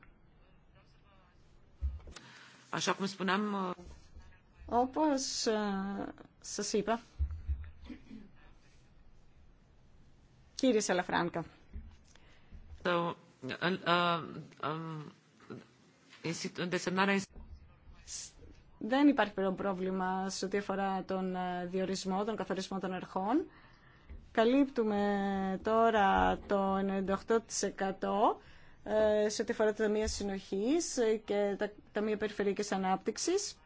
Όπως σας είπα, κύριε Σαλαφράνκα. δεν υπάρχει πρόβλημα σε ό,τι αφορά τον διορισμό, τον καθορισμό των αρχών καλύπτουμε τώρα το 98% ε, σε ό,τι αφορά τα ταμεία συνοχής και τα ταμεία περιφερειακής ανάπτυξης.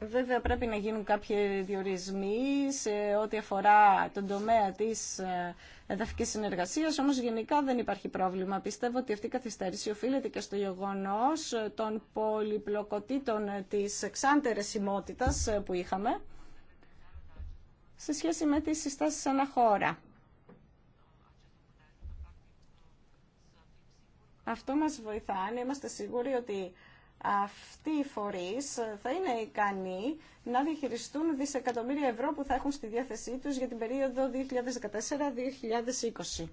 Βέβαια πρέπει να γίνουν κάποιοι διορισμοί σε ό,τι αφορά τον τομέα της ε, εδαφικής συνεργασίας, όμως γενικά δεν υπάρχει πρόβλημα. Πιστεύω ότι αυτή η καθυστέρηση οφείλεται και στο γεγονό των πολυπλοκοτήτων της εξάντερης ε, που είχαμε σε σχέση με τις συστάσεις ένα χώρα. Αυτό μας βοηθά να είμαστε σίγουροι ότι αυτοί οι φορείς θα είναι ικανοί να διαχειριστούν δισεκατομμύρια ευρώ που θα έχουν στη διάθεσή τους για την περίοδο 2014-2020.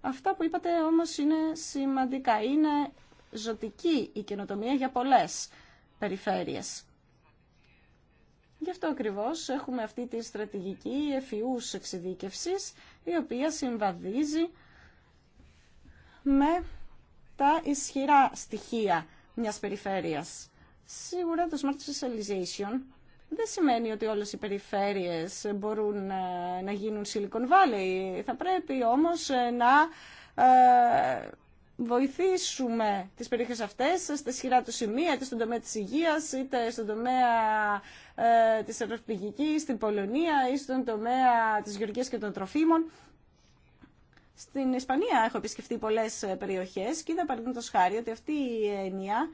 Αυτά που είπατε όμως είναι σημαντικά. Είναι ζωτική η καινοτομία για πολλές περιφέρειες. Γι' αυτό ακριβώς έχουμε αυτή τη στρατηγική εφιούς εξειδίκευσης, η οποία συμβαδίζει με τα ισχυρά στοιχεία μιας περιφέρειας. Σίγουρα το Smart Specialization δεν σημαίνει ότι όλες οι περιφέρειες μπορούν ε, να γίνουν Silicon Valley. Θα πρέπει όμως ε, να ε, βοηθήσουμε τις περιοχές αυτές στα ισχυρά του σημεία, είτε στον τομέα της υγείας, είτε στον τομέα ε, της ευρωπηγικής, στην Πολωνία ή στον τομέα της γεωργίας και των τροφίμων. Στην Ισπανία έχω επισκεφτεί πολλές ε, περιοχές και είδα παραδείγματος χάρη ότι αυτή η έννοια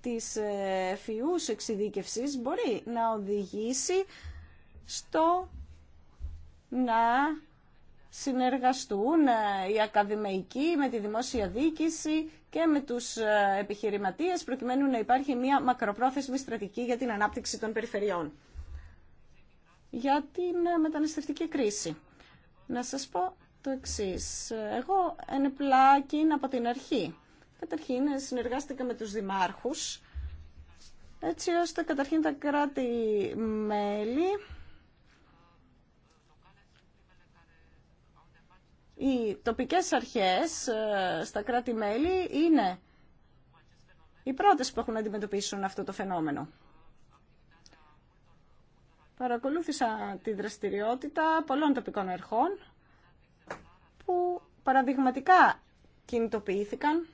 της ε, φιούς εξειδίκευσης μπορεί να οδηγήσει στο να συνεργαστούν ε, οι ακαδημαϊκοί με τη δημόσια διοίκηση και με τους ε, επιχειρηματίες προκειμένου να υπάρχει μια μακροπρόθεσμη στρατηγική για την ανάπτυξη των περιφερειών. Για την ε, μεταναστευτική κρίση. Να σας πω το εξής. Εγώ ενεπλάκην από την αρχή. Καταρχήν συνεργάστηκα με τους δημάρχους έτσι ώστε καταρχήν τα κράτη-μέλη οι τοπικές αρχές ε, στα κράτη-μέλη είναι οι πρώτες που έχουν να αντιμετωπίσουν αυτό το φαινόμενο. Παρακολούθησα τη δραστηριότητα πολλών τοπικών αρχών που παραδειγματικά κινητοποιήθηκαν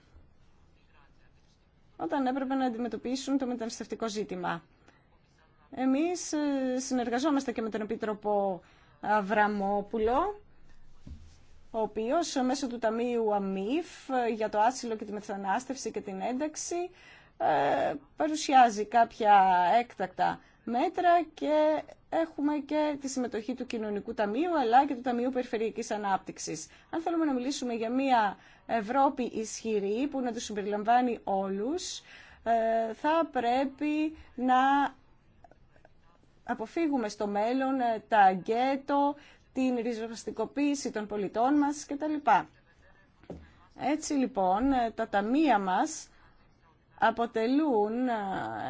όταν έπρεπε να αντιμετωπίσουν το μεταναστευτικό ζήτημα. Εμείς ε, συνεργαζόμαστε και με τον Επίτροπο Αβραμόπουλο ο οποίος μέσω του Ταμείου ΑΜΙΦ για το άσυλο και τη μεθανάστευση και την ένταξη ε, παρουσιάζει κάποια έκτακτα μέτρα και έχουμε και τη συμμετοχή του Κοινωνικού Ταμείου αλλά και του Ταμείου Περιφερειακής Ανάπτυξης. Αν θέλουμε να μιλήσουμε για μια Ευρώπη ισχυρή που να τους συμπεριλαμβάνει όλους, ε, θα πρέπει να αποφύγουμε στο μέλλον ε, τα γκέτο, την ριζοσπαστικοποίηση των πολιτών μας κτλ. Έτσι λοιπόν τα ταμεία μας αποτελούν ε,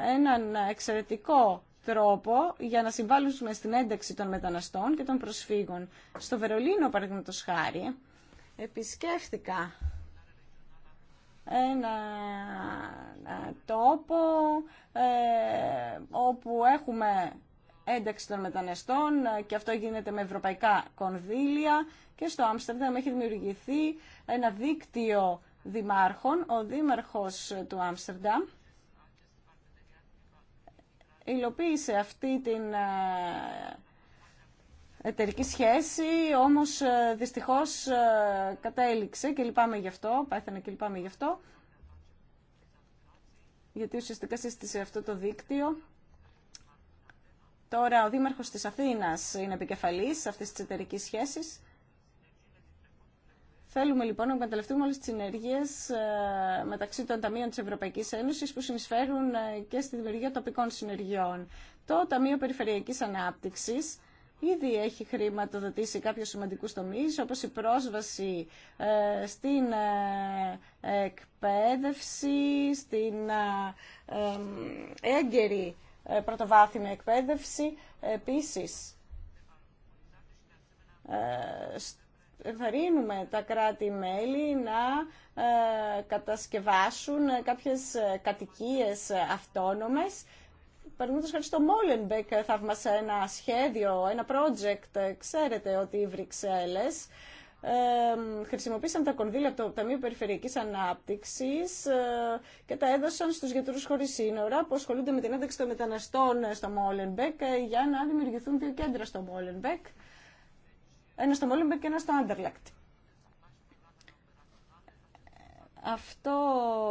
έναν εξαιρετικό τρόπο για να συμβάλλουμε στην ένταξη των μεταναστών και των προσφύγων. Στο Βερολίνο, παραδείγματο χάρη, επισκέφθηκα ένα, ε, τόπο ε, όπου έχουμε ένταξη των μεταναστών και αυτό γίνεται με ευρωπαϊκά κονδύλια και στο Άμστερνταμ έχει δημιουργηθεί ένα δίκτυο δημάρχων, ο δήμαρχος του Άμστερνταμ υλοποίησε αυτή την ε, εταιρική σχέση, όμως ε, δυστυχώς ε, κατέληξε και λυπάμαι γι' αυτό, πάθαινα και λυπάμαι γι' αυτό, γιατί ουσιαστικά σύστησε αυτό το δίκτυο Τώρα ο Δήμαρχος της Αθήνας είναι επικεφαλής αυτής της εταιρικής σχέσης. Θέλουμε λοιπόν να καταλευτούμε όλες τις συνεργίες ε, μεταξύ των Ταμείων της Ευρωπαϊκής Ένωσης που συνεισφέρουν ε, και στη δημιουργία τοπικών συνεργειών. Το Ταμείο Περιφερειακής Ανάπτυξης ήδη έχει χρηματοδοτήσει κάποιους σημαντικούς τομείς, όπως η πρόσβαση ε, στην εκπαίδευση, στην έγκαιρη ε, πρωτοβάθμια εκπαίδευση. Επίσης, ε, ενθαρρύνουμε τα κράτη-μέλη να ε, κατασκευάσουν κάποιες κατοικίες αυτόνομες. Παρ' χάρη στο Μόλενμπεκ θαύμασε ένα σχέδιο, ένα project. Ξέρετε ότι οι Βρυξέλλες χρησιμοποίησαν τα κονδύλια από το Ταμείο Περιφερειακής Ανάπτυξης ε, και τα έδωσαν στους γιατρούς χωρίς σύνορα που ασχολούνται με την ένταξη των μεταναστών στο Μόλενμπεκ ε, για να δημιουργηθούν δύο κέντρα στο Μόλενμπεκ, ένα στο Μόλενμπεκ και ένα στο Άντερλακτ. Αυτό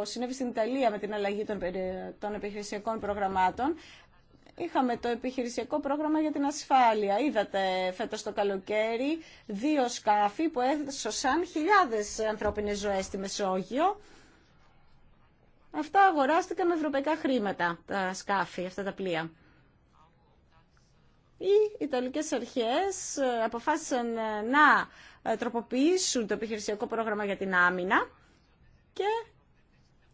συνέβη στην Ιταλία με την αλλαγή των επιχειρησιακών προγραμμάτων. Είχαμε το επιχειρησιακό πρόγραμμα για την ασφάλεια. Είδατε φέτος το καλοκαίρι δύο σκάφη που έσωσαν χιλιάδες ανθρώπινες ζωές στη Μεσόγειο. Αυτά αγοράστηκαν με ευρωπαϊκά χρήματα, τα σκάφη, αυτά τα πλοία. Οι Ιταλικές αρχές ε, αποφάσισαν ε, να ε, τροποποιήσουν το επιχειρησιακό πρόγραμμα για την άμυνα και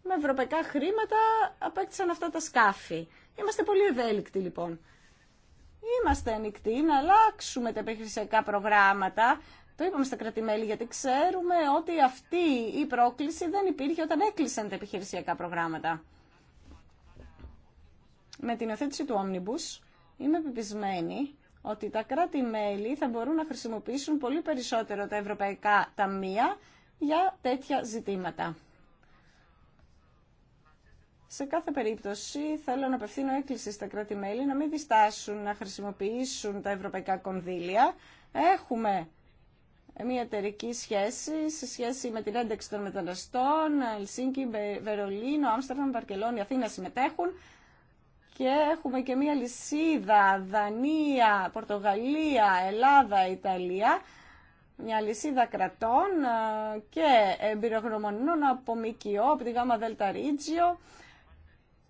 με ευρωπαϊκά χρήματα απέκτησαν αυτά τα σκάφη. Είμαστε πολύ ευέλικτοι λοιπόν. Είμαστε ανοιχτοί να αλλάξουμε τα επιχειρησιακά προγράμματα. Το είπαμε στα κρατημέλη γιατί ξέρουμε ότι αυτή η πρόκληση δεν υπήρχε όταν έκλεισαν τα επιχειρησιακά προγράμματα. Με την οθέτηση του Omnibus είμαι πεπισμένη ότι τα κράτη-μέλη θα μπορούν να χρησιμοποιήσουν πολύ περισσότερο τα ευρωπαϊκά ταμεία για τέτοια ζητήματα. Σε κάθε περίπτωση θέλω να απευθύνω έκκληση στα κράτη-μέλη να μην διστάσουν να χρησιμοποιήσουν τα ευρωπαϊκά κονδύλια. Έχουμε μια εταιρική σχέση σε σχέση με την ένταξη των μεταναστών. Ελσίνκι, Βερολίνο, Άμστερνταμ, Βαρκελόνη, Αθήνα συμμετέχουν. Και έχουμε και μια λυσίδα Δανία, Πορτογαλία, Ελλάδα, Ιταλία μια λυσίδα κρατών ε, και εμπειρογνωμονών από ΜΚΟ, από τη ΓΑΜΑ ΔΕΛΤΑ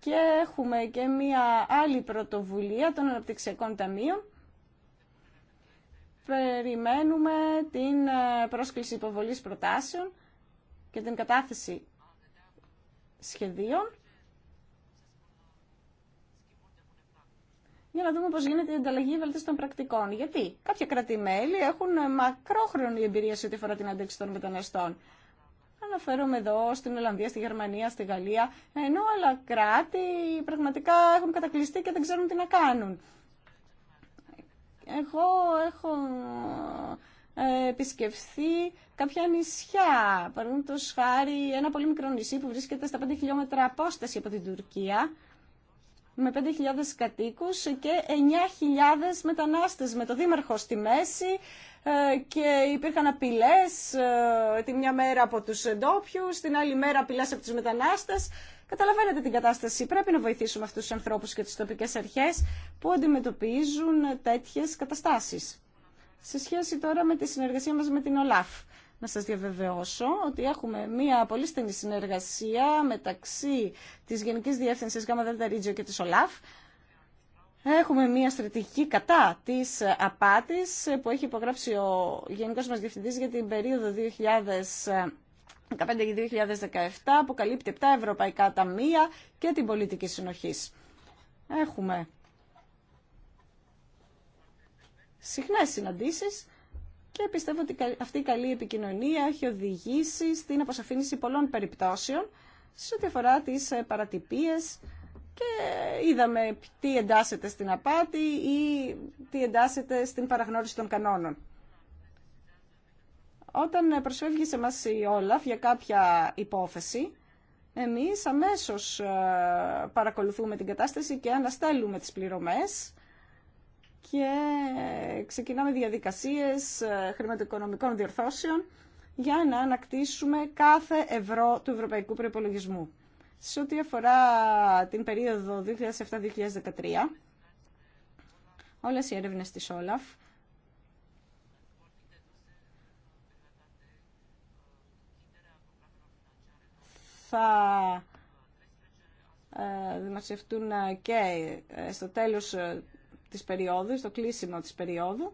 και έχουμε και μία άλλη πρωτοβουλία των αναπτυξιακών ταμείων. Περιμένουμε την ε, πρόσκληση υποβολής προτάσεων και την κατάθεση σχεδίων για να δούμε πώς γίνεται η ανταλλαγή των πρακτικών. Γιατί κάποια κρατημέλη έχουν μακρόχρονη εμπειρία σε ό,τι αφορά την αντίξη των μεταναστών αναφέρομαι εδώ στην Ολλανδία, στη Γερμανία, στη Γαλλία, ενώ άλλα κράτη πραγματικά έχουν κατακλειστεί και δεν ξέρουν τι να κάνουν. Εγώ έχω ε, επισκεφθεί κάποια νησιά, παραδείγματο χάρη ένα πολύ μικρό νησί που βρίσκεται στα 5 χιλιόμετρα απόσταση από την Τουρκία, με 5.000 κατοίκους και 9.000 μετανάστες με το δήμαρχο στη μέση, ε, και υπήρχαν απειλέ ε, τη μια μέρα από τους εντόπιου, την άλλη μέρα απειλές από τους μετανάστες. Καταλαβαίνετε την κατάσταση. Πρέπει να βοηθήσουμε αυτούς τους ανθρώπους και τι τοπικές αρχές που αντιμετωπίζουν τέτοιε καταστάσεις. Σε σχέση τώρα με τη συνεργασία μας με την ΟΛΑΦ. Να σας διαβεβαιώσω ότι έχουμε μία πολύ στενή συνεργασία μεταξύ της Γενικής Διεύθυνσης ΓΔΡΙΤΖΙΟ και της ΟΛΑΦ Έχουμε μια στρατηγική κατά της απάτης που έχει υπογράψει ο Γενικός Μα Διευθυντής για την περίοδο 2000 2015 2017 που καλύπτει 7 ευρωπαϊκά ταμεία και την πολιτική συνοχής. Έχουμε συχνές συναντήσει και πιστεύω ότι αυτή η καλή επικοινωνία έχει οδηγήσει στην αποσαφήνιση πολλών περιπτώσεων σε ό,τι αφορά τις παρατυπίε και είδαμε τι εντάσσεται στην απάτη ή τι εντάσσεται στην παραγνώριση των κανόνων. Όταν προσφεύγει σε μας η Όλαφ για κάποια υπόθεση, εμείς αμέσως ε, παρακολουθούμε την κατάσταση και αναστέλουμε τις πληρωμές και ξεκινάμε διαδικασίες ε, χρηματοοικονομικών διορθώσεων για να ανακτήσουμε κάθε ευρώ του ευρωπαϊκού προϋπολογισμού. Σε ό,τι αφορά την περίοδο 2007-2013, όλες οι έρευνες της Όλαφ θα ε, δημοσιευτούν ε, και ε, στο τέλος της περίοδου, στο κλείσιμο της περίοδου,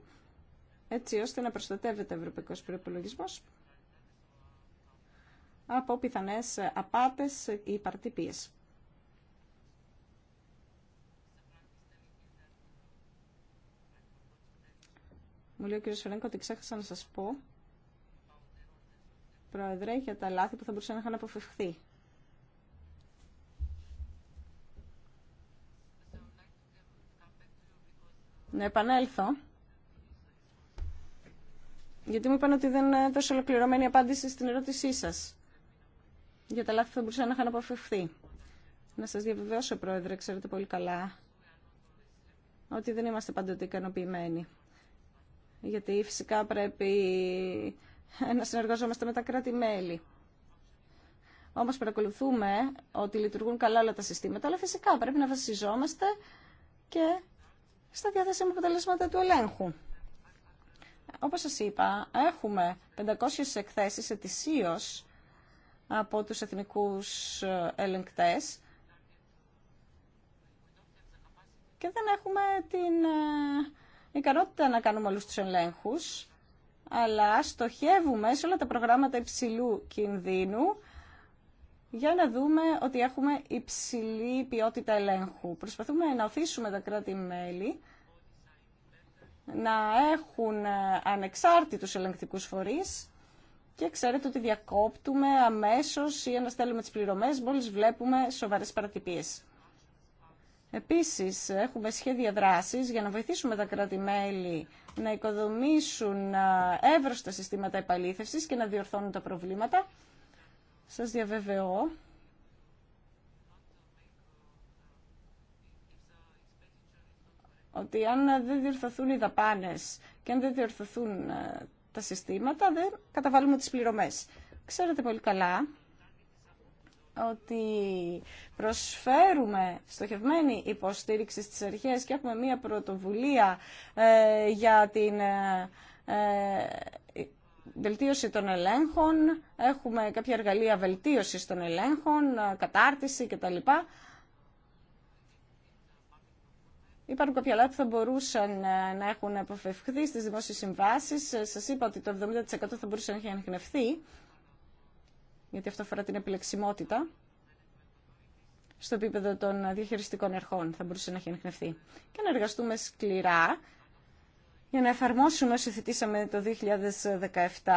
έτσι ώστε να προστατεύεται ο ευρωπαϊκός προϋπολογισμός από πιθανές απάτες ή παρατυπίες. Μου λέει ο κ. Φερέγκο ότι ξέχασα να σας πω, Πρόεδρε, για τα λάθη που θα μπορούσαν να είχαν αποφευχθεί. Να επανέλθω, γιατί μου είπαν ότι δεν έδωσε ολοκληρωμένη απάντηση στην ερώτησή σας για τα λάθη που θα μπορούσαν να είχαν αποφευθεί. Να σας διαβεβαιώσω, Πρόεδρε, ξέρετε πολύ καλά, ότι δεν είμαστε πάντοτε ικανοποιημένοι. Γιατί φυσικά πρέπει να συνεργαζόμαστε με τα κράτη-μέλη. Όμως παρακολουθούμε ότι λειτουργούν καλά όλα τα συστήματα, αλλά φυσικά πρέπει να βασιζόμαστε και στα διάθεσιμα αποτελέσματα του ελέγχου. Όπως σας είπα, έχουμε 500 εκθέσεις ετησίως από τους εθνικούς ε, ελεγκτές και δεν έχουμε την ε, ικανότητα να κάνουμε όλους τους ελέγχους, αλλά στοχεύουμε σε όλα τα προγράμματα υψηλού κινδύνου για να δούμε ότι έχουμε υψηλή ποιότητα ελέγχου. Προσπαθούμε να οθήσουμε τα κράτη-μέλη να έχουν ε, ανεξάρτητους ελεγκτικούς φορείς και ξέρετε ότι διακόπτουμε αμέσως ή αναστέλουμε τις πληρωμές μόλις βλέπουμε σοβαρές παρατυπίες. Επίσης, έχουμε σχέδια δράσης για να βοηθήσουμε τα κράτη-μέλη να οικοδομήσουν εύρωστα συστήματα επαλήθευσης και να διορθώνουν τα προβλήματα. Σας διαβεβαιώ ότι αν δεν διορθωθούν οι δαπάνες και αν δεν διορθωθούν τα συστήματα δεν καταβάλουμε τις πληρωμές. Ξέρετε πολύ καλά ότι προσφέρουμε στοχευμένη υποστήριξη στις αρχές και έχουμε μία πρωτοβουλία ε, για την ε, ε, βελτίωση των ελέγχων, έχουμε κάποια εργαλεία βελτίωσης των ελέγχων, ε, κατάρτιση κτλ. Υπάρχουν κάποια λάθη που θα μπορούσαν ε, να έχουν αποφευχθεί στις δημόσιες συμβάσεις. Ε, σας είπα ότι το 70% θα μπορούσε να έχει ανιχνευθεί, γιατί αυτό αφορά την επιλεξιμότητα στο επίπεδο των διαχειριστικών ερχών θα μπορούσε να έχει ανιχνευθεί. Και να εργαστούμε σκληρά για να εφαρμόσουμε όσο θετήσαμε το 2017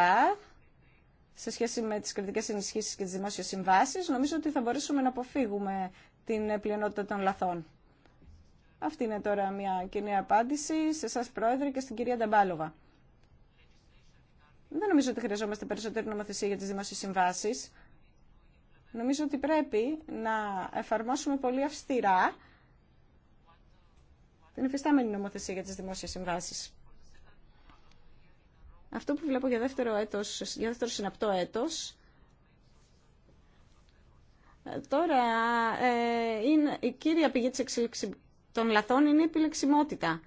σε σχέση με τις κριτικές ενισχύσεις και τις δημόσιες συμβάσεις, νομίζω ότι θα μπορέσουμε να αποφύγουμε την πλειονότητα των λαθών. Αυτή είναι τώρα μια κοινή απάντηση σε εσά Πρόεδρε και στην κυρία Νταμπάλοβα. Δεν νομίζω ότι χρειαζόμαστε περισσότερη νομοθεσία για τις δημόσιες συμβάσεις. Νομίζω ότι πρέπει να εφαρμόσουμε πολύ αυστηρά την εφιστάμενη νομοθεσία για τις δημόσιες συμβάσεις. Αυτό που βλέπω για δεύτερο, έτος, για δεύτερο συναπτό έτος ε, Τώρα ε, είναι η κύρια πηγή της των λαθών είναι η επιλεξιμότητα.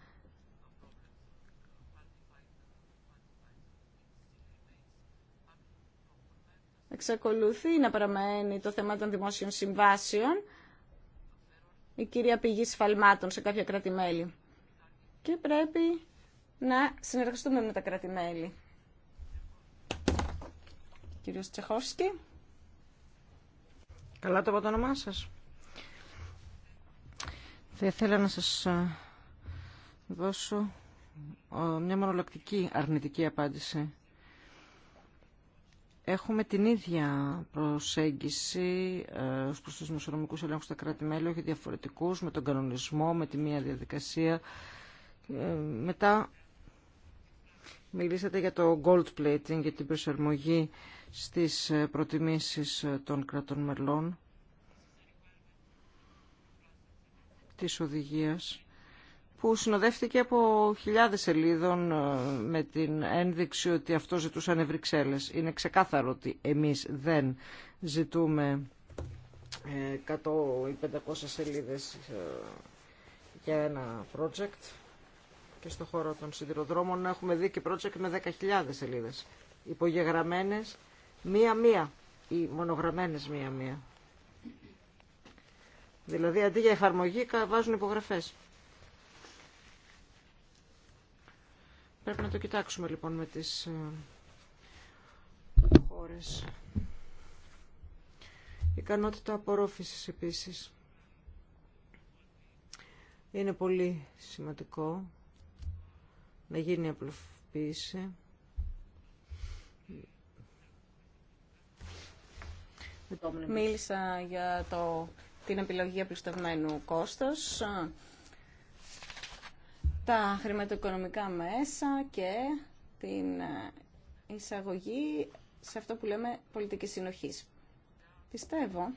Εξακολουθεί να παραμένει το θέμα των δημόσιων συμβάσεων η κυρία πηγή σφαλμάτων σε κάποια κράτη-μέλη. Και πρέπει να συνεργαστούμε με τα κράτη-μέλη. Κύριος Τσεχόφσκι.
Καλά το από το όνομά σας. Θα ήθελα να σας ε, δώσω μια μονολεκτική αρνητική απάντηση. Έχουμε την ίδια προσέγγιση ε, ως προς ελέγχους στα κράτη-μέλη, όχι διαφορετικούς, με τον κανονισμό, με τη μία διαδικασία. Ε, μετά μιλήσατε για το gold plating, για την προσαρμογή στις ε, προτιμήσεις των κρατών μελών. της οδηγίας που συνοδεύτηκε από χιλιάδες σελίδων ε, με την ένδειξη ότι αυτό ζητούσαν οι Βρυξέλλες. Είναι ξεκάθαρο ότι εμείς δεν ζητούμε 100 ε, ή 500 σελίδες ε, για ένα project και στο χώρο των σιδηροδρόμων έχουμε δει και project με 10.000 σελίδες υπογεγραμμένες μία-μία ή μονογραμμένες μία-μία. Δηλαδή αντί για εφαρμογή βάζουν υπογραφές. Πρέπει να το κοιτάξουμε λοιπόν με τις ε, χώρες. Ικανότητα απορρόφησης επίσης. Είναι πολύ σημαντικό να γίνει απλοποίηση.
Μίλησα για το την επιλογή απλουστευμένου κόστος, τα χρηματοοικονομικά μέσα και την ε, εισαγωγή σε αυτό που λέμε πολιτική συνοχής. Πιστεύω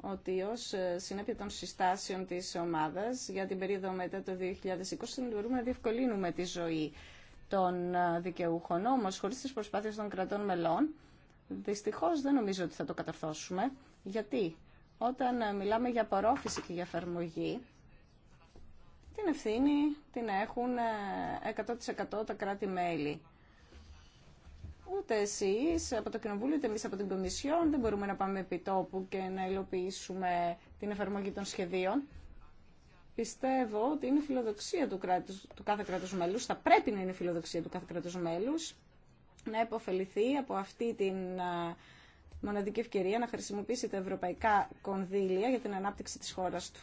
ότι ως ε, συνέπεια των συστάσεων της ομάδας για την περίοδο μετά το 2020 μπορούμε να διευκολύνουμε τη ζωή των ε, δικαιούχων. Όμως, χωρίς τις προσπάθειες των κρατών μελών, δυστυχώς δεν νομίζω ότι θα το καταρθώσουμε. Γιατί όταν ε, μιλάμε για απορρόφηση και για εφαρμογή, την ευθύνη την έχουν 100% ε, τα κράτη-μέλη. Ούτε εσείς από το Κοινοβούλιο, ούτε εμείς από την Κομισιόν δεν μπορούμε να πάμε επί τόπου και να υλοποιήσουμε την εφαρμογή των σχεδίων. Πιστεύω ότι είναι φιλοδοξία του, του κάθε κράτους μέλους, θα πρέπει να είναι φιλοδοξία του κάθε κράτους μέλους, να υποφεληθεί από αυτή την ε, μοναδική ευκαιρία να χρησιμοποιήσει τα ευρωπαϊκά κονδύλια για την ανάπτυξη της χώρας του.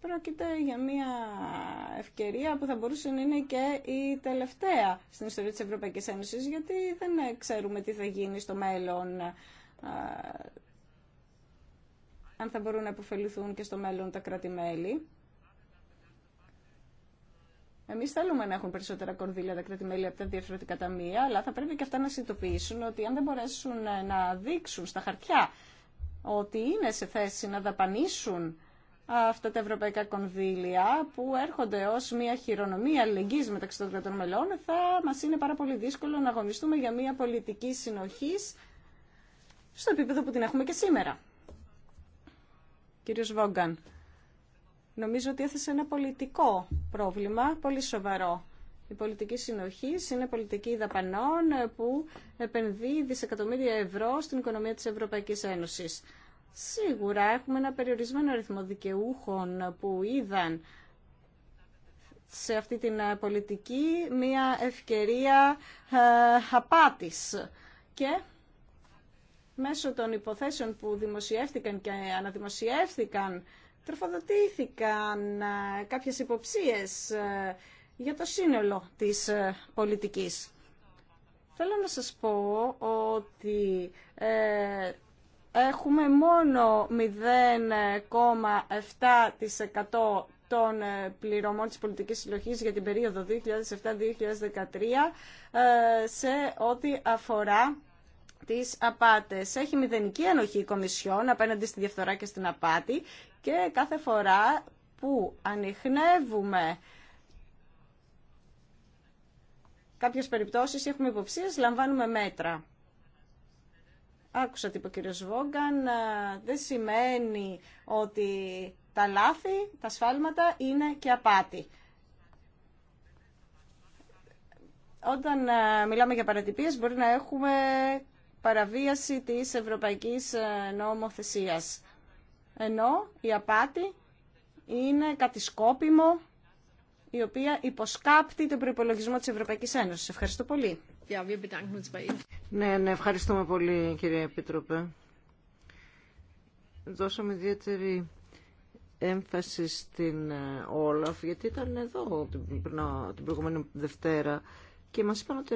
Πρόκειται για μια ευκαιρία που θα μπορούσε να είναι και η τελευταία στην ιστορία της Ευρωπαϊκής Ένωσης, γιατί δεν ξέρουμε τι θα γίνει στο μέλλον, αν θα μπορούν να αποφελουθούν και στο μέλλον τα κράτη-μέλη. Εμεί θέλουμε να έχουν περισσότερα κονδύλια τα μέλη από τα διαφορετικά ταμεία, αλλά θα πρέπει και αυτά να συνειδητοποιήσουν ότι αν δεν μπορέσουν ε, να δείξουν στα χαρτιά ότι είναι σε θέση να δαπανίσουν αυτά τα ευρωπαϊκά κονδύλια που έρχονται ως μια χειρονομία αλληλεγγύης μεταξύ των κρατών μελών, θα μας είναι πάρα πολύ δύσκολο να αγωνιστούμε για μια πολιτική συνοχής στο επίπεδο που την έχουμε και σήμερα. Κύριο Βόγκαν. Νομίζω ότι έθεσε ένα πολιτικό πρόβλημα, πολύ σοβαρό. Η πολιτική συνοχή είναι πολιτική δαπανών που επενδύει δισεκατομμύρια ευρώ στην οικονομία της Ευρωπαϊκής Ένωσης. Σίγουρα έχουμε ένα περιορισμένο αριθμό δικαιούχων που είδαν σε αυτή την πολιτική μια ευκαιρία ε, απάτης. Και μέσω των υποθέσεων που δημοσιεύτηκαν και αναδημοσιεύτηκαν τροφοδοτήθηκαν ε, κάποιες υποψίες ε, για το σύνολο της ε, πολιτικής. Θέλω να σας πω ότι έχουμε μόνο 0,7% των πληρωμών της πολιτικής συλλογής για την περίοδο 2007-2013 σε ό,τι αφορά τις απάτες. Έχει μηδενική ανοχή η Κομισιόν απέναντι στη διαφθορά και στην απάτη και κάθε φορά που ανοιχνεύουμε κάποιες περιπτώσεις έχουμε υποψίες, λαμβάνουμε μέτρα. Άκουσα τι είπε ο κ. Βόγκαν, δεν σημαίνει ότι τα λάθη, τα σφάλματα είναι και απάτη. Όταν μιλάμε για παρατυπίες μπορεί να έχουμε παραβίαση της ευρωπαϊκής νομοθεσίας ενώ η απάτη είναι κάτι σκόπιμο η οποία υποσκάπτει τον προπολογισμό της Ευρωπαϊκής Ένωσης. Ευχαριστώ πολύ.
Ναι, ναι, ευχαριστούμε πολύ κύριε Επίτροπε. Δώσαμε ιδιαίτερη έμφαση στην ε, Όλαφ, γιατί ήταν εδώ την προηγούμενη Δευτέρα και μας είπαν ότι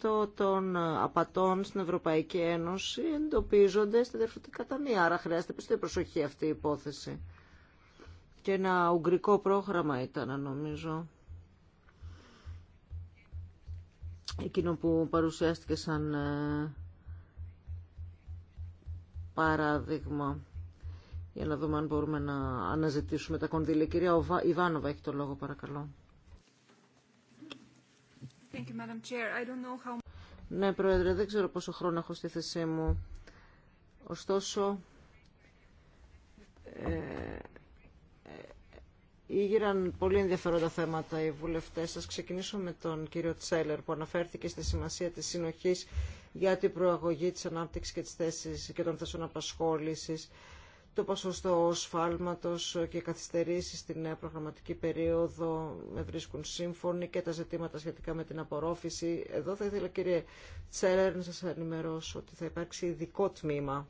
90% των απατών στην Ευρωπαϊκή Ένωση εντοπίζονται στα διαφορετικά ταμεία. Άρα χρειάζεται πιστή προσοχή αυτή η υπόθεση. Και ένα ουγγρικό πρόγραμμα ήταν νομίζω. Εκείνο που παρουσιάστηκε σαν ε, παράδειγμα. Για να δούμε αν μπορούμε να αναζητήσουμε τα κονδύλια. Κυρία Ιβάνοβα έχει το λόγο παρακαλώ. Ναι, Πρόεδρε, δεν ξέρω πόσο χρόνο έχω στη θέση μου. Ωστόσο, ε, ε Ήγηραν πολύ ενδιαφέροντα θέματα οι βουλευτέ σα. Ξεκινήσω με τον κύριο Τσέλερ που αναφέρθηκε στη σημασία τη συνοχή για την προαγωγή τη ανάπτυξη και, της θέσης, και των θέσεων απασχόληση το ποσοστό σφάλματος και καθυστερήσει στην νέα προγραμματική περίοδο με βρίσκουν σύμφωνοι και τα ζητήματα σχετικά με την απορρόφηση. Εδώ θα ήθελα κύριε Τσέλερ να σας ενημερώσω ότι θα υπάρξει ειδικό τμήμα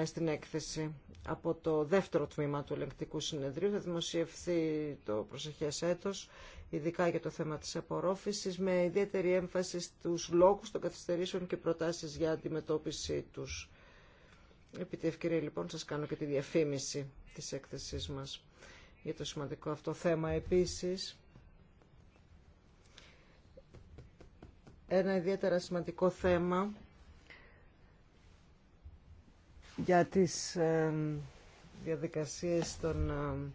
ε, στην έκθεση από το δεύτερο τμήμα του ελεγκτικού συνεδρίου. Θα δημοσιευθεί το προσεχές έτος, ειδικά για το θέμα της απορρόφησης, με ιδιαίτερη έμφαση στους λόγους των καθυστερήσεων και προτάσεις για αντιμετώπιση τους. Επί τη ευκαιρία λοιπόν σας κάνω και τη διαφήμιση της έκθεσής μας για το σημαντικό αυτό θέμα επίσης. Ένα ιδιαίτερα σημαντικό θέμα για τις ε, διαδικασίες των ε,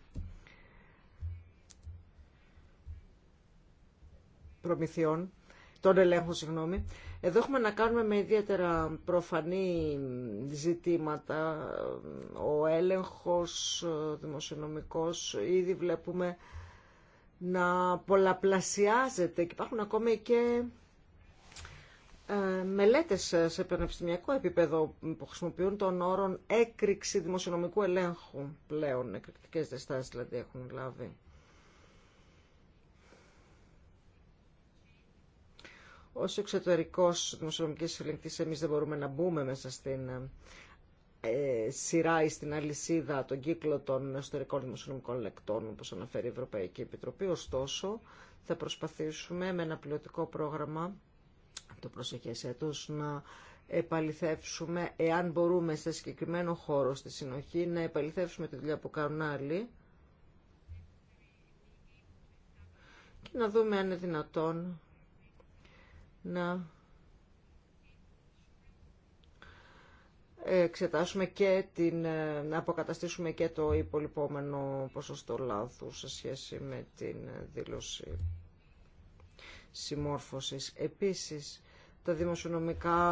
προμηθειών, των ελέγχων, συγγνώμη, εδώ έχουμε να κάνουμε με ιδιαίτερα προφανή ζητήματα. Ο έλεγχος δημοσιονομικός ήδη βλέπουμε να πολλαπλασιάζεται και υπάρχουν ακόμη και ε, μελέτες σε πανεπιστημιακό επίπεδο που χρησιμοποιούν τον όρο έκρηξη δημοσιονομικού ελέγχου πλέον, εκρηκτικές δεστάσεις δηλαδή έχουν λάβει. ως εξωτερικός δημοσιονομικής ελεγκτής εμείς δεν μπορούμε να μπούμε μέσα στην ε, σειρά ή στην αλυσίδα τον κύκλο των εσωτερικών δημοσιονομικών λεκτών όπως αναφέρει η Ευρωπαϊκή Επιτροπή. Ωστόσο θα προσπαθήσουμε με ένα πλειοτικό πρόγραμμα το προσεχές έτος να επαληθεύσουμε εάν μπορούμε σε συγκεκριμένο χώρο στη συνοχή να επαληθεύσουμε τη δουλειά που κάνουν άλλοι και να δούμε αν είναι δυνατόν να εξετάσουμε και την, ε, να αποκαταστήσουμε και το υπολοιπόμενο ποσοστό λάθους σε σχέση με την δήλωση συμμόρφωσης. Επίσης, τα δημοσιονομικά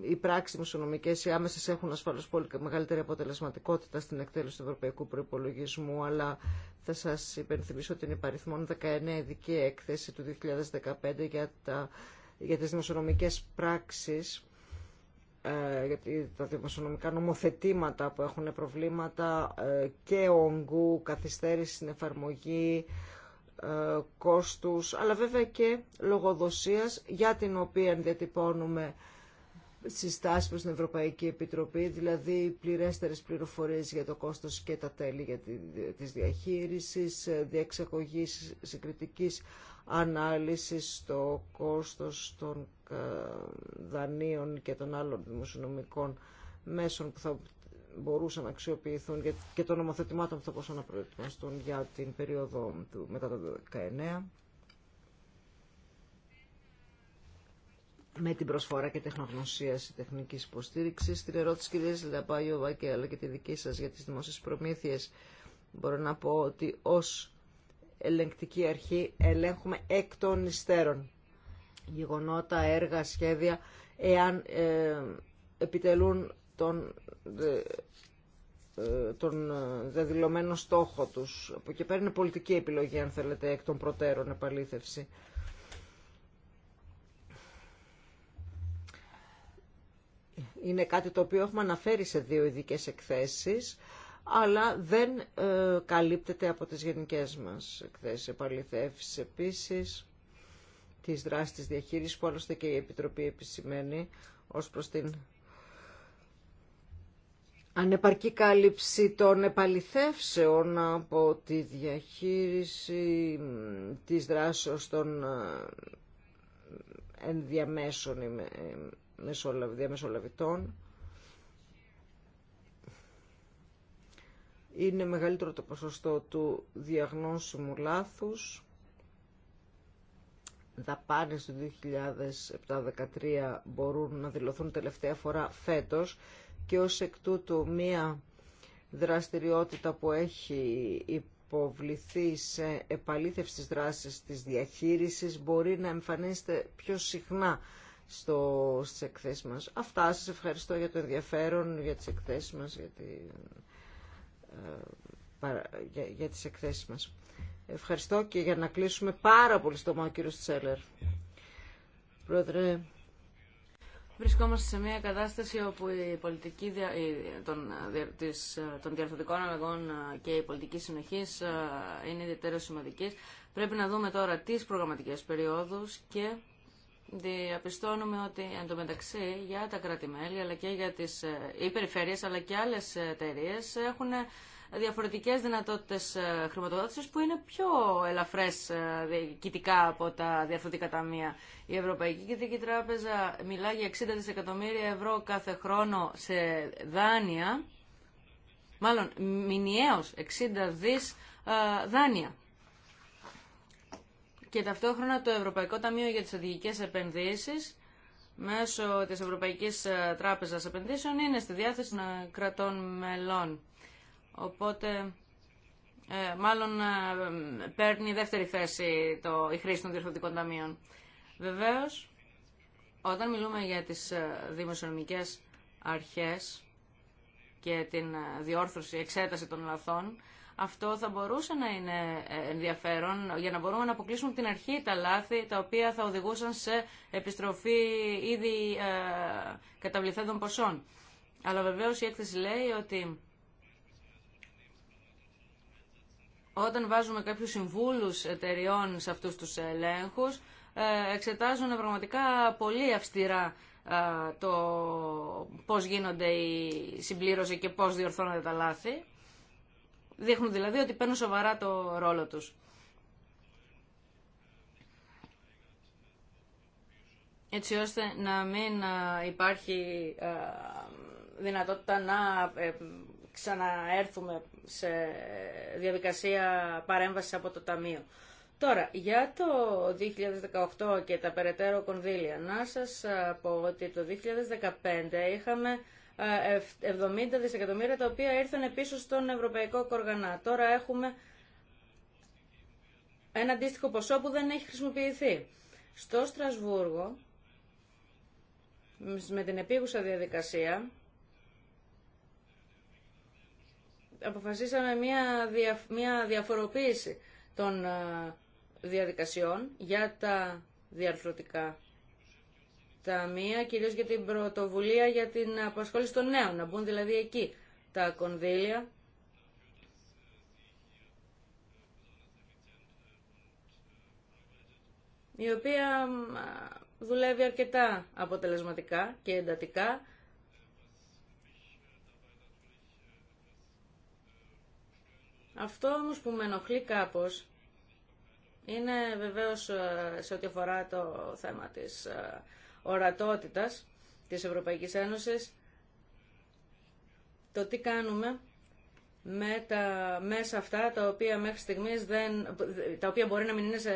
οι πράξει μουσονομικέ, οι άμεσε έχουν ασφαλώ πολύ μεγαλύτερη αποτελεσματικότητα στην εκτέλεση του ευρωπαϊκού προπολογισμού, αλλά θα σα υπενθυμίσω ότι είναι υπαριθμόν 19 ειδική έκθεση του 2015 για, τα, για τις δημοσιονομικές πράξεις ε, για τα δημοσιονομικά νομοθετήματα που έχουν προβλήματα ε, και όγκου, καθυστέρηση στην εφαρμογή, ε, κόστους, αλλά βέβαια και λογοδοσίας για την οποία διατυπώνουμε συστάσεις προς την Ευρωπαϊκή Επιτροπή, δηλαδή πληρέστερες πληροφορίες για το κόστος και τα τέλη για τη, της διαχείρισης, διεξαγωγής συγκριτικής ανάλυσης στο κόστος των ε, δανείων και των άλλων δημοσιονομικών μέσων που θα μπορούσαν να αξιοποιηθούν και των νομοθετημάτων που θα μπορούσαν να προετοιμαστούν για την περίοδο του μετά το 2019. με την προσφορά και τεχνογνωσία τη τεχνικής υποστήριξη. Στην ερώτηση κυρία Λαπάγιοβα, και αλλά και τη δική σα για τι δημόσιε προμήθειες μπορώ να πω ότι ω ελεγκτική αρχή ελέγχουμε εκ των υστέρων γεγονότα, έργα, σχέδια εάν ε, επιτελούν τον, ε, τον ε, δεδηλωμένο στόχο τους. Από εκεί πέρα είναι πολιτική επιλογή αν θέλετε εκ των προτέρων επαλήθευση. είναι κάτι το οποίο έχουμε αναφέρει σε δύο ειδικέ εκθέσεις, αλλά δεν ε, καλύπτεται από τις γενικές μας εκθέσεις επαληθεύσης επίσης, της δράσης της διαχείρισης που άλλωστε και η Επιτροπή επισημαίνει ως προς την ανεπαρκή κάλυψη των επαληθεύσεων από τη διαχείριση της δράσεως των ε, ενδιαμέσων ε, διαμεσολαβητών. Είναι μεγαλύτερο το ποσοστό του διαγνώσιμου λάθους. Δαπάνες του 2013 μπορούν να δηλωθούν τελευταία φορά φέτος και ως εκ τούτου μία δραστηριότητα που έχει υποβληθεί σε επαλήθευση της δράσης της διαχείρισης μπορεί να εμφανίζεται πιο συχνά στο, στις εκθέσεις μας. Αυτά σας ευχαριστώ για το ενδιαφέρον, για τις εκθέσεις μας, για, ε, για, για τις μας. Ευχαριστώ και για να κλείσουμε πάρα πολύ στο μάο κύριο Τσέλερ. Πρόεδρε...
Βρισκόμαστε σε μια κατάσταση όπου η πολιτική των, των διαρθωτικών αλλαγών ε, και η πολιτική συνοχή ε, είναι ιδιαίτερα σημαντική. Πρέπει να δούμε τώρα τις προγραμματικές περιόδους και διαπιστώνουμε ότι εντωμεταξύ για τα κράτη-μέλη αλλά και για τις ε, οι αλλά και άλλες εταιρείε έχουν ε, διαφορετικές δυνατότητες ε, χρηματοδότησης που είναι πιο ελαφρές διοικητικά από τα διαφορετικά ταμεία. Η Ευρωπαϊκή Κεντρική Τράπεζα μιλά για 60 δισεκατομμύρια ευρώ κάθε χρόνο σε δάνεια, μάλλον μηνιαίως 60 δις δάνεια και ταυτόχρονα το Ευρωπαϊκό Ταμείο για τις Οδηγικές Επενδύσεις μέσω της Ευρωπαϊκής ε, Τράπεζας Επενδύσεων είναι στη διάθεση να κρατών μελών. Οπότε, ε, μάλλον ε, παίρνει δεύτερη θέση το, η χρήση των διευθυντικών ταμείων. Βεβαίως, όταν μιλούμε για τις δημοσιονομικές αρχές και την διόρθωση, εξέταση των λαθών, αυτό θα μπορούσε να είναι ε, ενδιαφέρον για να μπορούμε να αποκλείσουμε την αρχή τα λάθη τα οποία θα οδηγούσαν σε επιστροφή ήδη ε, καταβληθέντων ποσών. Αλλά βεβαίως η έκθεση λέει ότι όταν βάζουμε κάποιους συμβούλους εταιριών σε αυτούς τους ελέγχους, ε, εξετάζουν πραγματικά πολύ αυστηρά το πώς γίνονται η συμπλήρωση και πώς διορθώνονται τα λάθη. Δείχνουν δηλαδή ότι παίρνουν σοβαρά το ρόλο τους. Έτσι ώστε να μην ε, υπάρχει ε, δυνατότητα να ε, ξαναέρθουμε σε διαδικασία παρέμβασης από το Ταμείο. Τώρα, για το 2018 και τα περαιτέρω κονδύλια, να σας πω ότι το 2015 είχαμε 70 ε, δισεκατομμύρια τα οποία ήρθαν πίσω στον Ευρωπαϊκό Κοργανά. Τώρα έχουμε ένα αντίστοιχο ποσό που δεν έχει χρησιμοποιηθεί. Στο Στρασβούργο, με την επίγουσα διαδικασία, αποφασίσαμε μια, μια διαφοροποίηση των ε, διαδικασιών για τα διαρθρωτικά ταμεία, κυρίως για την πρωτοβουλία για την απασχόληση των νέων, να μπουν δηλαδή εκεί τα κονδύλια. η οποία δουλεύει αρκετά αποτελεσματικά και εντατικά. Αυτό όμως που με ενοχλεί κάπως είναι βεβαίως ε, σε ό,τι αφορά το θέμα της ε, ορατότητας της Ευρωπαϊκής Ένωσης, το τι κάνουμε με τα μέσα αυτά τα οποία μέχρι στιγμής δεν, τα οποία μπορεί να μην είναι σε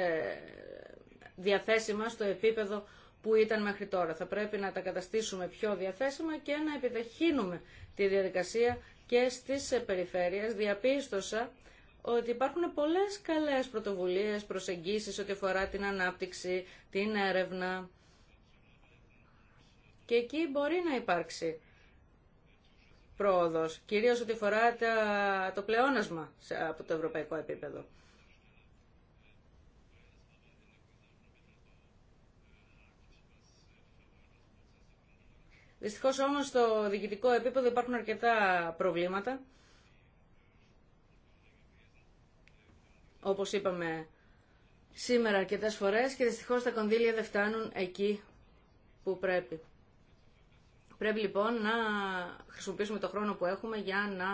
διαθέσιμα στο επίπεδο που ήταν μέχρι τώρα. Θα πρέπει να τα καταστήσουμε πιο διαθέσιμα και να επιταχύνουμε τη διαδικασία και στις περιφέρειες. Διαπίστωσα ότι υπάρχουν πολλές καλές πρωτοβουλίες, προσεγγίσεις ό,τι αφορά την ανάπτυξη, την έρευνα, και εκεί μπορεί να υπάρξει πρόοδος, κυρίως ό,τι φορά το πλεόνασμα από το ευρωπαϊκό επίπεδο. Δυστυχώς όμως στο διοικητικό επίπεδο υπάρχουν αρκετά προβλήματα. Όπως είπαμε σήμερα αρκετές φορές και δυστυχώς τα κονδύλια δεν φτάνουν εκεί που πρέπει. Πρέπει λοιπόν να χρησιμοποιήσουμε το χρόνο που έχουμε για να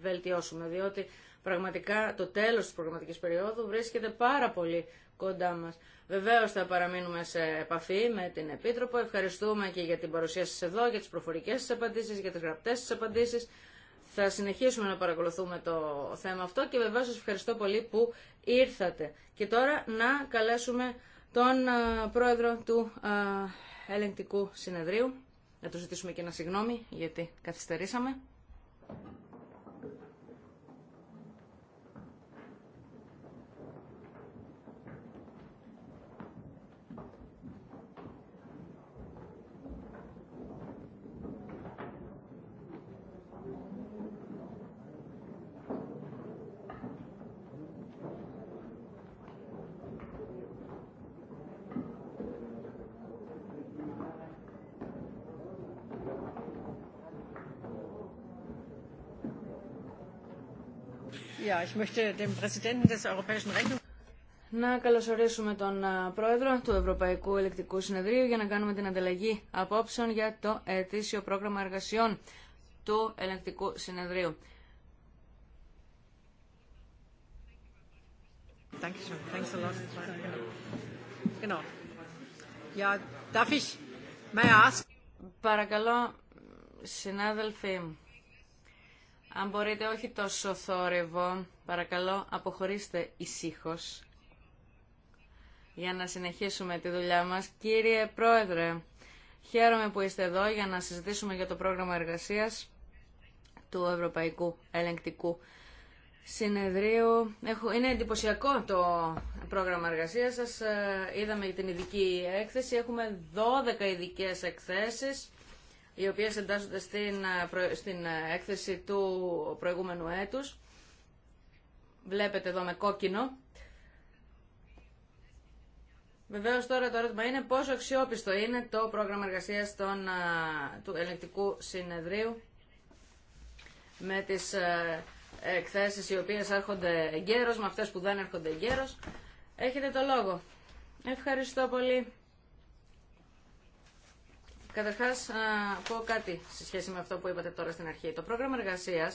βελτιώσουμε, διότι πραγματικά το τέλος της προγραμματικής περίοδου βρίσκεται πάρα πολύ κοντά μας. Βεβαίως θα παραμείνουμε σε επαφή με την Επίτροπο. Ευχαριστούμε και για την παρουσία σας εδώ, για τις προφορικές σας απαντήσεις, για τις γραπτές σας απαντήσεις. Θα συνεχίσουμε να παρακολουθούμε το θέμα αυτό και βεβαίως σας ευχαριστώ πολύ που ήρθατε. Και τώρα να καλέσουμε τον ε, πρόεδρο του ε, ελεγκτικού συνεδρίου να του ζητήσουμε και ένα συγγνώμη γιατί καθυστερήσαμε. να καλωσορίσουμε τον Πρόεδρο του Ευρωπαϊκού Ελεκτικού Συνεδρίου για να κάνουμε την ανταλλαγή απόψεων για το ετήσιο πρόγραμμα εργασιών του Ελεκτικού Συνεδρίου. Παρακαλώ, συνάδελφοι αν μπορείτε όχι τόσο θόρυβο, παρακαλώ αποχωρήστε ησύχω για να συνεχίσουμε τη δουλειά μας. Κύριε Πρόεδρε, χαίρομαι που είστε εδώ για να συζητήσουμε για το πρόγραμμα εργασίας του Ευρωπαϊκού Ελεγκτικού Συνεδρίου. Είναι εντυπωσιακό το πρόγραμμα εργασίας σας. Ε, είδαμε την ειδική έκθεση. Έχουμε 12 ειδικέ εκθέσεις οι οποίε εντάσσονται στην, ε, στην ε, έκθεση του προηγούμενου έτους. Βλέπετε εδώ με κόκκινο. Βεβαίω τώρα το ερώτημα είναι πόσο αξιόπιστο είναι το πρόγραμμα εργασία ε, του ελεγκτικού συνεδρίου με τι εκθέσει εκθέσεις οι οποίε έρχονται γέρο με αυτέ που δεν έρχονται γέρο. Έχετε το λόγο. Ευχαριστώ πολύ Καταρχά, να πω κάτι σε σχέση με αυτό που είπατε τώρα στην αρχή. Το πρόγραμμα εργασία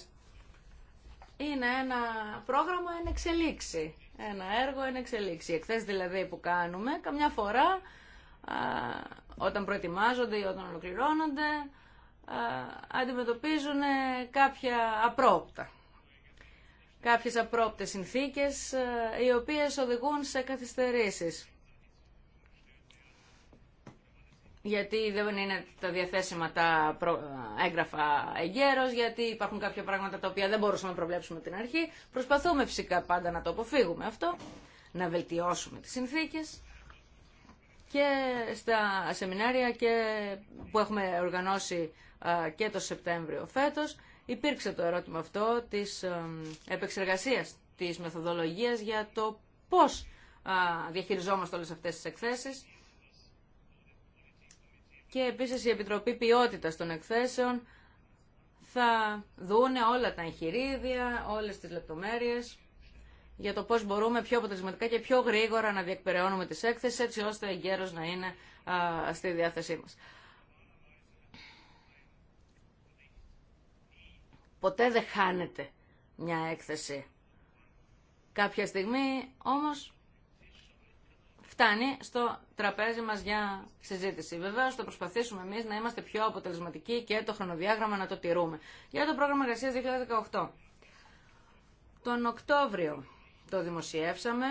είναι ένα πρόγραμμα εν εξελίξη. Ένα έργο εν εξελίξη. Οι δηλαδή που κάνουμε, καμιά φορά όταν προετοιμάζονται ή όταν ολοκληρώνονται, αντιμετωπίζουν ε, κάποια απρόπτα. Κάποιες απρόπτε συνθήκες, ε, οι οποίες οδηγούν σε καθυστερήσεις γιατί δεν είναι τα διαθέσιμα τα έγγραφα εγκαίρω, γιατί υπάρχουν κάποια πράγματα τα οποία δεν μπορούσαμε να προβλέψουμε την αρχή. Προσπαθούμε φυσικά πάντα να το αποφύγουμε αυτό, να βελτιώσουμε τις συνθήκες και στα σεμινάρια και που έχουμε οργανώσει και το Σεπτέμβριο φέτος υπήρξε το ερώτημα αυτό της επεξεργασίας της μεθοδολογίας για το πώς διαχειριζόμαστε όλες αυτές τις εκθέσεις και επίσης η Επιτροπή Ποιότητας των Εκθέσεων θα δούνε όλα τα εγχειρίδια, όλες τις λεπτομέρειες για το πώς μπορούμε πιο αποτελεσματικά και πιο γρήγορα να διεκπεραιώνουμε τις έκθεσεις έτσι ώστε εγκαίρως να είναι στη διάθεσή μας. Ποτέ δεν χάνεται μια έκθεση. Κάποια στιγμή όμως φτάνει στο τραπέζι μας για συζήτηση. βέβαια, θα προσπαθήσουμε εμείς να είμαστε πιο αποτελεσματικοί και το χρονοδιάγραμμα να το τηρούμε. Για το πρόγραμμα εργασίας 2018. Τον Οκτώβριο το δημοσιεύσαμε.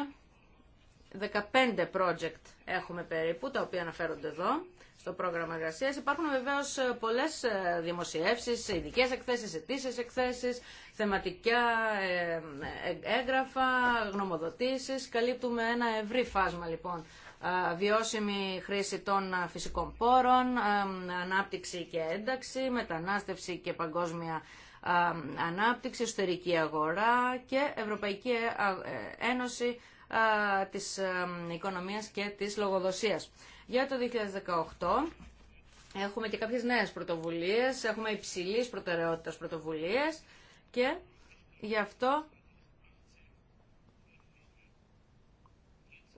15 project έχουμε περίπου, τα οποία αναφέρονται εδώ στο πρόγραμμα εργασία. Υπάρχουν βεβαίω ε, πολλέ ε, δημοσιεύσει, ειδικέ εκθέσει, αιτήσει εκθέσει, θεματικά ε, έγγραφα, γνωμοδοτήσει. Καλύπτουμε ένα ευρύ φάσμα λοιπόν βιώσιμη χρήση των φυσικών πόρων, ανάπτυξη και ένταξη, μετανάστευση και παγκόσμια ανάπτυξη, εσωτερική αγορά και Ευρωπαϊκή Ένωση της Οικονομίας και της Λογοδοσίας. Για το 2018 έχουμε και κάποιες νέες πρωτοβουλίες, έχουμε υψηλής προτεραιότητας πρωτοβουλίες και γι' αυτό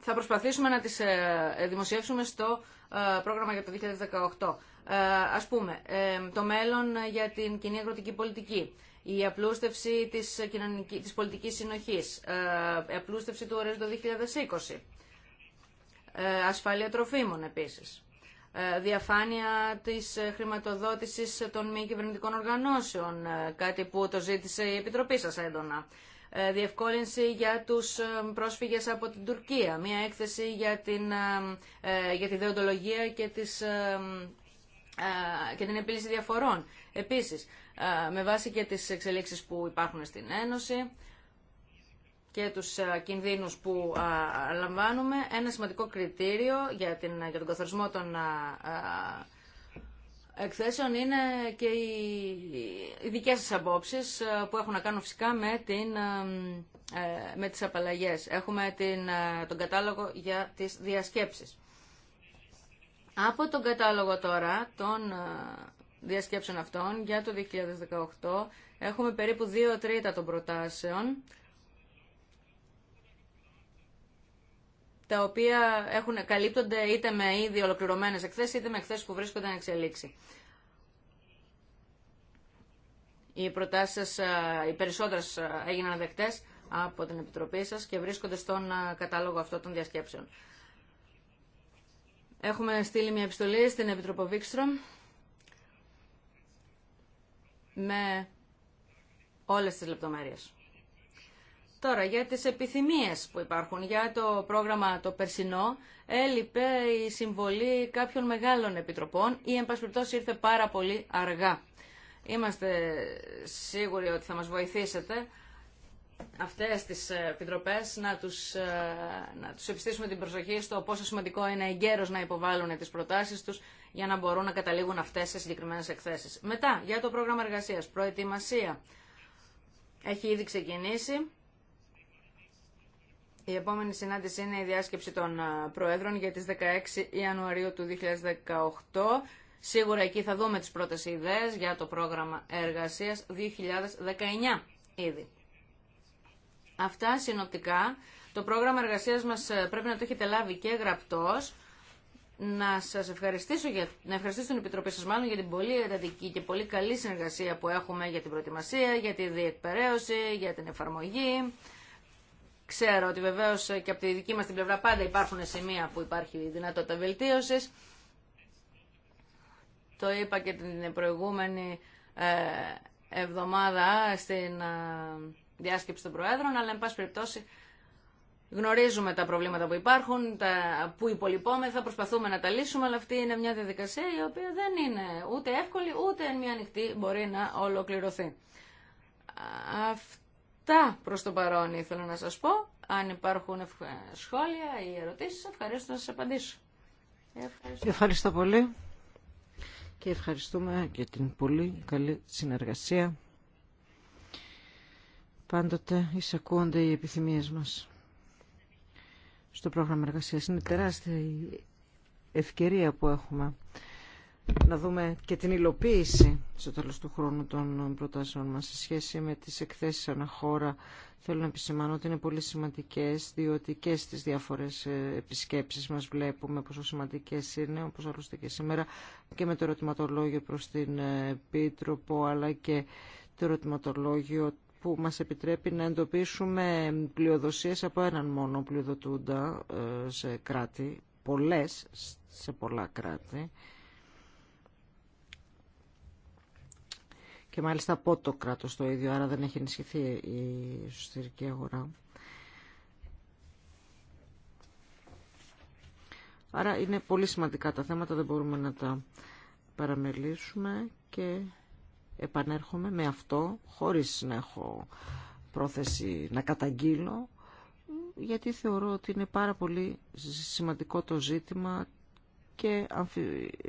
θα προσπαθήσουμε να τις ε, ε, δημοσιεύσουμε στο ε, πρόγραμμα για το 2018. Ας πούμε, το μέλλον για την κοινή αγροτική πολιτική, η απλούστευση της, κοινωνικής, της πολιτικής συνοχής, η απλούστευση του ορίζοντα 2020, ε, ασφάλεια τροφίμων επίσης, ε, διαφάνεια της ε, χρηματοδότησης των μη κυβερνητικών οργανώσεων, κάτι που το ζήτησε η Επιτροπή σας έντονα, διευκόλυνση για τους πρόσφυγες από την Τουρκία, μια έκθεση για, την, για τη δεοντολογία και, και την επίλυση διαφορών. Επίσης, με βάση και τις εξελίξεις που υπάρχουν στην Ένωση, και τους ε, κινδύνους που λαμβάνουμε, ένα σημαντικό κριτήριο για, την, για τον καθορισμό των εκθέσεων είναι και οι δικές σας απόψεις ε, που έχουν να κάνουν φυσικά με, την, ε, με τις απαλλαγές. Έχουμε την, τον κατάλογο για τις διασκέψεις. Από τον κατάλογο τώρα των διασκέψεων αυτών για το 2018 έχουμε περίπου 2 τρίτα των προτάσεων τα οποία έχουν, καλύπτονται είτε με ήδη ολοκληρωμένες εκθέσεις, είτε με εκθέσεις που βρίσκονται να εξελίξει. Οι προτάσεις οι περισσότερες έγιναν δεκτές από την Επιτροπή σας και βρίσκονται στον κατάλογο αυτών των διασκέψεων. Έχουμε στείλει μια επιστολή στην Επιτροπή Βίξτρομ με όλες τις λεπτομέρειες. Τώρα, για τις επιθυμίες που υπάρχουν, για το πρόγραμμα το περσινό, έλειπε η συμβολή κάποιων μεγάλων επιτροπών ή, εν πάση ήρθε πάρα πολύ αργά. Είμαστε σίγουροι ότι θα μας βοηθήσετε αυτές τις ε, επιτροπές να τους, ε, να τους επιστήσουμε την προσοχή στο πόσο σημαντικό είναι εγκαίρως να υποβάλουν τις προτάσεις τους για να μπορούν να καταλήγουν αυτές σε συγκεκριμένες εκθέσεις. Μετά, για το πρόγραμμα εργασίας, προετοιμασία. Έχει ήδη ξεκινήσει. Η επόμενη συνάντηση είναι η διάσκεψη των Προέδρων για τις 16 Ιανουαρίου του 2018. Σίγουρα εκεί θα δούμε τις πρώτες ιδέες για το πρόγραμμα εργασίας 2019 ήδη. Αυτά συνοπτικά. Το πρόγραμμα εργασίας μας ε, πρέπει να το έχετε λάβει και γραπτός. Να σας ευχαριστήσω, για, να ευχαριστήσω την Επιτροπή σας μάλλον για την πολύ εντατική και πολύ καλή συνεργασία που έχουμε για την προετοιμασία, για τη διεκπαιρέωση, για την εφαρμογή. Ξέρω ότι βεβαίως ε, και από τη δική μας την πλευρά πάντα υπάρχουν σημεία που υπάρχει δυνατότητα βελτίωση. Το είπα και την προηγούμενη ε, εβδομάδα στην ε, διάσκεψη των Προέδρων, αλλά εν πάση περιπτώσει γνωρίζουμε τα προβλήματα που υπάρχουν, τα που θα προσπαθούμε να τα λύσουμε, αλλά αυτή είναι μια διαδικασία η οποία δεν είναι ούτε εύκολη, ούτε εν μια ανοιχτή μπορεί να ολοκληρωθεί. Αυτά προς το παρόν ήθελα να σας πω. Αν υπάρχουν σχόλια ή ερωτήσεις, ευχαριστώ να σας απαντήσω. Ευχαριστώ.
Ευχαριστώ πολύ και ευχαριστούμε για την πολύ καλή συνεργασία. Πάντοτε εισακούονται οι επιθυμίες μας στο πρόγραμμα εργασίας. Είναι τεράστια η ευκαιρία που έχουμε να δούμε και την υλοποίηση στο τέλος του χρόνου των προτάσεων μας σε σχέση με τις εκθέσεις αναχώρα. Θέλω να επισημάνω ότι είναι πολύ σημαντικές, διότι και στις διάφορες ε, επισκέψεις μας βλέπουμε πόσο σημαντικές είναι, όπως άλλωστε και σήμερα, και με το ερωτηματολόγιο προς την ε, Επίτροπο, αλλά και το ερωτηματολόγιο που μας επιτρέπει να εντοπίσουμε πλειοδοσίες από έναν μόνο πλειοδοτούντα ε, σε κράτη, πολλές σε πολλά κράτη. και μάλιστα από το κράτο το ίδιο, άρα δεν έχει ενισχυθεί η εσωτερική αγορά. Άρα είναι πολύ σημαντικά τα θέματα, δεν μπορούμε να τα παραμελήσουμε και επανέρχομαι με αυτό, χωρίς να έχω πρόθεση να καταγγείλω, γιατί θεωρώ ότι είναι πάρα πολύ σημαντικό το ζήτημα και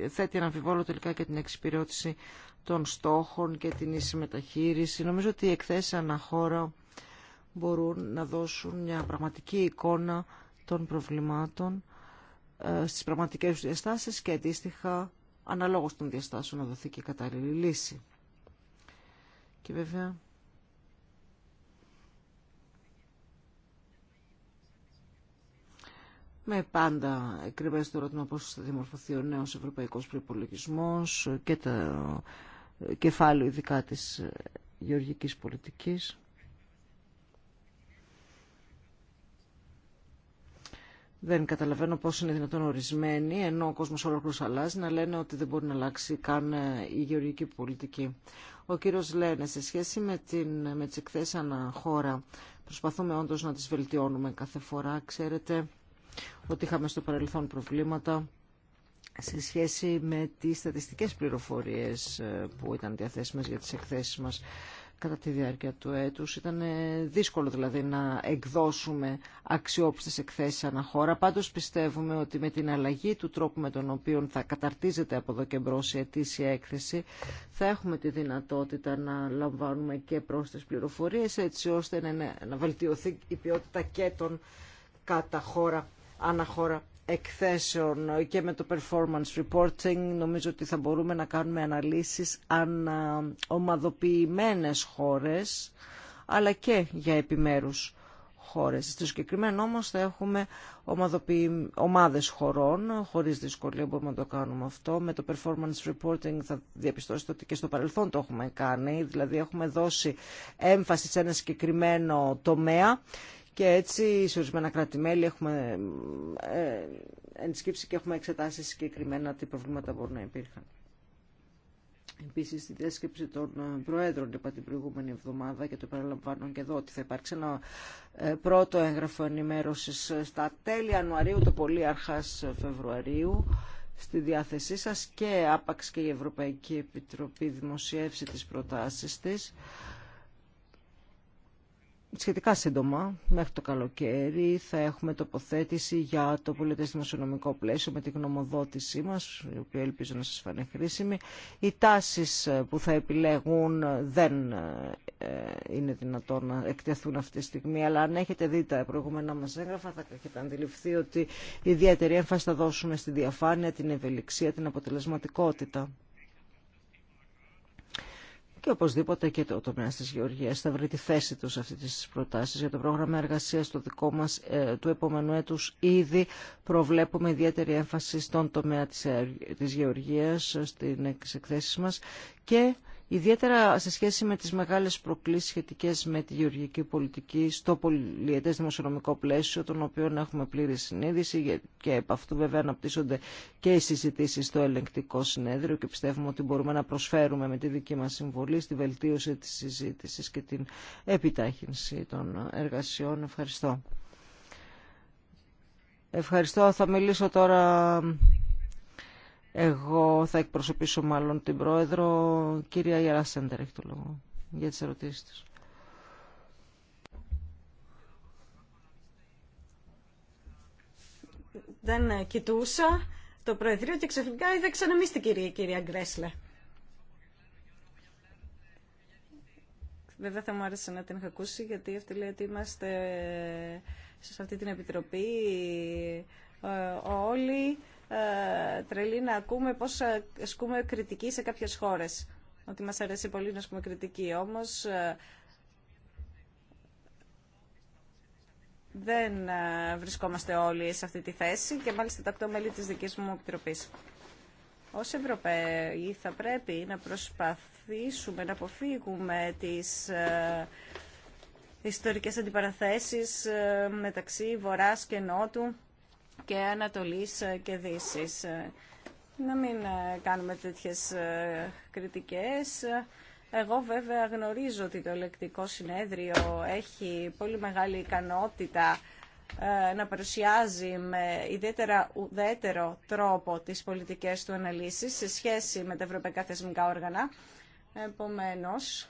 θέτει αμφιβόλω τελικά και την εξυπηρέτηση των στόχων και την ίση μεταχείριση. Νομίζω ότι οι εκθέσεις αναχώρα μπορούν να δώσουν μια πραγματική εικόνα των προβλημάτων ε, στις πραγματικές τους διαστάσεις και αντίστοιχα αναλόγως των διαστάσεων να δοθεί και κατάλληλη λύση. Και βέβαια με πάντα εκκρεμές το ερώτημα πώς θα δημορφωθεί ο νέος ευρωπαϊκός προϋπολογισμός και το κεφάλαιο ειδικά της γεωργικής πολιτικής. Δεν καταλαβαίνω πώς είναι δυνατόν ορισμένοι, ενώ ο κόσμος ολόκληρος αλλάζει, να λένε ότι δεν μπορεί να αλλάξει καν ε, η γεωργική πολιτική. Ο κύριος Λένε, σε σχέση με, την, με τις εκθέσεις χώρα, προσπαθούμε όντως να τις βελτιώνουμε κάθε φορά. Ξέρετε, ότι είχαμε στο παρελθόν προβλήματα σε σχέση με τις στατιστικές πληροφορίες ε, που ήταν διαθέσιμες για τις εκθέσεις μας κατά τη διάρκεια του έτους. Ήταν δύσκολο δηλαδή να εκδώσουμε αξιόπιστες εκθέσεις ανά χώρα. Πάντως πιστεύουμε ότι με την αλλαγή του τρόπου με τον οποίο θα καταρτίζεται από εδώ και μπρος η έκθεση θα έχουμε τη δυνατότητα να λαμβάνουμε και πρόσθετες πληροφορίες έτσι ώστε να βελτιωθεί η ποιότητα και των κατά χώρα αναχώρα εκθέσεων και με το performance reporting νομίζω ότι θα μπορούμε να κάνουμε αναλύσεις ομαδοποιημένες χώρες αλλά και για επιμέρους χώρες. Στο συγκεκριμένο όμως θα έχουμε ομαδοποιη... ομάδες χωρών, χωρίς δυσκολία μπορούμε να το κάνουμε αυτό. Με το performance reporting θα διαπιστώσετε ότι και στο παρελθόν το έχουμε κάνει, δηλαδή έχουμε δώσει έμφαση σε ένα συγκεκριμένο τομέα και έτσι σε ορισμένα κράτη-μέλη έχουμε ε, ενσκήψει και έχουμε εξετάσει συγκεκριμένα τι προβλήματα μπορούν να υπήρχαν. Επίση, στη διάσκεψη των ε, Προέδρων, είπα την προηγούμενη εβδομάδα και το παραλαμβάνω και εδώ, ότι θα υπάρξει ένα ε, πρώτο έγγραφο ενημέρωση στα τέλη Ιανουαρίου, το πολύ αρχά Φεβρουαρίου, στη διάθεσή σα και άπαξ και η Ευρωπαϊκή Επιτροπή δημοσιεύσει τι προτάσει τη σχετικά σύντομα, μέχρι το καλοκαίρι, θα έχουμε τοποθέτηση για το πολιτές οικονομικο πλαίσιο με τη γνωμοδότησή μας, η οποία ελπίζω να σας φανεί χρήσιμη. Οι τάσεις ε, που θα επιλέγουν ε, δεν ε, είναι δυνατόν να εκτεθούν αυτή τη στιγμή, αλλά αν έχετε δει τα προηγούμενα μας έγγραφα, θα έχετε αντιληφθεί ότι ιδιαίτερη έμφαση θα δώσουμε στη διαφάνεια, την ευελιξία, την αποτελεσματικότητα και οπωσδήποτε και το τομέα τη Γεωργία θα βρει τη θέση του σε αυτέ τι προτάσει. Για το πρόγραμμα εργασία του δικό μα ε, του επόμενου έτου ήδη προβλέπουμε ιδιαίτερη έμφαση στον τομέα τη της ε, Γεωργία ε, στι εκθέσει μα και ιδιαίτερα σε σχέση με τις μεγάλες προκλήσεις σχετικές με τη γεωργική πολιτική στο πολιετές δημοσιονομικό πλαίσιο, των οποίων έχουμε πλήρη συνείδηση και επ' αυτού βέβαια αναπτύσσονται και οι συζητήσεις στο ελεγκτικό συνέδριο και πιστεύουμε ότι μπορούμε να προσφέρουμε με τη δική μας συμβολή στη βελτίωση της συζήτησης και την επιτάχυνση των εργασιών. Ευχαριστώ. Ευχαριστώ. Θα μιλήσω τώρα εγώ θα εκπροσωπήσω μάλλον την Πρόεδρο. Κυρία Γεράσεντερ, έχει το λόγο για τις ερωτήσεις της.
Δεν ε, κοιτούσα το Προεδρείο και ξαφνικά είδα ξαναμίστη, κυρία, κυρία Γκρέσλε. Βέβαια θα μου άρεσε να την είχα ακούσει γιατί αυτή λέει ότι είμαστε ε, σε αυτή την επιτροπή ε, όλοι ε, τρελή να ακούμε πώς ε, ασκούμε κριτική σε κάποιες χώρες. Ότι μας αρέσει πολύ να ασκούμε κριτική. Όμως ε, δεν βρισκόμαστε όλοι σε αυτή τη θέση και μάλιστα τα 8 μέλη της δικής μου επιτροπής. Ως Ευρωπαίοι θα πρέπει να προσπαθήσουμε να αποφύγουμε τις ιστορικές αντιπαραθέσεις μεταξύ Βορράς και Νότου και Ανατολής και Δύσης. Να μην ε, κάνουμε τέτοιες ε, κριτικές. Εγώ βέβαια γνωρίζω ότι το ελεκτικό συνέδριο έχει πολύ μεγάλη ικανότητα ε, να παρουσιάζει με ιδιαίτερα ουδέτερο τρόπο τις πολιτικές του αναλύσεις σε σχέση με τα ευρωπαϊκά θεσμικά όργανα. Επομένως,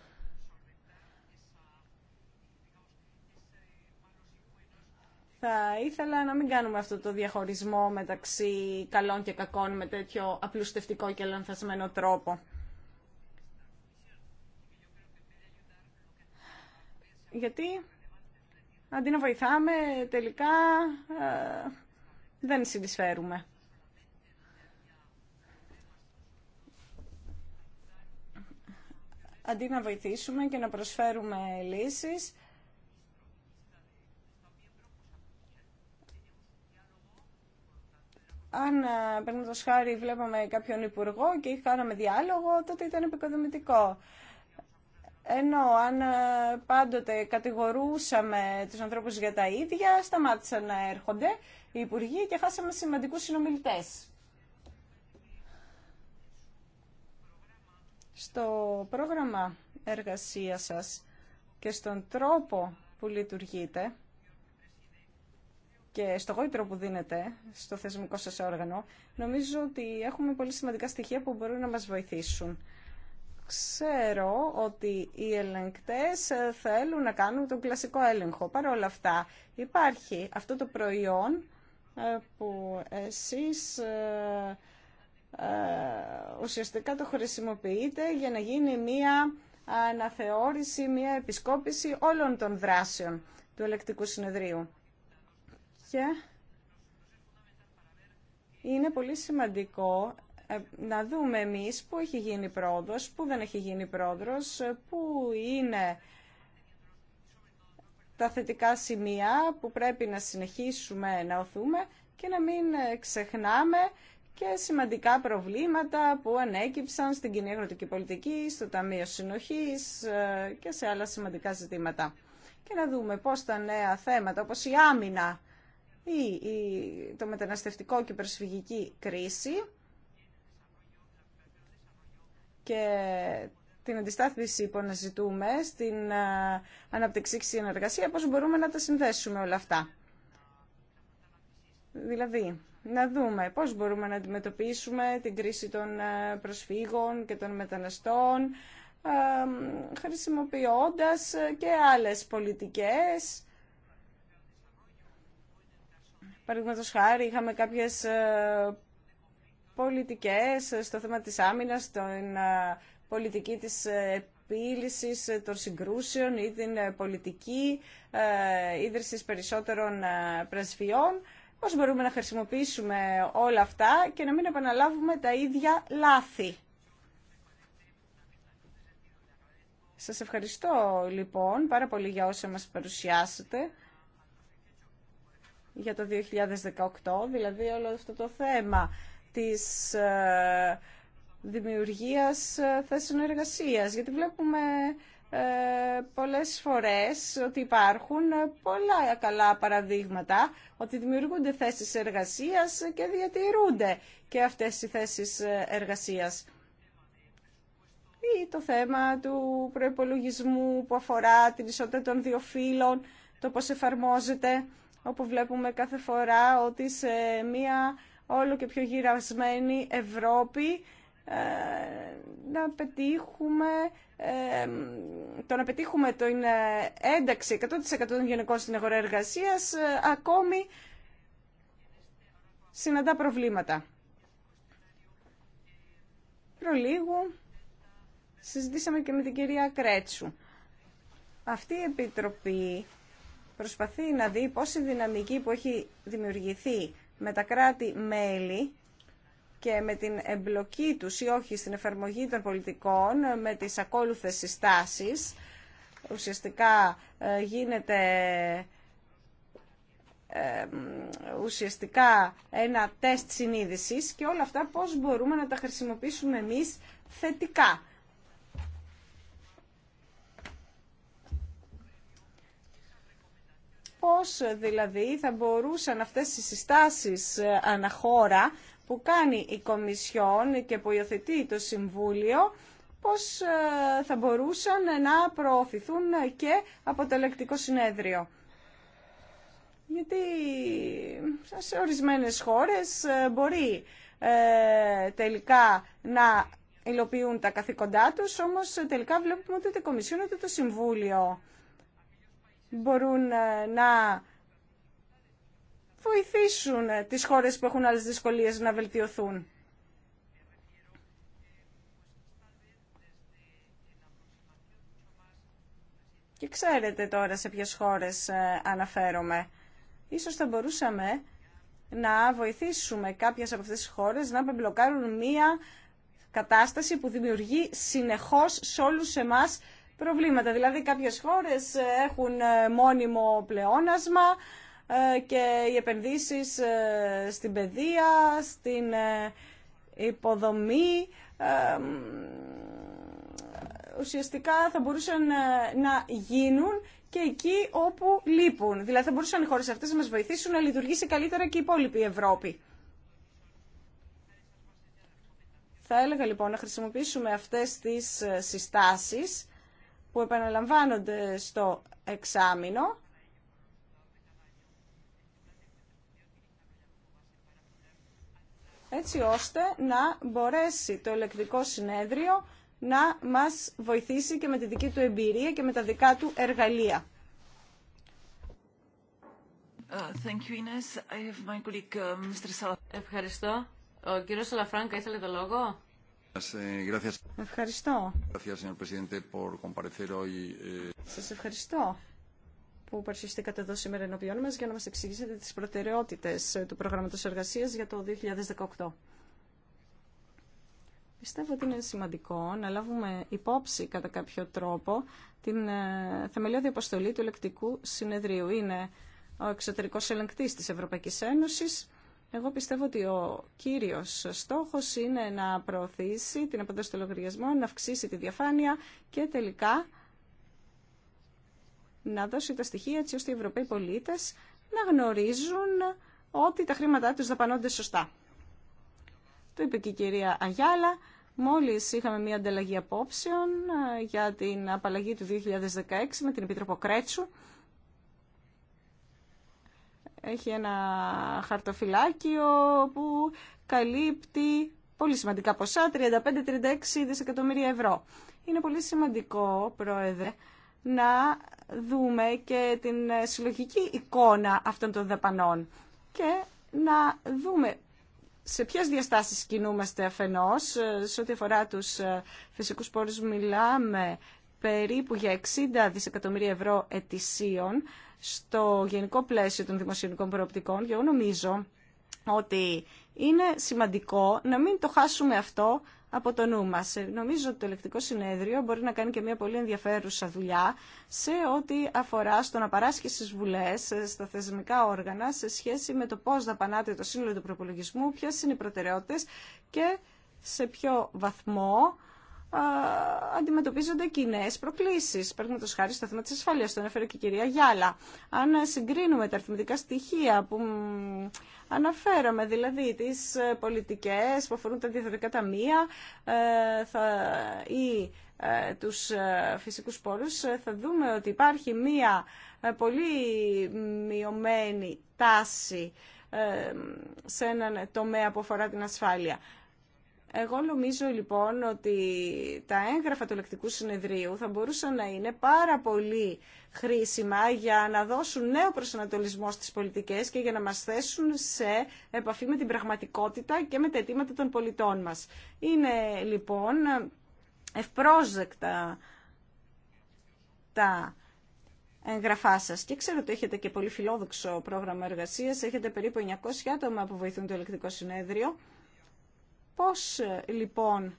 Θα ήθελα να μην κάνουμε αυτό το διαχωρισμό μεταξύ καλών και κακών με τέτοιο απλουστευτικό και λανθασμένο τρόπο. Γιατί αντί να βοηθάμε τελικά ε, δεν συνεισφέρουμε. Αντί να βοηθήσουμε και να προσφέρουμε λύσεις, αν ε, παίρνοντα χάρη βλέπαμε κάποιον υπουργό και κάναμε διάλογο, τότε ήταν επικοδομητικό. Ενώ αν ε, πάντοτε κατηγορούσαμε τους ανθρώπους για τα ίδια, σταμάτησαν να έρχονται οι υπουργοί και χάσαμε σημαντικούς συνομιλητές. Στο πρόγραμμα εργασίας σας και στον τρόπο που λειτουργείτε, και στο γόητρο που δίνετε στο θεσμικό σας όργανο, νομίζω ότι έχουμε πολύ σημαντικά στοιχεία που μπορούν να μας βοηθήσουν. Ξέρω ότι οι ελεγκτές θέλουν να κάνουν τον κλασικό έλεγχο. Παρ' όλα αυτά υπάρχει αυτό το προϊόν ε, που εσείς ε, ε, ουσιαστικά το χρησιμοποιείτε για να γίνει μία αναθεώρηση, μία επισκόπηση όλων των δράσεων του ελεκτικού συνεδρίου συνέχεια είναι πολύ σημαντικό ε, να δούμε εμείς που έχει γίνει πρόοδος, που δεν έχει γίνει πρόοδος, που είναι τα θετικά σημεία που πρέπει να συνεχίσουμε να οθούμε και να μην ε, ξεχνάμε και σημαντικά προβλήματα που ανέκυψαν στην κοινή αγροτική πολιτική, στο Ταμείο Συνοχής ε, και σε άλλα σημαντικά ζητήματα. Και να δούμε πώς τα νέα θέματα, όπως η άμυνα, ή το μεταναστευτικό και προσφυγική κρίση και την αντιστάθμιση που αναζητούμε στην αναπτυξή συνεργασία, πώς μπορούμε να τα συνδέσουμε όλα αυτά. Δηλαδή, να δούμε πώς μπορούμε να αντιμετωπίσουμε την κρίση των προσφύγων και των μεταναστών, χρησιμοποιώντας και άλλες πολιτικές Παραδείγματο χάρη είχαμε κάποιε ε, πολιτικές ε, στο θέμα της άμυνας, στην ε, πολιτική της επίλυσης των συγκρούσεων ή την πολιτική ίδρυσης περισσότερων πρεσβειών. Πώ μπορούμε να χρησιμοποιήσουμε όλα αυτά και να μην επαναλάβουμε τα ίδια λάθη. Σας ευχαριστώ λοιπόν πάρα πολύ για όσα μας παρουσιάσετε για το 2018, δηλαδή όλο αυτό το θέμα της ε, δημιουργίας ε, θέσεων εργασίας, γιατί βλέπουμε ε, πολλές φορές ότι υπάρχουν ε, πολλά καλά παραδείγματα ότι δημιουργούνται θέσεις εργασίας και διατηρούνται και αυτές οι θέσεις εργασίας. Ή το θέμα του προϋπολογισμού που αφορά την ισότητα των δύο φύλων, το πώς εφαρμόζεται όπου βλέπουμε κάθε φορά ότι σε μία όλο και πιο γυρασμένη Ευρώπη ε, να πετύχουμε ε, το να πετύχουμε το είναι ένταξη 100% των γενικών στην αγορά εργασίας ε, ακόμη συναντά προβλήματα. Προλίγου συζητήσαμε και με την κυρία Κρέτσου. Αυτή η Επιτροπή προσπαθεί να δει πόση η δυναμική που έχει δημιουργηθεί με τα κράτη-μέλη και με την εμπλοκή τους ή όχι στην εφαρμογή των πολιτικών, με τις ακόλουθες συστάσεις, ουσιαστικά ε, γίνεται ε, ουσιαστικά ένα τεστ συνείδησης και όλα αυτά πώς μπορούμε να τα χρησιμοποιήσουμε εμείς θετικά. Πώς δηλαδή θα μπορούσαν αυτές οι συστάσεις ε, αναχώρα που κάνει η Κομισιόν και που υιοθετεί το Συμβούλιο, πώς ε, θα μπορούσαν να προωθηθούν και από το ελεκτικό συνέδριο. Γιατί σε ορισμένες χώρες ε, μπορεί τελικά να υλοποιούν τα καθήκοντά τους, όμως τελικά βλέπουμε ότι το Κομισιόν ούτε το Συμβούλιο μπορούν ε, να βοηθήσουν ε, τις χώρες που έχουν άλλες δυσκολίες να βελτιωθούν. Και ξέρετε τώρα σε ποιες χώρες ε, αναφέρομαι. Ίσως θα μπορούσαμε να βοηθήσουμε κάποιες από αυτές τις χώρες να μπλοκάρουν μία κατάσταση που δημιουργεί συνεχώς σε όλους εμάς προβλήματα. Δηλαδή κάποιες χώρες ε, έχουν ε, μόνιμο πλεόνασμα ε, και οι επενδύσεις στην παιδεία, στην υποδομή ουσιαστικά θα μπορούσαν να γίνουν και εκεί όπου λείπουν. Δηλαδή θα μπορούσαν οι χώρες αυτές να μας βοηθήσουν να λειτουργήσει καλύτερα και η υπόλοιπη Ευρώπη. Θα έλεγα λοιπόν να χρησιμοποιήσουμε αυτές τις συστάσεις που επαναλαμβάνονται στο εξάμεινο έτσι ώστε να μπορέσει το ηλεκτρικό συνέδριο να μας βοηθήσει και με τη δική του εμπειρία και με τα δικά του εργαλεία.
Ευχαριστώ.
Ο κύριος Σαλαφράνκα ήθελε το λόγο.
Ευχαριστώ. Eh,
Σας ευχαριστώ που παρουσιαστήκατε εδώ σήμερα ενώπιόν μας για να μας εξηγήσετε τις προτεραιότητες ε, του προγράμματος εργασίας για το 2018. Πιστεύω ότι είναι σημαντικό να λάβουμε υπόψη κατά κάποιο τρόπο την ε, θεμελιώδη αποστολή του ελεκτικού συνεδρίου. Είναι ο εξωτερικός ελεγκτής της Ευρωπαϊκής Ένωσης εγώ πιστεύω ότι ο κύριος στόχος είναι να προωθήσει την αποδόση να αυξήσει τη διαφάνεια και τελικά να δώσει τα στοιχεία έτσι ώστε οι Ευρωπαίοι πολίτες να γνωρίζουν ότι τα χρήματά τους δαπανώνται σωστά. Το είπε και η κυρία Αγιάλα. Μόλις είχαμε μια ανταλλαγή απόψεων ε, για την απαλλαγή του 2016 με την Επίτροπο Κρέτσου έχει ένα χαρτοφυλάκιο που καλύπτει πολύ σημαντικά ποσά, 35-36 δισεκατομμύρια ευρώ. Είναι πολύ σημαντικό, Πρόεδρε, να δούμε και την συλλογική εικόνα αυτών των δαπανών και να δούμε σε ποιες διαστάσεις κινούμαστε αφενός. Σε ό,τι αφορά τους ε, φυσικούς πόρους μιλάμε περίπου για 60 δισεκατομμύρια ευρώ ετησίων στο γενικό πλαίσιο των δημοσιονομικών προοπτικών και εγώ νομίζω ότι είναι σημαντικό να μην το χάσουμε αυτό από το νου μας. Ε, νομίζω ότι το ελεκτικό συνέδριο μπορεί να κάνει και μια πολύ ενδιαφέρουσα δουλειά σε ό,τι αφορά στο να παράσχει στις βουλές, ε, στα θεσμικά όργανα, σε σχέση με το πώς δαπανάται το σύνολο του προπολογισμού, ποιες είναι οι προτεραιότητες και σε ποιο βαθμό αντιμετωπίζονται κοινέ προκλήσει. Παραδείγματο χάρη στο θέμα τη ασφάλεια, το έφερε και η κυρία Γιάλα. Αν συγκρίνουμε τα αριθμητικά στοιχεία που αναφέραμε, δηλαδή τι ε, πολιτικέ που αφορούν τα διεθνικά ταμεία ε, ή ε, τους φυσικούς πόρους, θα δούμε ότι υπάρχει μία πολύ μειωμένη τάση σε έναν τομέα που αφορά την ασφάλεια. Εγώ νομίζω λοιπόν ότι τα έγγραφα του λεκτικού συνεδρίου θα μπορούσαν να είναι πάρα πολύ χρήσιμα για να δώσουν νέο προσανατολισμό στις πολιτικές και για να μας θέσουν σε επαφή με την πραγματικότητα και με τα αιτήματα των πολιτών μας. Είναι λοιπόν ευπρόσδεκτα τα εγγραφά σα. Και ξέρω ότι έχετε και πολύ φιλόδοξο πρόγραμμα εργασία. Έχετε περίπου 900 άτομα που βοηθούν το ελεκτικό συνέδριο. Πώς λοιπόν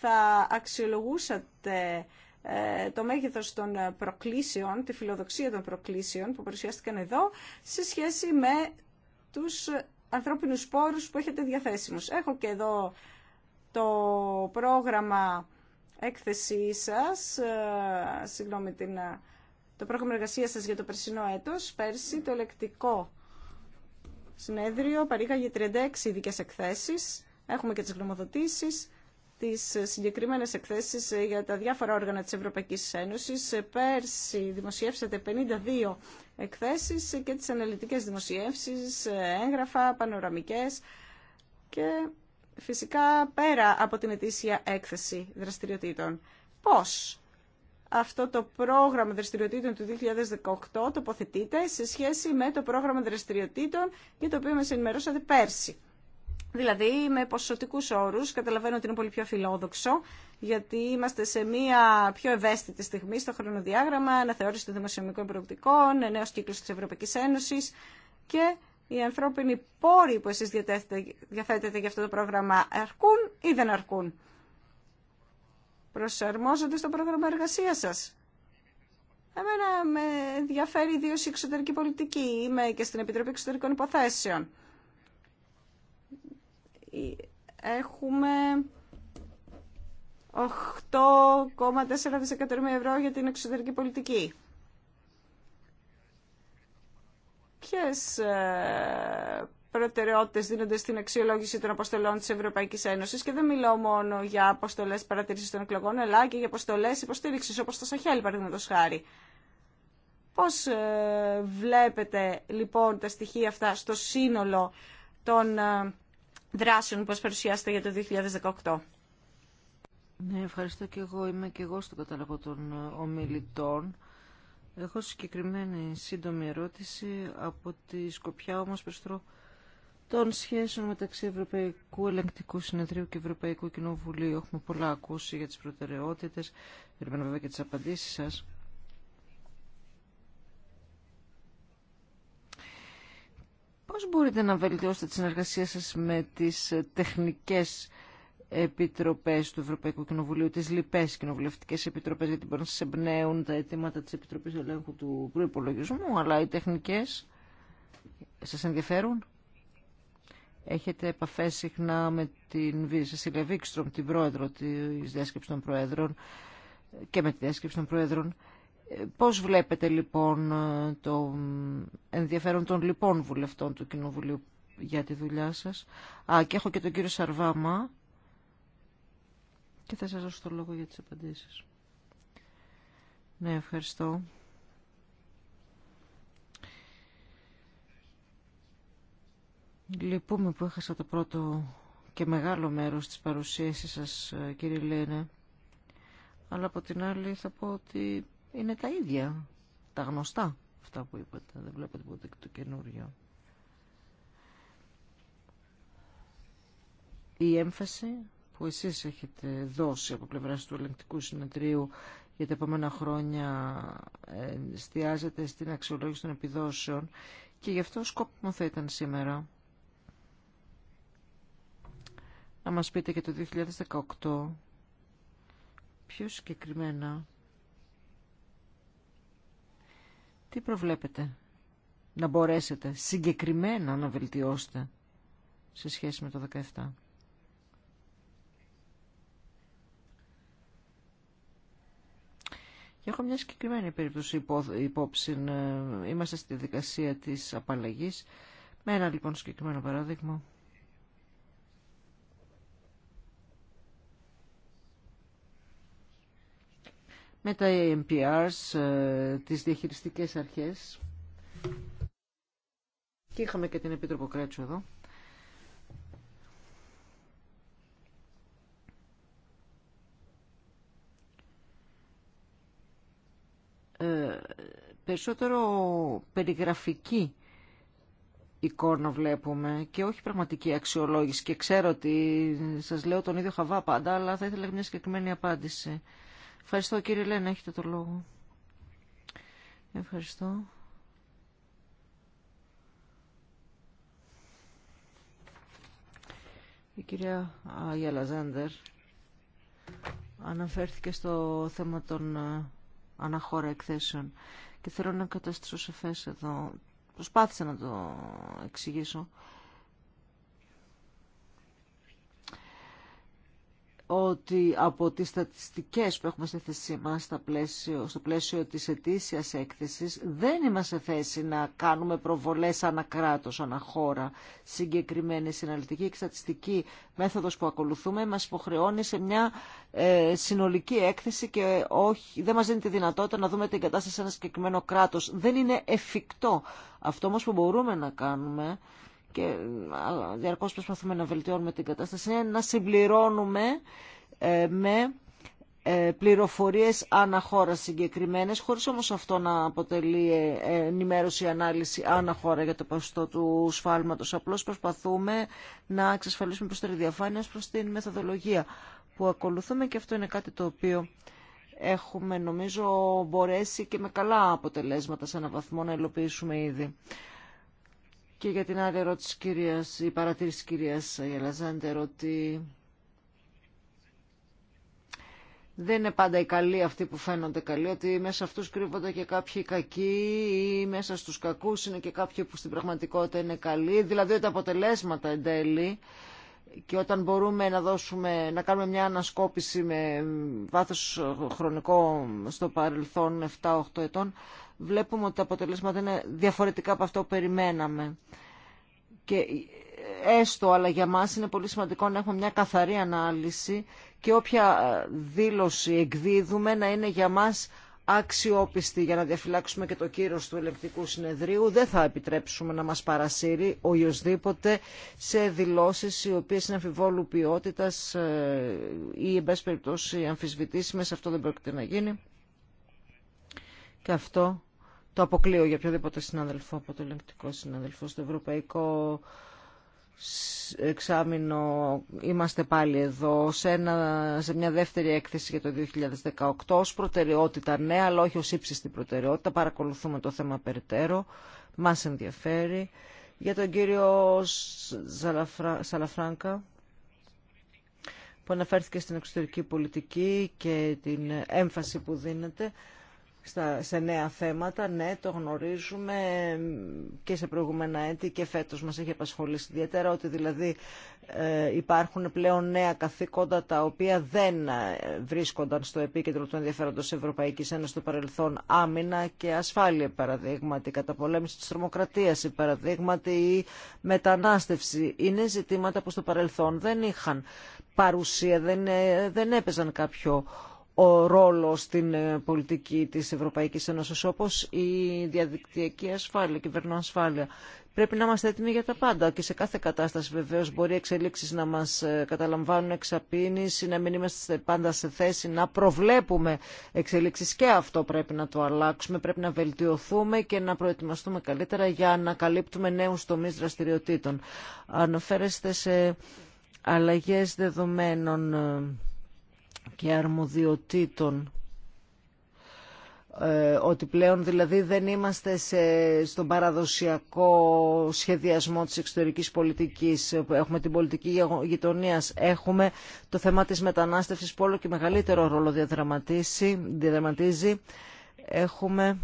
θα αξιολογούσατε ε, το μέγεθος των προκλήσεων, τη φιλοδοξία των προκλήσεων που παρουσιάστηκαν εδώ, σε σχέση με τους ανθρώπινους σπόρους που έχετε διαθέσιμους. Έχω και εδώ το πρόγραμμα έκθεσή σας, ε, συγγνώμη την, ε, το πρόγραμμα εργασίας σας για το περσινό έτος, πέρσι το ελεκτικό συνέδριο παρήγαγε 36 ειδικέ εκθέσεις Έχουμε και τις γνωμοδοτήσεις, τις συγκεκριμένες εκθέσεις ε, για τα διάφορα όργανα της Ευρωπαϊκής Ένωσης. Ε, πέρσι δημοσιεύσατε 52 εκθέσεις ε, και τις αναλυτικές δημοσιεύσεις, έγγραφα, πανοραμικές και φυσικά πέρα από την ετήσια έκθεση δραστηριοτήτων. Πώς αυτό το πρόγραμμα δραστηριοτήτων του 2018 τοποθετείται σε σχέση με το πρόγραμμα δραστηριοτήτων για το οποίο μας ενημερώσατε πέρσι. Δηλαδή με ποσοτικού όρου, καταλαβαίνω ότι είναι πολύ πιο φιλόδοξο, γιατί είμαστε σε μια πιο ευαίσθητη στιγμή στο χρονοδιάγραμμα, αναθεώρηση των δημοσιονομικών προοπτικών, ε, νέο κύκλο τη Ευρωπαϊκή Ένωση και οι ανθρώπινοι πόροι που εσείς διαθέτετε για αυτό το πρόγραμμα αρκούν ή δεν αρκούν. Προσαρμόζονται στο πρόγραμμα εργασίας σας. Εμένα με ενδιαφέρει ιδίω η εξωτερική εργασία σα. εμενα με ενδιαφερει Είμαι και στην Επιτροπή Εξωτερικών Υποθέσεων. Έχουμε 8,4 δισεκατομμύρια ευρώ για την εξωτερική πολιτική. Ποιες ε, προτεραιότητες δίνονται στην αξιολόγηση των αποστολών της Ευρωπαϊκής Ένωσης και δεν μιλώ μόνο για αποστολές παρατήρησης των εκλογών, αλλά και για αποστολές υποστήριξης, όπως το Σαχέλ, παραδείγματος χάρη. Πώς ε, βλέπετε, λοιπόν, τα στοιχεία αυτά στο σύνολο των ε, δράσεων που παρουσιάσετε για το 2018.
Ναι, ευχαριστώ και εγώ. Είμαι και εγώ στο κατάλογο των ε, ομιλητών. Έχω συγκεκριμένη σύντομη ερώτηση από τη Σκοπιά όμως περισσότερο των σχέσεων μεταξύ Ευρωπαϊκού Ελεγκτικού Συνεδρίου και Ευρωπαϊκού Κοινοβουλίου. Έχουμε πολλά ακούσει για τις προτεραιότητες. Περιμένω βέβαια και τις απαντήσεις σας. Πώς μπορείτε να βελτιώσετε τη συνεργασία σας με τις τεχνικές επιτροπές του Ευρωπαϊκού Κοινοβουλίου, τις λοιπές κοινοβουλευτικές επιτροπές, γιατί μπορεί να σας εμπνέουν τα αιτήματα της Επιτροπής Ελέγχου του Προϋπολογισμού, αλλά οι τεχνικές σας ενδιαφέρουν. Έχετε επαφές συχνά με την Σεσίλια Βίξτρομ, την πρόεδρο της Διάσκεψης των Προέδρων και με τη Διάσκεψη των Προέδρων Πώς βλέπετε λοιπόν ε, το ενδιαφέρον των λοιπόν βουλευτών του Κοινοβουλίου για τη δουλειά σας. Α, και έχω και τον κύριο Σαρβάμα και θα σας δώσω το λόγο για τις απαντήσεις. Ναι, ευχαριστώ. Λυπούμε που έχασα το πρώτο και μεγάλο μέρος της παρουσίασης σας, ε, κύριε Λένε. Αλλά από την άλλη θα πω ότι είναι τα ίδια, τα γνωστά αυτά που είπατε. Δεν βλέπετε και το καινούριο. Η έμφαση που εσείς έχετε δώσει από πλευράς του ελεγκτικού συνεδρίου για τα επόμενα χρόνια ε, εστιάζεται στην αξιολόγηση των επιδόσεων και γι' αυτό σκόπιμο θα ήταν σήμερα να μας πείτε και το 2018 πιο συγκεκριμένα Τι προβλέπετε να μπορέσετε συγκεκριμένα να βελτιώσετε σε σχέση με το 17. έχω μια συγκεκριμένη περίπτωση υπόψη. Ε, είμαστε στη δικασία της απαλλαγής. Με ένα λοιπόν συγκεκριμένο παράδειγμα. με τα AMPRs, ε, τις διαχειριστικές αρχές. Και είχαμε και την Επίτροπο Κρέτσου εδώ. Ε, περισσότερο περιγραφική εικόνα βλέπουμε και όχι πραγματική αξιολόγηση και ξέρω ότι σας λέω τον ίδιο χαβά πάντα αλλά θα ήθελα μια συγκεκριμένη απάντηση. Ευχαριστώ κύριε Λένα, έχετε το λόγο. Ευχαριστώ. Η κυρία Άγια Λαζάντερ αναφέρθηκε στο θέμα των ε, αναχώρα εκθέσεων και θέλω να καταστήσω σαφές εδώ. Προσπάθησα να το εξηγήσω ότι από τις στατιστικές που έχουμε στη θέση μας στο πλαίσιο της ετήσιας έκθεσης δεν είμαστε θέση να κάνουμε προβολές ανακράτος, αναχώρα, συγκεκριμένη συναλλητική και στατιστική μέθοδος που ακολουθούμε μας υποχρεώνει σε μια ε, συνολική έκθεση και όχι, δεν μας δίνει τη δυνατότητα να δούμε την κατάσταση σε ένα συγκεκριμένο κράτος. Δεν είναι εφικτό. Αυτό όμως που μπορούμε να κάνουμε και διαρκώς προσπαθούμε να βελτιώνουμε την κατάσταση είναι να συμπληρώνουμε ε, με ε, πληροφορίες αναχώρα συγκεκριμένες, χωρίς όμως αυτό να αποτελεί ε, ενημέρωση, ανάλυση αναχώρα για το ποσοστό του σφάλματος. Απλώς προσπαθούμε να εξασφαλίσουμε προς τη διαφάνεια προς την μεθοδολογία που ακολουθούμε και αυτό είναι κάτι το οποίο έχουμε νομίζω μπορέσει και με καλά αποτελέσματα σε έναν βαθμό να υλοποιήσουμε ήδη. Και για την άλλη ερώτηση κυρίας, η παρατήρηση κυρίας Γελαζάντερ ότι δεν είναι πάντα οι καλοί αυτοί που φαίνονται καλοί, ότι μέσα αυτούς κρύβονται και κάποιοι κακοί ή μέσα στους κακούς είναι και κάποιοι που στην πραγματικότητα είναι καλοί. Δηλαδή ότι τα αποτελέσματα εν τέλει και όταν μπορούμε να, δώσουμε, να κάνουμε μια ανασκόπηση με βάθος χρονικό στο παρελθόν 7-8 ετών, βλέπουμε ότι τα αποτελέσματα είναι διαφορετικά από αυτό που περιμέναμε. Και έστω, αλλά για μας είναι πολύ σημαντικό να έχουμε μια καθαρή ανάλυση και όποια ε, δήλωση εκδίδουμε να είναι για μας αξιόπιστη για να διαφυλάξουμε και το κύρος του ελεκτικού συνεδρίου. Δεν θα επιτρέψουμε να μας παρασύρει ο σε δηλώσεις οι οποίες είναι αμφιβόλου ποιότητας ε, ή εν πάση περιπτώσει αμφισβητήσιμες. Αυτό δεν πρόκειται να γίνει. Και αυτό το αποκλείω για οποιοδήποτε συνάδελφο από το ελεγκτικό συνάδελφο στο ευρωπαϊκό εξάμεινο είμαστε πάλι εδώ σε, σε μια δεύτερη έκθεση για το 2018 ως προτεραιότητα ναι αλλά όχι ως ύψιστη προτεραιότητα παρακολουθούμε το θέμα περαιτέρω. μας ενδιαφέρει για τον κύριο Σαλαφράνκα που αναφέρθηκε στην εξωτερική πολιτική και την έμφαση που δίνεται στα, σε νέα θέματα. Ναι, το γνωρίζουμε και σε προηγούμενα έτη και φέτος μας έχει απασχολήσει ιδιαίτερα ότι δηλαδή ε, υπάρχουν πλέον νέα καθήκοντα τα οποία δεν ε, βρίσκονταν στο επίκεντρο του ενδιαφέροντος Ευρωπαϊκής Ένωσης στο παρελθόν άμυνα και ασφάλεια παραδείγματι, καταπολέμηση της τρομοκρατίας παραδείγματι ή μετανάστευση. Είναι ζητήματα που στο παρελθόν δεν είχαν παρουσία, δεν, ε, δεν έπαιζαν κάποιο ο ρόλο στην ε, πολιτική τη Ευρωπαϊκή Ένωση, όπω η διαδικτυακή ασφάλεια, η κυβερνοασφάλεια. Πρέπει να είμαστε έτοιμοι για τα πάντα και σε κάθε κατάσταση βεβαίω μπορεί οι εξελίξει να μα ε, καταλαμβάνουν εξαπίνηση, να μην είμαστε πάντα σε θέση να προβλέπουμε εξελίξει και αυτό πρέπει να το αλλάξουμε. Πρέπει να βελτιωθούμε και να προετοιμαστούμε καλύτερα για να καλύπτουμε νέου τομεί δραστηριοτήτων. Αναφέρεστε σε αλλαγέ δεδομένων ε, και αρμοδιοτήτων ε, ότι πλέον δηλαδή δεν είμαστε στον παραδοσιακό σχεδιασμό της εξωτερικής πολιτικής. Έχουμε την πολιτική γειτονία, έχουμε το θέμα της μετανάστευσης που όλο και μεγαλύτερο ρόλο διαδραματίζει. Έχουμε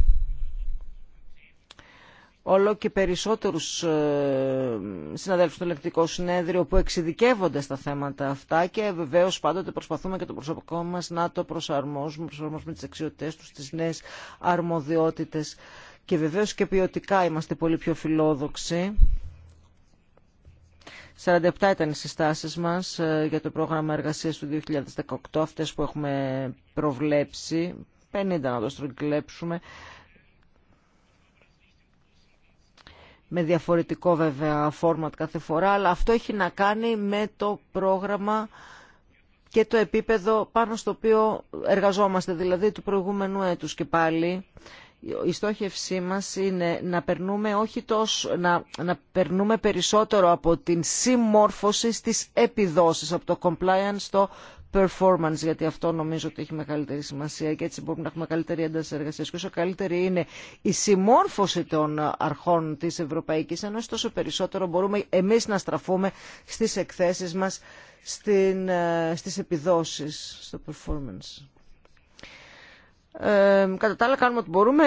όλο και περισσότερους ε, συναδέλφους του Ελεκτικού Συνέδριο που εξειδικεύονται στα θέματα αυτά και βεβαίως πάντοτε προσπαθούμε και το προσωπικό μας να το προσαρμόζουμε, προσαρμόζουμε τις αξιότητες τους, τις νέες αρμοδιότητες και βεβαίως και ποιοτικά είμαστε πολύ πιο φιλόδοξοι. 47 ήταν οι συστάσεις μας ε, για το πρόγραμμα εργασίας του 2018, αυτές που έχουμε προβλέψει, 50 να το στρογγυλέψουμε. με διαφορετικό βέβαια format κάθε φορά, αλλά αυτό έχει να κάνει με το πρόγραμμα και το επίπεδο πάνω στο οποίο εργαζόμαστε, δηλαδή του προηγούμενου έτους και πάλι. Η στόχευσή μας είναι να περνούμε, όχι τόσο, να, περνούμε περισσότερο από την συμμόρφωση στις επιδόσεις, από το compliance στο performance, γιατί αυτό νομίζω ότι έχει μεγαλύτερη σημασία και έτσι μπορούμε να έχουμε καλύτερη ένταση εργασία. Και όσο καλύτερη είναι η συμμόρφωση των αρχών τη Ευρωπαϊκή Ένωση, τόσο περισσότερο μπορούμε εμεί να στραφούμε στι εκθέσει μα, ε, στι επιδόσει, στο performance κατά τα άλλα κάνουμε ό,τι μπορούμε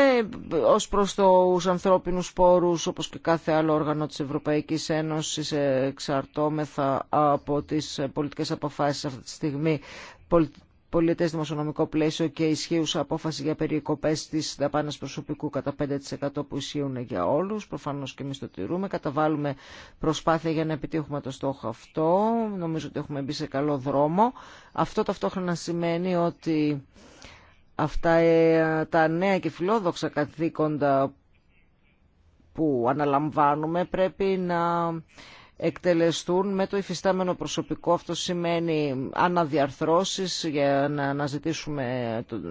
ως προς τους ανθρώπινους πόρους όπως και κάθε άλλο όργανο της Ευρωπαϊκής Ένωσης εξαρτώμεθα από τις πολιτικές αποφάσεις αυτή τη στιγμή πολιτέ δημοσιονομικό πλαίσιο και ισχύουσα απόφαση για περιοικοπές τη δαπάνε προσωπικού κατά 5% που ισχύουν για όλους προφανώς και εμείς το τηρούμε. Καταβάλουμε προσπάθεια για να επιτύχουμε το στόχο αυτό. Νομίζω ότι έχουμε μπει σε καλό δρόμο. Αυτό ταυτόχρονα σημαίνει ότι αυτά ε, τα νέα και φιλόδοξα καθήκοντα που αναλαμβάνουμε πρέπει να εκτελεστούν με το υφιστάμενο προσωπικό. Αυτό σημαίνει αναδιαρθρώσεις για να, ζητήσουμε,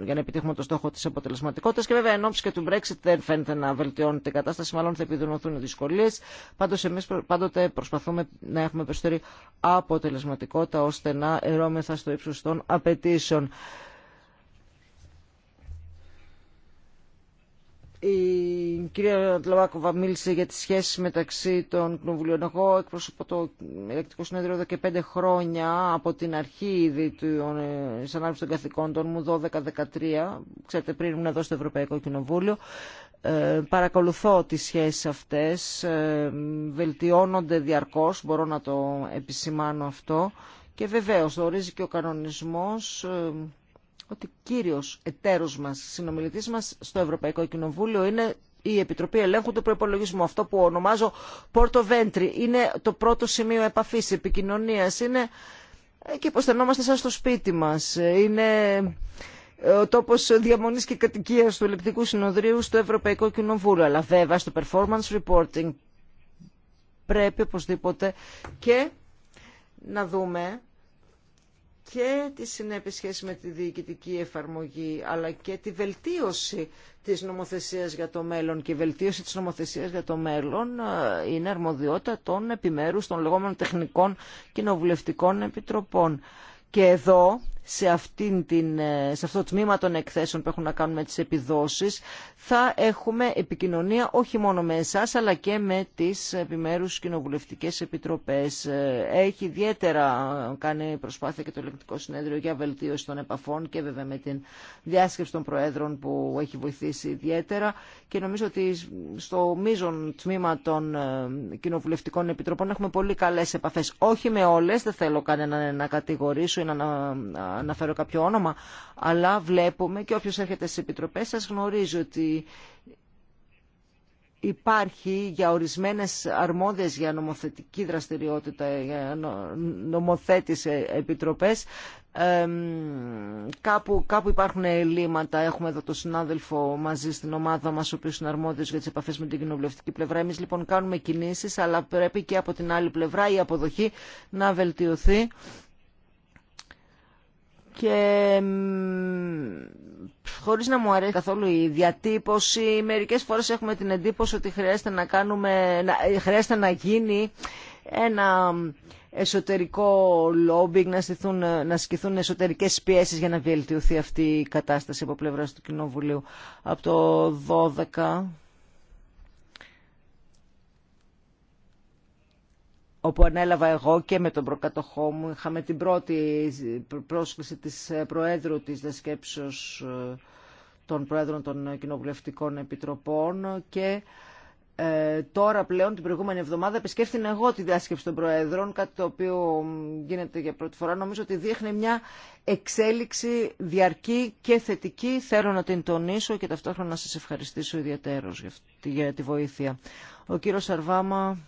για να επιτύχουμε το στόχο της αποτελεσματικότητας και βέβαια εν και του Brexit δεν φαίνεται να βελτιώνει την κατάσταση, μάλλον θα επιδεινωθούν οι δυσκολίες. Πάντως εμείς πάντοτε προσπαθούμε να έχουμε περισσότερη αποτελεσματικότητα ώστε να ερώμεθα στο ύψος των απαιτήσεων. Η κυρία Λαβάκοβα μίλησε για τις σχέσεις μεταξύ των κοινοβουλίων. Εγώ εκπροσωπώ το Ελεκτικό Συνέδριο εδώ και πέντε χρόνια από την αρχή ήδη ε, της ανάληψης των καθηκόντων μου, 12-13, ξέρετε πριν ήμουν εδώ στο Ευρωπαϊκό Κοινοβούλιο. Ε, παρακολουθώ τις σχέσεις αυτές, ε, βελτιώνονται διαρκώς, μπορώ να το επισημάνω αυτό. Και βεβαίως το ορίζει και ο κανονισμός ότι κύριος εταίρος μας, συνομιλητής μας στο Ευρωπαϊκό Κοινοβούλιο είναι η Επιτροπή Ελέγχου του Προπολογισμού, αυτό που ονομάζω Πόρτο Βέντρι. Είναι το πρώτο σημείο επαφής, επικοινωνίας, είναι εκεί που στενόμαστε σαν στο σπίτι μας. Είναι ε, ο τόπος διαμονής και κατοικίας του Ελεκτικού Συνοδρίου στο Ευρωπαϊκό Κοινοβούλιο. Αλλά βέβαια στο performance reporting πρέπει οπωσδήποτε και να δούμε και τη συνέπεια σχέση με τη διοικητική εφαρμογή, αλλά και τη βελτίωση της νομοθεσίας για το μέλλον. Και η βελτίωση της νομοθεσίας για το μέλλον ε, είναι αρμοδιότητα των επιμέρους των λεγόμενων τεχνικών κοινοβουλευτικών επιτροπών. Και εδώ σε, αυτήν την, ε, σε αυτό το τμήμα των εκθέσεων που έχουν να κάνουν με τις επιδόσεις θα έχουμε επικοινωνία όχι μόνο με εσάς αλλά και με τις επιμέρους κοινοβουλευτικές επιτροπές. Ε, έχει ιδιαίτερα κάνει προσπάθεια και το ελεκτικό συνέδριο για βελτίωση των επαφών και βέβαια με την διάσκεψη των Προέδρων που έχει βοηθήσει ιδιαίτερα και νομίζω ότι στο μείζον τμήμα των ε, κοινοβουλευτικών επιτροπών έχουμε πολύ καλές επαφές. Όχι με όλες, δεν θέλω κανέναν να κατηγορήσω ή να αναφέρω κάποιο όνομα, αλλά βλέπουμε και όποιος έρχεται στις επιτροπές σας γνωρίζει ότι υπάρχει για ορισμένες αρμόδιες για νομοθετική δραστηριότητα, για νομοθέτης ε, επιτροπές, κάπου, κάπου υπάρχουν ελλείμματα. Έχουμε εδώ τον συνάδελφο μαζί στην ομάδα μας, ο οποίος είναι αρμόδιος για τις επαφές με την κοινοβουλευτική πλευρά. Εμείς λοιπόν κάνουμε κινήσεις, αλλά πρέπει και από την άλλη πλευρά η αποδοχή να βελτιωθεί και χωρίς να μου αρέσει καθόλου η διατύπωση, μερικές φορές έχουμε την εντύπωση ότι χρειάζεται να, κάνουμε, να, ε, χρειάζεται να γίνει ένα εσωτερικό lobbying, να, στηθούν, να σκηθούν εσωτερικές πιέσεις για να βελτιωθεί αυτή η κατάσταση από πλευράς του Κοινοβουλίου. Από το 12 όπου ανέλαβα εγώ και με τον προκατοχό μου. Είχαμε την πρώτη πρόσκληση της Προέδρου της Δεσκέψεως ε, των Προέδρων των Κοινοβουλευτικών Επιτροπών και ε, τώρα πλέον την προηγούμενη εβδομάδα επισκέφθηνα εγώ τη διάσκεψη των Προέδρων, κάτι το οποίο γίνεται για πρώτη φορά. Νομίζω ότι δείχνει μια εξέλιξη διαρκή και θετική. Θέλω να την τονίσω και ταυτόχρονα να σας ευχαριστήσω ιδιαίτερως για τη βοήθεια. Ο κύριος Σαρβάμα...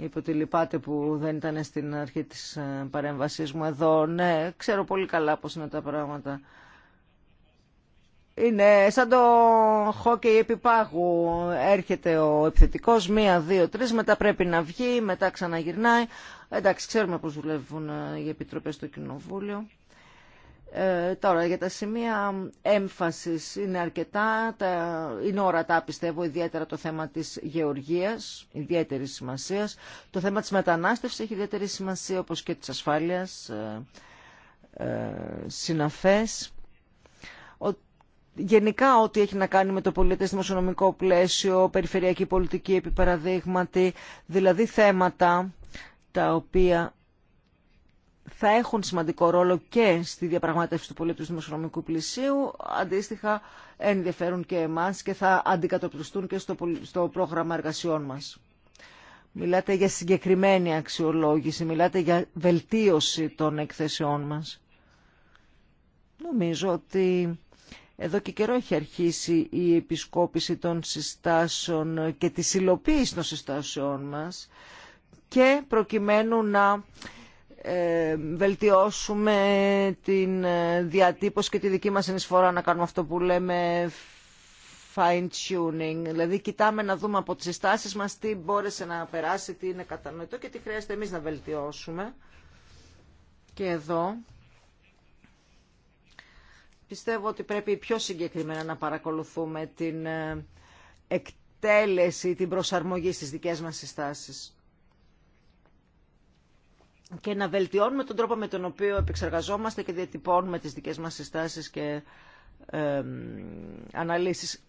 είπε ότι λυπάται που δεν ήταν στην αρχή της ε, παρέμβασής μου εδώ. Ναι, ξέρω πολύ καλά πώς είναι τα πράγματα. Είναι σαν το χόκεϊ επιπάγου. Έρχεται ο επιθετικός, μία, δύο, τρεις, μετά πρέπει να βγει, μετά ξαναγυρνάει. Εντάξει, ξέρουμε πώς δουλεύουν ε, οι επιτροπές στο Κοινοβούλιο. Ε, τώρα για τα σημεία έμφασης είναι αρκετά, τα, είναι ορατά πιστεύω ιδιαίτερα το θέμα της γεωργίας, ιδιαίτερη σημασία. Το θέμα της μετανάστευσης έχει ιδιαίτερη σημασία όπως και της ασφάλειας, ε, ε συναφές. γενικά ό,τι έχει να κάνει με το πολιτές δημοσιονομικό πλαίσιο, περιφερειακή πολιτική επί δηλαδή θέματα τα οποία θα έχουν σημαντικό ρόλο και στη διαπραγμάτευση του πολίτου δημοσιονομικού πλησίου. Αντίστοιχα, ενδιαφέρουν και εμάς και θα αντικατοπτριστούν και στο πρόγραμμα εργασιών μας. Μιλάτε για συγκεκριμένη αξιολόγηση, μιλάτε για βελτίωση των εκθέσεών μας. Νομίζω ότι εδώ και καιρό έχει αρχίσει η επισκόπηση των συστάσεων και τη υλοποίηση των συστάσεών μας και προκειμένου να ε, βελτιώσουμε την ε, διατύπωση και τη δική μας συνεισφορά να κάνουμε αυτό που λέμε fine tuning. Δηλαδή κοιτάμε να δούμε από τις συστάσεις μας τι μπόρεσε να περάσει, τι είναι κατανοητό και τι χρειάζεται εμείς να βελτιώσουμε. Και εδώ πιστεύω ότι πρέπει πιο συγκεκριμένα να παρακολουθούμε την ε, εκτέλεση, την προσαρμογή στις δικές μας συστάσεις και να βελτιώνουμε τον τρόπο με τον οποίο επεξεργαζόμαστε και διατυπώνουμε τις δικές μας συστάσεις και ε, αναλύσεις.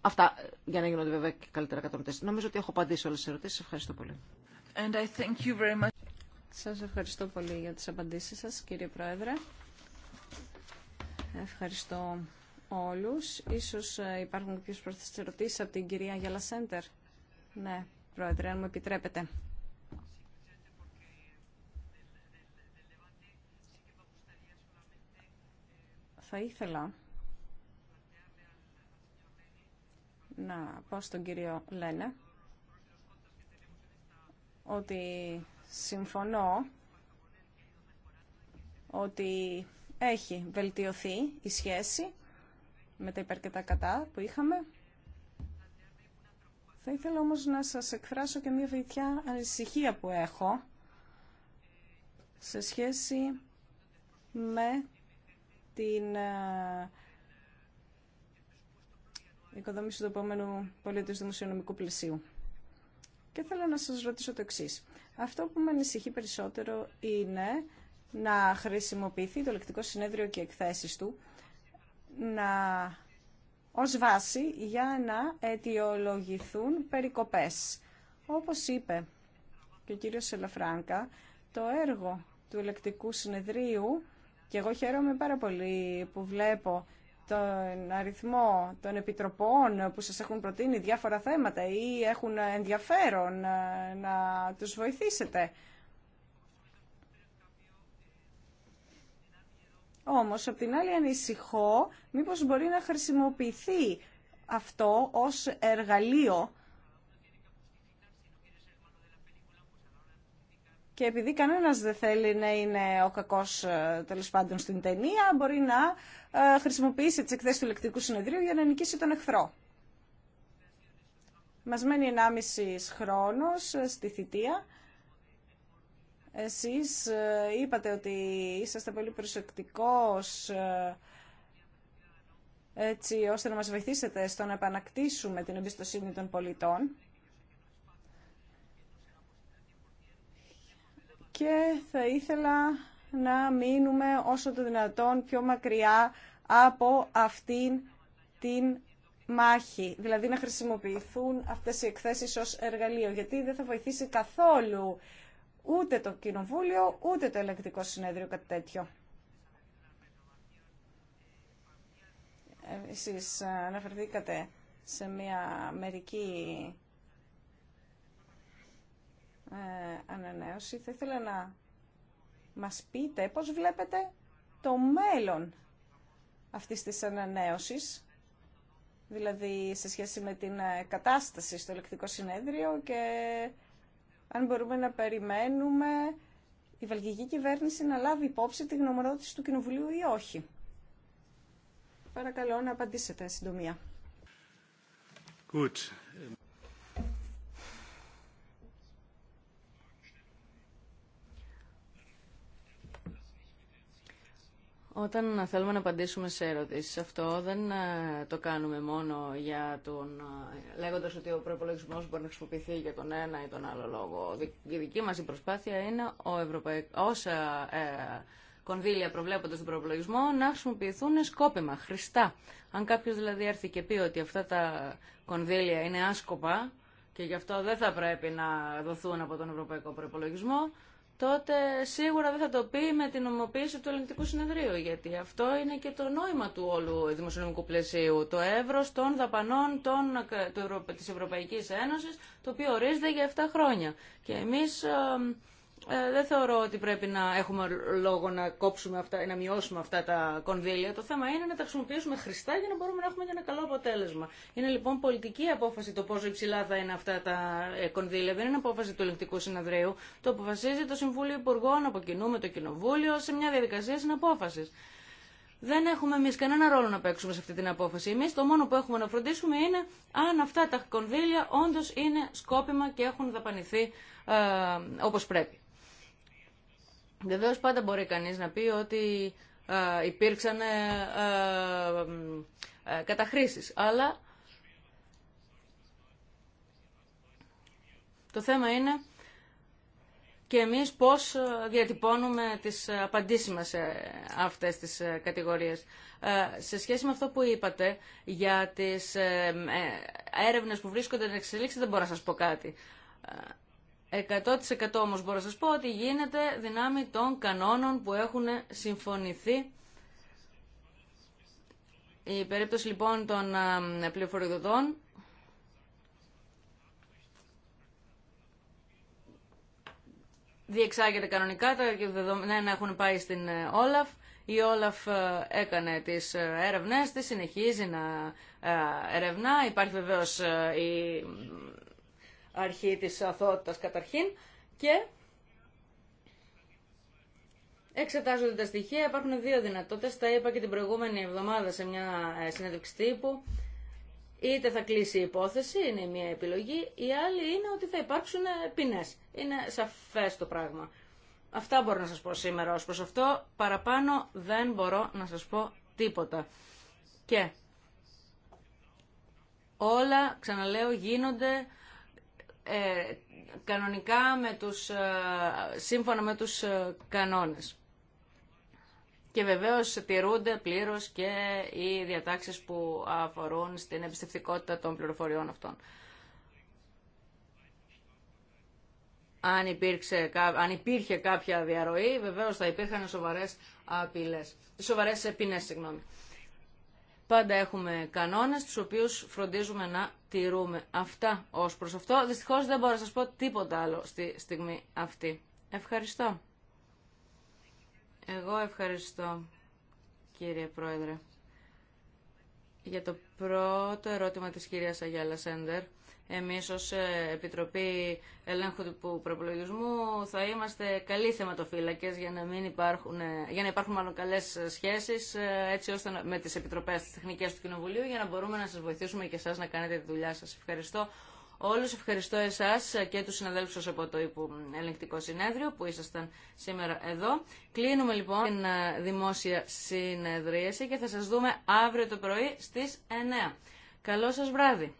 Αυτά για να γίνονται βέβαια και καλύτερα κατανοητές. Νομίζω ότι έχω απαντήσει όλες τις ερωτήσεις. Ευχαριστώ πολύ.
And I thank you very much. Σας ευχαριστώ πολύ για τις απαντήσεις σας, κύριε Πρόεδρε. Ευχαριστώ όλους. Ίσως ε, υπάρχουν κάποιες προσθέσεις ερωτήσεις από την κυρία Γιάλα Ναι, Πρόεδρε, αν μου επιτρέπετε. Θα ήθελα να πω στον κύριο Λένε ότι συμφωνώ ότι έχει βελτιωθεί η σχέση με τα υπερκετακατά κατά που είχαμε. Θα ήθελα όμως να σας εκφράσω και μια βηθιά ανησυχία που έχω σε σχέση με την ε, οικοδόμηση του επόμενου πολιτικού δημοσιονομικού πλαισίου. Και θέλω να σας ρωτήσω το εξή. Αυτό που με ανησυχεί περισσότερο είναι να χρησιμοποιηθεί το λεκτικό συνέδριο και εκθέσεις του να, ως βάση για να αιτιολογηθούν περικοπές. Όπως είπε και ο κύριος Σελαφράνκα, το έργο του ελεκτικού συνεδρίου και εγώ χαίρομαι πάρα πολύ που βλέπω τον αριθμό των επιτροπών που σας έχουν προτείνει διάφορα θέματα ή έχουν ενδιαφέρον ε, να τους βοηθήσετε. Όμως, απ' την άλλη ανησυχώ, μήπως μπορεί να χρησιμοποιηθεί αυτό ως εργαλείο Και επειδή κανένας δεν θέλει να είναι ο κακός ε, τέλο πάντων στην ταινία, μπορεί να ε, χρησιμοποιήσει τις εκθέσεις του ηλεκτρικού συνεδρίου για να νικήσει τον εχθρό. Μας μένει 1,5 χρόνος ε, στη θητεία. Εσείς είπατε ότι είσαστε πολύ προσεκτικός έτσι ώστε να μας βοηθήσετε στο να επανακτήσουμε την εμπιστοσύνη των πολιτών. και θα ήθελα να μείνουμε όσο το δυνατόν πιο μακριά από αυτήν την μάχη. Δηλαδή να χρησιμοποιηθούν αυτές οι εκθέσεις ως εργαλείο, γιατί δεν θα βοηθήσει καθόλου ούτε το Κοινοβούλιο, ούτε το Ελεκτικό Συνέδριο κάτι τέτοιο. Ε, εσείς ε, αναφερθήκατε σε μια μερική ε, ανανέωση. Θα ήθελα να μας πείτε πώς βλέπετε το μέλλον αυτής της ανανέωσης, δηλαδή σε σχέση με την ε, κατάσταση στο ελεκτικό συνέδριο και αν μπορούμε να περιμένουμε η βελγική κυβέρνηση να λάβει υπόψη τη γνωμοδότηση του Κοινοβουλίου ή όχι. Παρακαλώ να απαντήσετε συντομία.
Όταν θέλουμε να απαντήσουμε σε ερωτήσεις, αυτό δεν ε, το κάνουμε μόνο για τον, ε, λέγοντας ότι ο προπολογισμό μπορεί να χρησιμοποιηθεί για τον ένα ή τον άλλο λόγο. Η δική μας προσπάθεια είναι ο όσα ε, κονδύλια προβλέπονται στον προπολογισμό να χρησιμοποιηθούν σκόπιμα, χρηστά. Αν κάποιος δηλαδή έρθει και πει ότι αυτά τα κονδύλια είναι άσκοπα και γι' αυτό δεν θα πρέπει να δοθούν από τον Ευρωπαϊκό Προπολογισμό, τότε σίγουρα δεν θα το πει με την νομοποίηση του ελληνικού συνεδρίου, γιατί αυτό είναι και το νόημα του όλου δημοσιονομικού πλαισίου, το εύρος των δαπανών των, ε, Ευρωπαϊκή της Ευρωπαϊκής Ένωσης, το οποίο ορίζεται για 7 χρόνια. Και εμείς ε, ε, δεν θεωρώ ότι πρέπει να έχουμε λόγο να κόψουμε αυτά, να μειώσουμε αυτά τα κονδύλια. Το θέμα είναι να τα χρησιμοποιήσουμε χρηστά για να μπορούμε να έχουμε και ένα καλό αποτέλεσμα. Είναι λοιπόν πολιτική απόφαση το πόσο υψηλά θα είναι αυτά τα ε, κονδύλια. Δεν είναι απόφαση του ελεγκτικού συναδρίου. Το αποφασίζει το Συμβούλιο Υπουργών από κοινού το Κοινοβούλιο σε μια διαδικασία συναπόφαση. Δεν έχουμε εμεί κανένα ρόλο να παίξουμε σε αυτή την απόφαση. Εμεί το μόνο που έχουμε να φροντίσουμε είναι αν αυτά τα κονδύλια όντω είναι σκόπιμα και έχουν δαπανηθεί ε, όπω πρέπει. Βεβαίω πάντα μπορεί κανείς να πει ότι ε, υπήρξαν ε, ε, ε, καταχρήσεις, αλλά το θέμα είναι και εμείς πώς διατυπώνουμε τις απαντήσεις μας σε αυτές τις κατηγορίες. Σε σχέση με αυτό που είπατε για τις έρευνες που βρίσκονται να εξελίξει δεν μπορώ να σας πω κάτι. 100% όμως μπορώ να σας πω ότι γίνεται δυνάμει των κανόνων που έχουν συμφωνηθεί. Η περίπτωση λοιπόν των πληροφοριοδοτών διεξάγεται κανονικά, τα δεδομένα έχουν πάει στην ε, Όλαφ. Η Όλαφ ε, έκανε τις ε, έρευνές της, συνεχίζει να ερευνά. Υπάρχει βεβαίως η αρχή της αθότητας καταρχήν και εξετάζονται τα στοιχεία. Υπάρχουν δύο δυνατότητες, τα είπα και την προηγούμενη εβδομάδα σε μια ε, συνέντευξη τύπου. Είτε θα κλείσει η υπόθεση, είναι μια επιλογή, η άλλη είναι ότι θα υπάρξουν ε, ποινές. Είναι σαφές το πράγμα. Αυτά μπορώ να σας πω σήμερα ως προς αυτό. Παραπάνω δεν μπορώ να σας πω τίποτα. Και όλα, ξαναλέω, γίνονται ε, κανονικά με τους, ε, σύμφωνα με τους ε, κανόνες. Και βεβαίως τηρούνται πλήρως και οι διατάξεις που αφορούν στην εμπιστευτικότητα των πληροφοριών αυτών. Αν, υπήρχε κάποια διαρροή, βεβαίως θα υπήρχαν σοβαρές απειλές, σοβαρές συγγνώμη. Πάντα έχουμε κανόνες τους οποίους φροντίζουμε να τηρούμε. Αυτά ως προς αυτό. Δυστυχώς δεν μπορώ να σας πω τίποτα άλλο στη στιγμή αυτή. Ευχαριστώ. Εγώ ευχαριστώ, κύριε Πρόεδρε. Για το πρώτο ερώτημα της κυρίας Αγιάλα Σέντερ, Εμεί ω ε, Επιτροπή Ελέγχου του Προπολογισμού θα είμαστε καλοί θεματοφύλακε για να, υπάρχουν, ε, για να υπάρχουν μάλλον καλές σχέσεις ε, έτσι ώστε με τι επιτροπέ τη τεχνική του Κοινοβουλίου για να μπορούμε να σα βοηθήσουμε και εσά να κάνετε τη δουλειά σα. Ευχαριστώ. όλου. ευχαριστώ εσά και του συναδέλφου σας από το Ελεγκτικό Συνέδριο που ήσασταν σήμερα εδώ. Κλείνουμε λοιπόν την δημόσια συνεδρίαση και θα σα δούμε αύριο το πρωί στι 9. Καλό σας βράδυ.